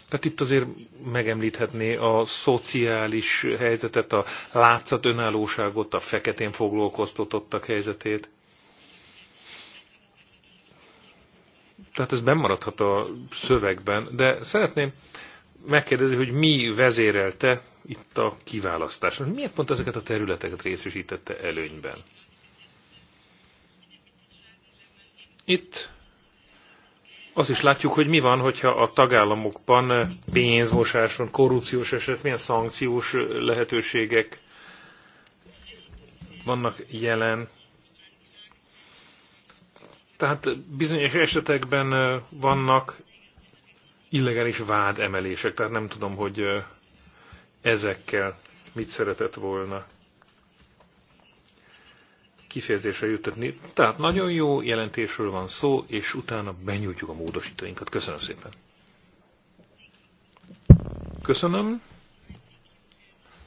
Tehát itt azért megemlíthetné a szociális helyzetet, a látszat önállóságot, a feketén foglalkoztatottak helyzetét. Tehát ez bemaradhat a szövegben, de szeretném megkérdezi, hogy mi vezérelte itt a kiválasztáson. Miért pont ezeket a területeket részesítette előnyben? Itt azt is látjuk, hogy mi van, hogyha a tagállamokban pénzmosáson, korrupciós eset, milyen szankciós lehetőségek vannak jelen. Tehát bizonyos esetekben vannak illegális vád emelések, tehát nem tudom, hogy ezekkel mit szeretett volna kifejezésre juttatni. Tehát nagyon jó jelentésről van szó, és utána benyújtjuk a módosítóinkat. Köszönöm szépen. Köszönöm.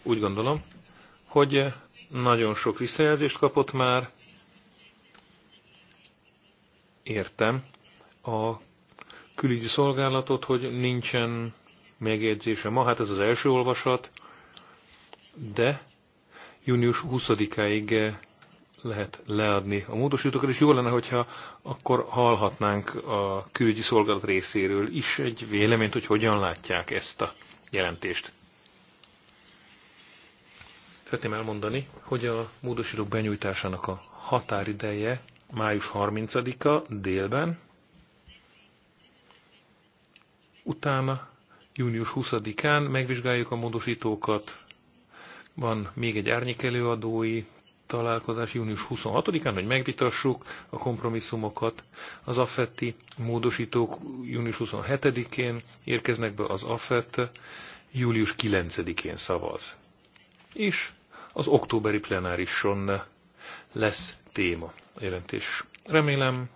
Úgy gondolom, hogy nagyon sok visszajelzést kapott már. Értem. A külügyi szolgálatot, hogy nincsen megjegyzése ma, hát ez az első olvasat, de június 20-áig eh, lehet leadni a módosítókat, és jó lenne, hogyha akkor hallhatnánk a külügyi szolgálat részéről is egy véleményt, hogy hogyan látják ezt a jelentést. Szeretném elmondani, hogy a módosítók benyújtásának a határideje május 30-a délben, Utána június 20-án megvizsgáljuk a módosítókat. Van még egy árnyékelőadói találkozás június 26-án, hogy megvitassuk a kompromisszumokat. Az affetti módosítók június 27-én érkeznek be, az affet, július 9-én szavaz. És az októberi plenárison lesz téma jelentés. Remélem,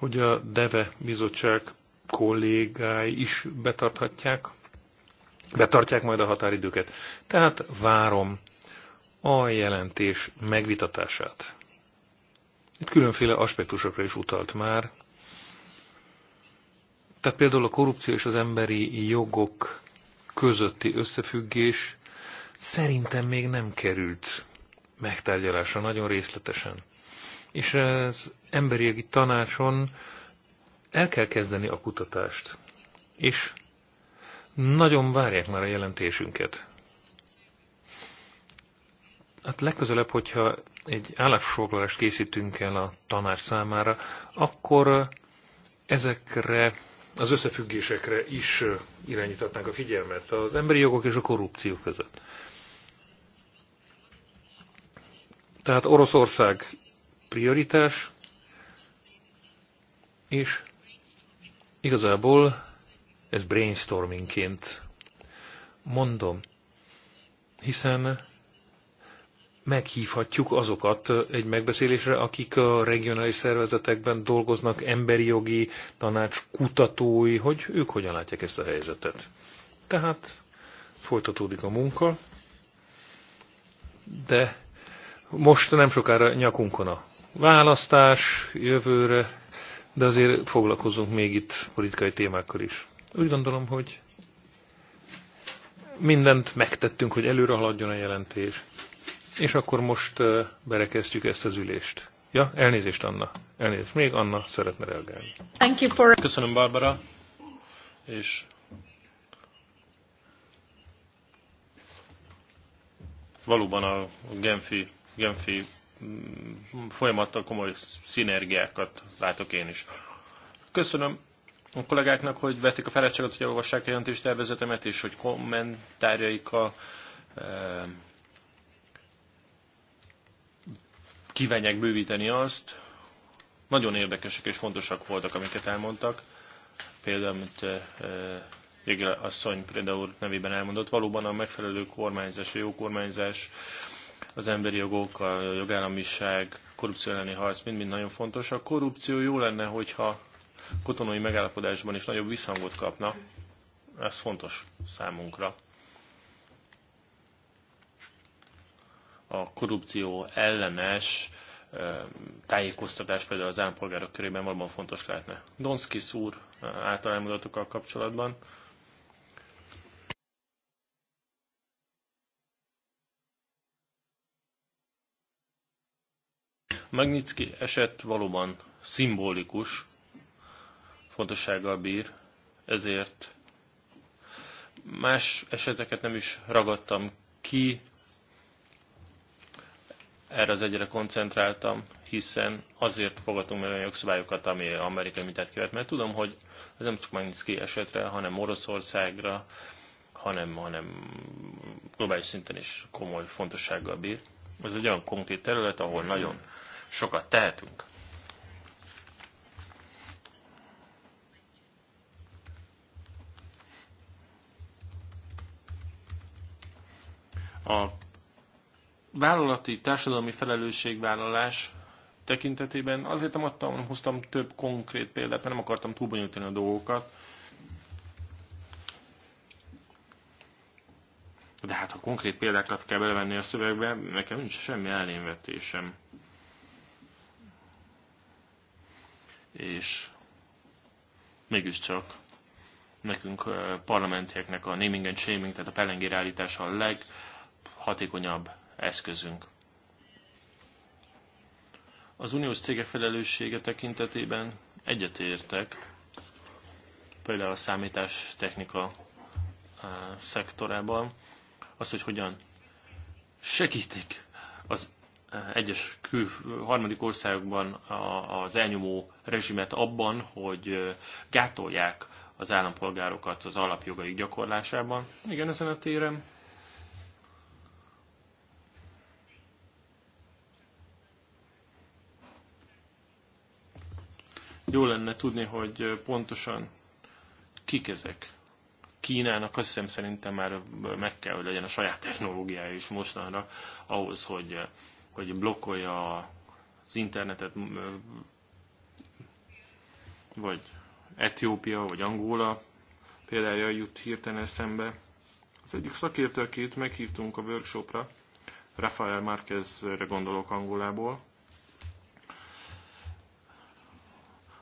hogy a DEVE bizottság kollégái is betarthatják, betartják majd a határidőket. Tehát várom a jelentés megvitatását. Itt különféle aspektusokra is utalt már. Tehát például a korrupció és az emberi jogok közötti összefüggés szerintem még nem került megtárgyalásra nagyon részletesen. És ez emberi jogi tanáson el kell kezdeni a kutatást. És nagyon várják már a jelentésünket. Hát legközelebb, hogyha egy állásfoglalást készítünk el a tanár számára, akkor ezekre az összefüggésekre is irányítatnánk a figyelmet az emberi jogok és a korrupció között. Tehát Oroszország prioritás, és igazából ez brainstormingként mondom, hiszen meghívhatjuk azokat egy megbeszélésre, akik a regionális szervezetekben dolgoznak, emberi jogi tanács kutatói, hogy ők hogyan látják ezt a helyzetet. Tehát folytatódik a munka, de most nem sokára nyakunkon a választás jövőre, de azért foglalkozunk még itt politikai témákkal is. Úgy gondolom, hogy mindent megtettünk, hogy előre haladjon a jelentés. És akkor most berekeztjük ezt az ülést. Ja, elnézést Anna. Elnézést. Még Anna szeretne reagálni. Thank you for... Köszönöm Barbara. És valóban a Genfi, Genfi Mm, folyamattal komoly szinergiákat látok én is. Köszönöm a kollégáknak, hogy vették a feladatot, hogy olvassák a tervezetemet és hogy kommentárjaikkal eh, kívánják bővíteni azt. Nagyon érdekesek és fontosak voltak, amiket elmondtak. Például, amit eh, eh, Jégel asszony például nevében elmondott, valóban a megfelelő kormányzás, a jó kormányzás az emberi jogok, a jogállamiság, korrupció elleni harc mind-mind nagyon fontos. A korrupció jó lenne, hogyha kotonói megállapodásban is nagyobb visszhangot kapna. Ez fontos számunkra. A korrupció ellenes tájékoztatás például az állampolgárok körében valóban fontos lehetne. Donskis úr által kapcsolatban Magnitsky eset valóban szimbolikus fontossággal bír, ezért más eseteket nem is ragadtam ki, erre az egyre koncentráltam, hiszen azért fogadtunk meg olyan jogszabályokat, ami amerikai mintát követ, mert tudom, hogy ez nem csak Magnitsky esetre, hanem Oroszországra, hanem, hanem globális szinten is komoly fontossággal bír. Ez egy olyan konkrét terület, ahol nagyon sokat tehetünk. A vállalati társadalmi felelősségvállalás tekintetében azért nem adtam, hoztam több konkrét példát, mert nem akartam túlbonyolítani a dolgokat. De hát, ha konkrét példákat kell belevenni a szövegbe, nekem nincs semmi elnémvetésem. és mégiscsak nekünk parlamentieknek a naming and shaming, tehát a pelengér állítása a leghatékonyabb eszközünk. Az uniós cégek felelőssége tekintetében egyetértek, például a számítás technika szektorában, az, hogy hogyan segítik az egyes kül, harmadik országokban az elnyomó rezsimet abban, hogy gátolják az állampolgárokat az alapjogaik gyakorlásában. Igen, ezen a téren jó lenne tudni, hogy pontosan kik ezek. Kínának azt hiszem szerintem már meg kell, hogy legyen a saját technológiája is mostanra ahhoz, hogy hogy blokkolja az internetet, vagy Etiópia, vagy Angola példája jut hirtelen eszembe. Az egyik szakértő, akit meghívtunk a workshopra, Rafael Márquezre gondolok Angolából.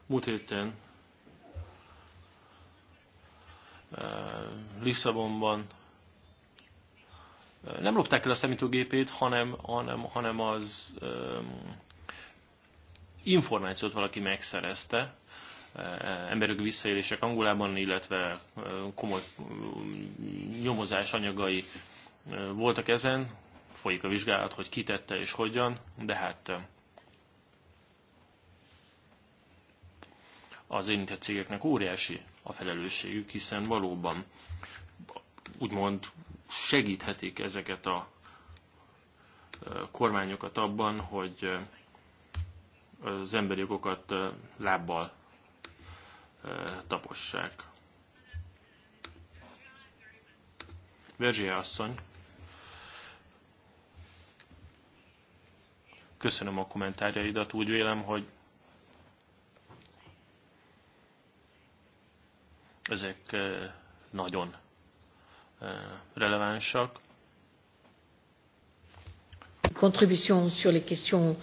Múlt héten Lisszabonban nem lopták el a szemítógépét, hanem, hanem, hanem az um, információt valaki megszerezte, e, emberjogi visszaélések Angolában, illetve komoly nyomozás anyagai voltak ezen. Folyik a vizsgálat, hogy ki tette és hogyan, de hát az érintett cégeknek óriási a felelősségük, hiszen valóban úgymond segíthetik ezeket a kormányokat abban, hogy az emberi jogokat lábbal tapossák. Verzsia asszony, köszönöm a kommentárjaidat, úgy vélem, hogy ezek nagyon Eh, relevánsak. Contribution sur les questions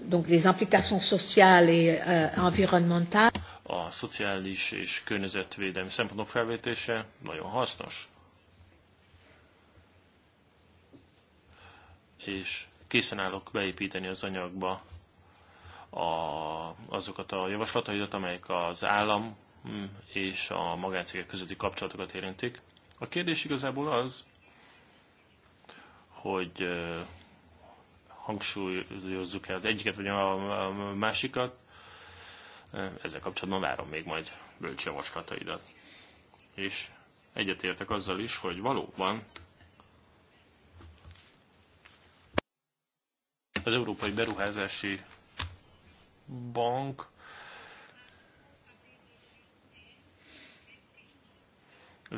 donc les implications sociales et euh, environnementales. A szociális és környezetvédelmi szempontok felvétése nagyon hasznos. És készen állok beépíteni az anyagba a, azokat a javaslataidat, amelyek az állam mm, és a magáncégek közötti kapcsolatokat érintik. A kérdés igazából az, hogy hangsúlyozzuk-e az egyiket vagy a másikat. Ezzel kapcsolatban várom még majd bölcs javaslataidat. És egyetértek azzal is, hogy valóban az Európai Beruházási Bank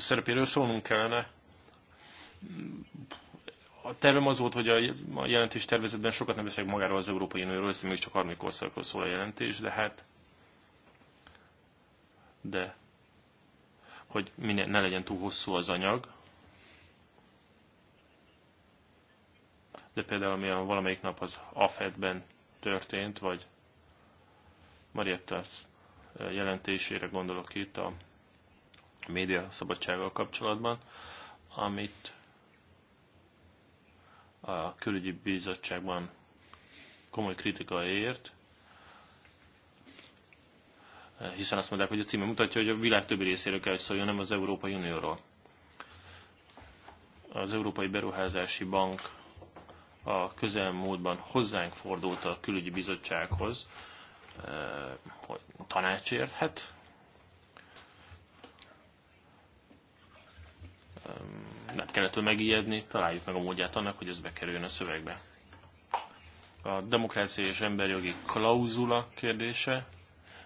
szerepéről szólnunk kellene. A tervem az volt, hogy a jelentés tervezetben sokat nem beszélek magáról az Európai Unióról, hiszen még csak harmadik országról szól a jelentés, de hát de hogy minél, ne legyen túl hosszú az anyag. De például ami valamelyik nap az AFED-ben történt, vagy Marietta jelentésére gondolok itt a média szabadsággal kapcsolatban, amit a külügyi bizottságban komoly kritika ért, hiszen azt mondják, hogy a címe mutatja, hogy a világ többi részéről kell szóljon, nem az Európai Unióról. Az Európai Beruházási Bank a közelmúltban hozzánk fordult a külügyi bizottsághoz, eh, hogy tanácsért, hát nem kell megijedni, találjuk meg a módját annak, hogy ez bekerüljön a szövegbe. A demokrácia és emberjogi klauzula kérdése,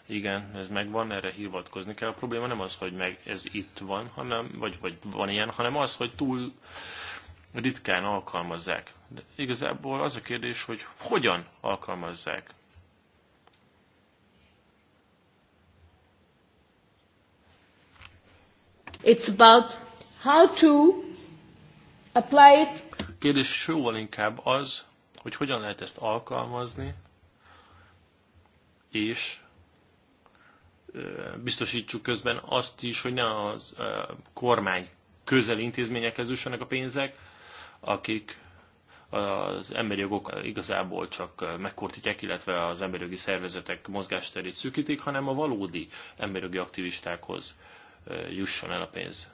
igen, ez megvan, erre hivatkozni kell. A probléma nem az, hogy meg ez itt van, hanem, vagy, vagy van ilyen, hanem az, hogy túl ritkán alkalmazzák. De igazából az a kérdés, hogy hogyan alkalmazzák. It's about How to apply it? kérdés jóval inkább az, hogy hogyan lehet ezt alkalmazni, és biztosítsuk közben azt is, hogy ne a kormány közeli intézményekhez jussanak a pénzek, akik az emberi jogok igazából csak megkortítják, illetve az emberi jogi szervezetek mozgásterét szűkítik, hanem a valódi emberi jogi aktivistákhoz jusson el a pénz.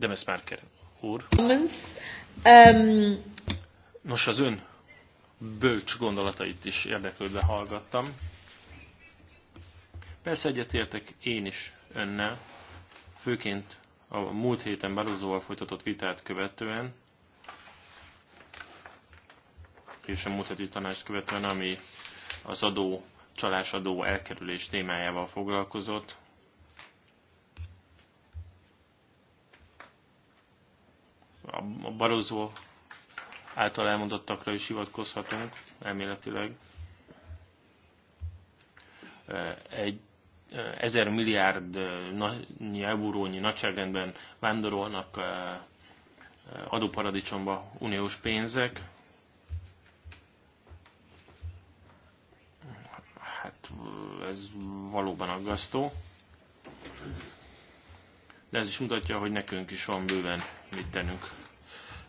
Demes Márker úr. Um, Nos, az ön bölcs gondolatait is érdeklődve hallgattam. Persze egyetértek én is önnel, főként a múlt héten Barozóval folytatott vitát követően, és a múlt heti tanást követően, ami az adó, csalásadó elkerülés témájával foglalkozott. a Barozó által elmondottakra is hivatkozhatunk, elméletileg. Egy ezer milliárd eurónyi nagyságrendben vándorolnak adóparadicsomba uniós pénzek. Hát ez valóban aggasztó. De ez is mutatja, hogy nekünk is van bőven mit tennünk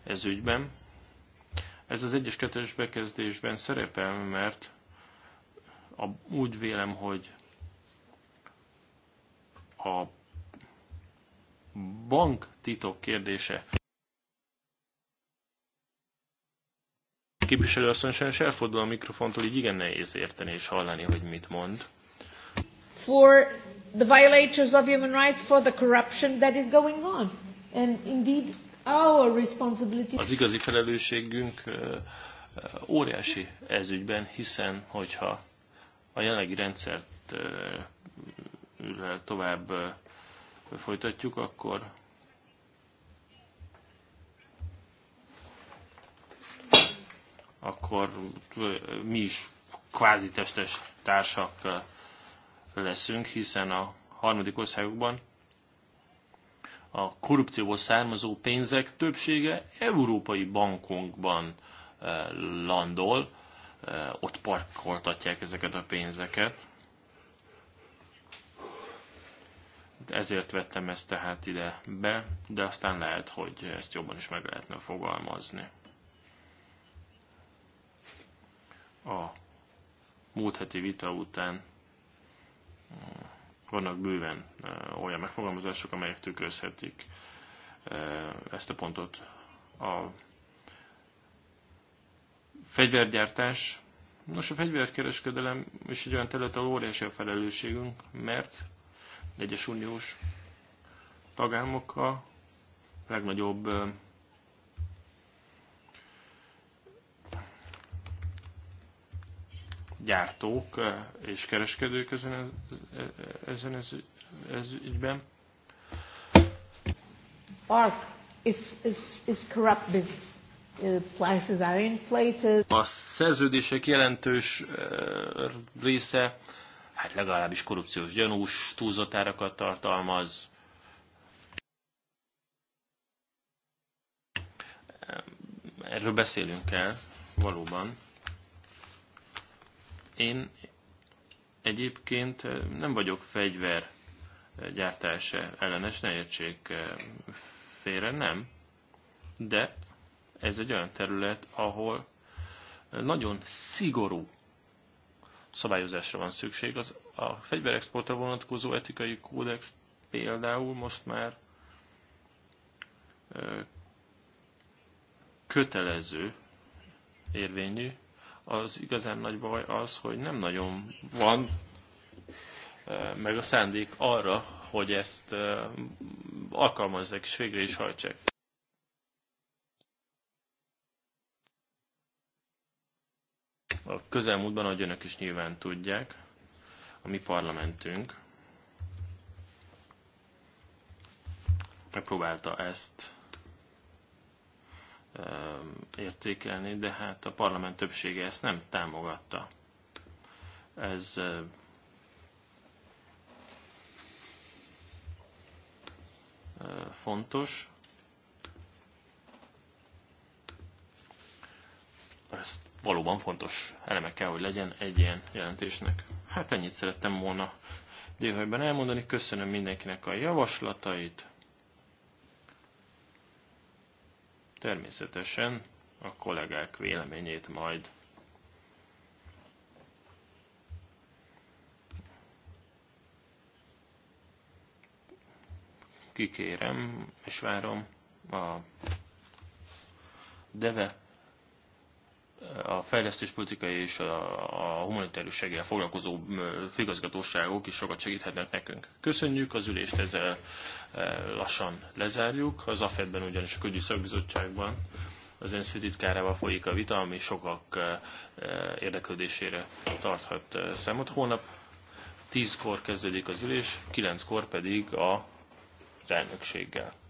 ez ügyben. Ez az egyes kettős bekezdésben szerepel, mert a, úgy vélem, hogy a bank titok kérdése képviselő asszony sem elfordul a mikrofontól, így igen nehéz érteni és hallani, hogy mit mond. For the violators of human rights, for the corruption that is going on. And indeed, az igazi felelősségünk óriási ezügyben, hiszen hogyha a jelenlegi rendszert tovább folytatjuk, akkor akkor mi is kvázi testes társak leszünk, hiszen a harmadik országokban a korrupcióból származó pénzek többsége európai bankokban eh, landol, eh, ott parkoltatják ezeket a pénzeket. Ezért vettem ezt tehát ide be, de aztán lehet, hogy ezt jobban is meg lehetne fogalmazni. A múlt heti vita után vannak bőven eh, olyan megfogalmazások, amelyek tükrözhetik eh, ezt a pontot. A fegyvergyártás, nos a fegyverkereskedelem is egy olyan terület, ahol óriási a felelősségünk, mert egyes uniós tagállamokkal legnagyobb eh, gyártók eh, és kereskedők ezen, eh, ezen ez, ez ügyben. ARP is, is, is corrupt business. Uh, prices are inflated. A szerződések jelentős eh, része, hát legalábbis korrupciós gyanús, túlzott árakat tartalmaz, erről beszélünk kell, valóban. Én egyébként eh, nem vagyok fegyver eh, gyártása ellenes, ne értsék eh, félre, nem. De ez egy olyan terület, ahol nagyon szigorú szabályozásra van szükség. Az, a fegyverexportra vonatkozó etikai kódex például most már kötelező érvényű, az igazán nagy baj az, hogy nem nagyon van eh, meg a szándék arra, hogy ezt eh, alkalmazzák és végre is hajtsák. A közelmúltban, ahogy önök is nyilván tudják, a mi parlamentünk megpróbálta ezt Ehm, értékelni, de hát a parlament többsége ezt nem támogatta. Ez ehm, ehm, fontos. Ez valóban fontos eleme kell, hogy legyen egy ilyen jelentésnek. Hát ennyit szerettem volna délhajban elmondani. Köszönöm mindenkinek a javaslatait. Természetesen a kollégák véleményét majd kikérem és várom a deve a fejlesztéspolitikai és a, a humanitárius segélyel foglalkozó főigazgatóságok is sokat segíthetnek nekünk. Köszönjük, az ülést ezzel e, lassan lezárjuk. Az AFED-ben ugyanis a Kögyi Szakbizottságban az ENSZ főtitkárával folyik a vita, ami sokak e, e, érdeklődésére tarthat számot. Holnap 10-kor kezdődik az ülés, 9-kor pedig a elnökséggel.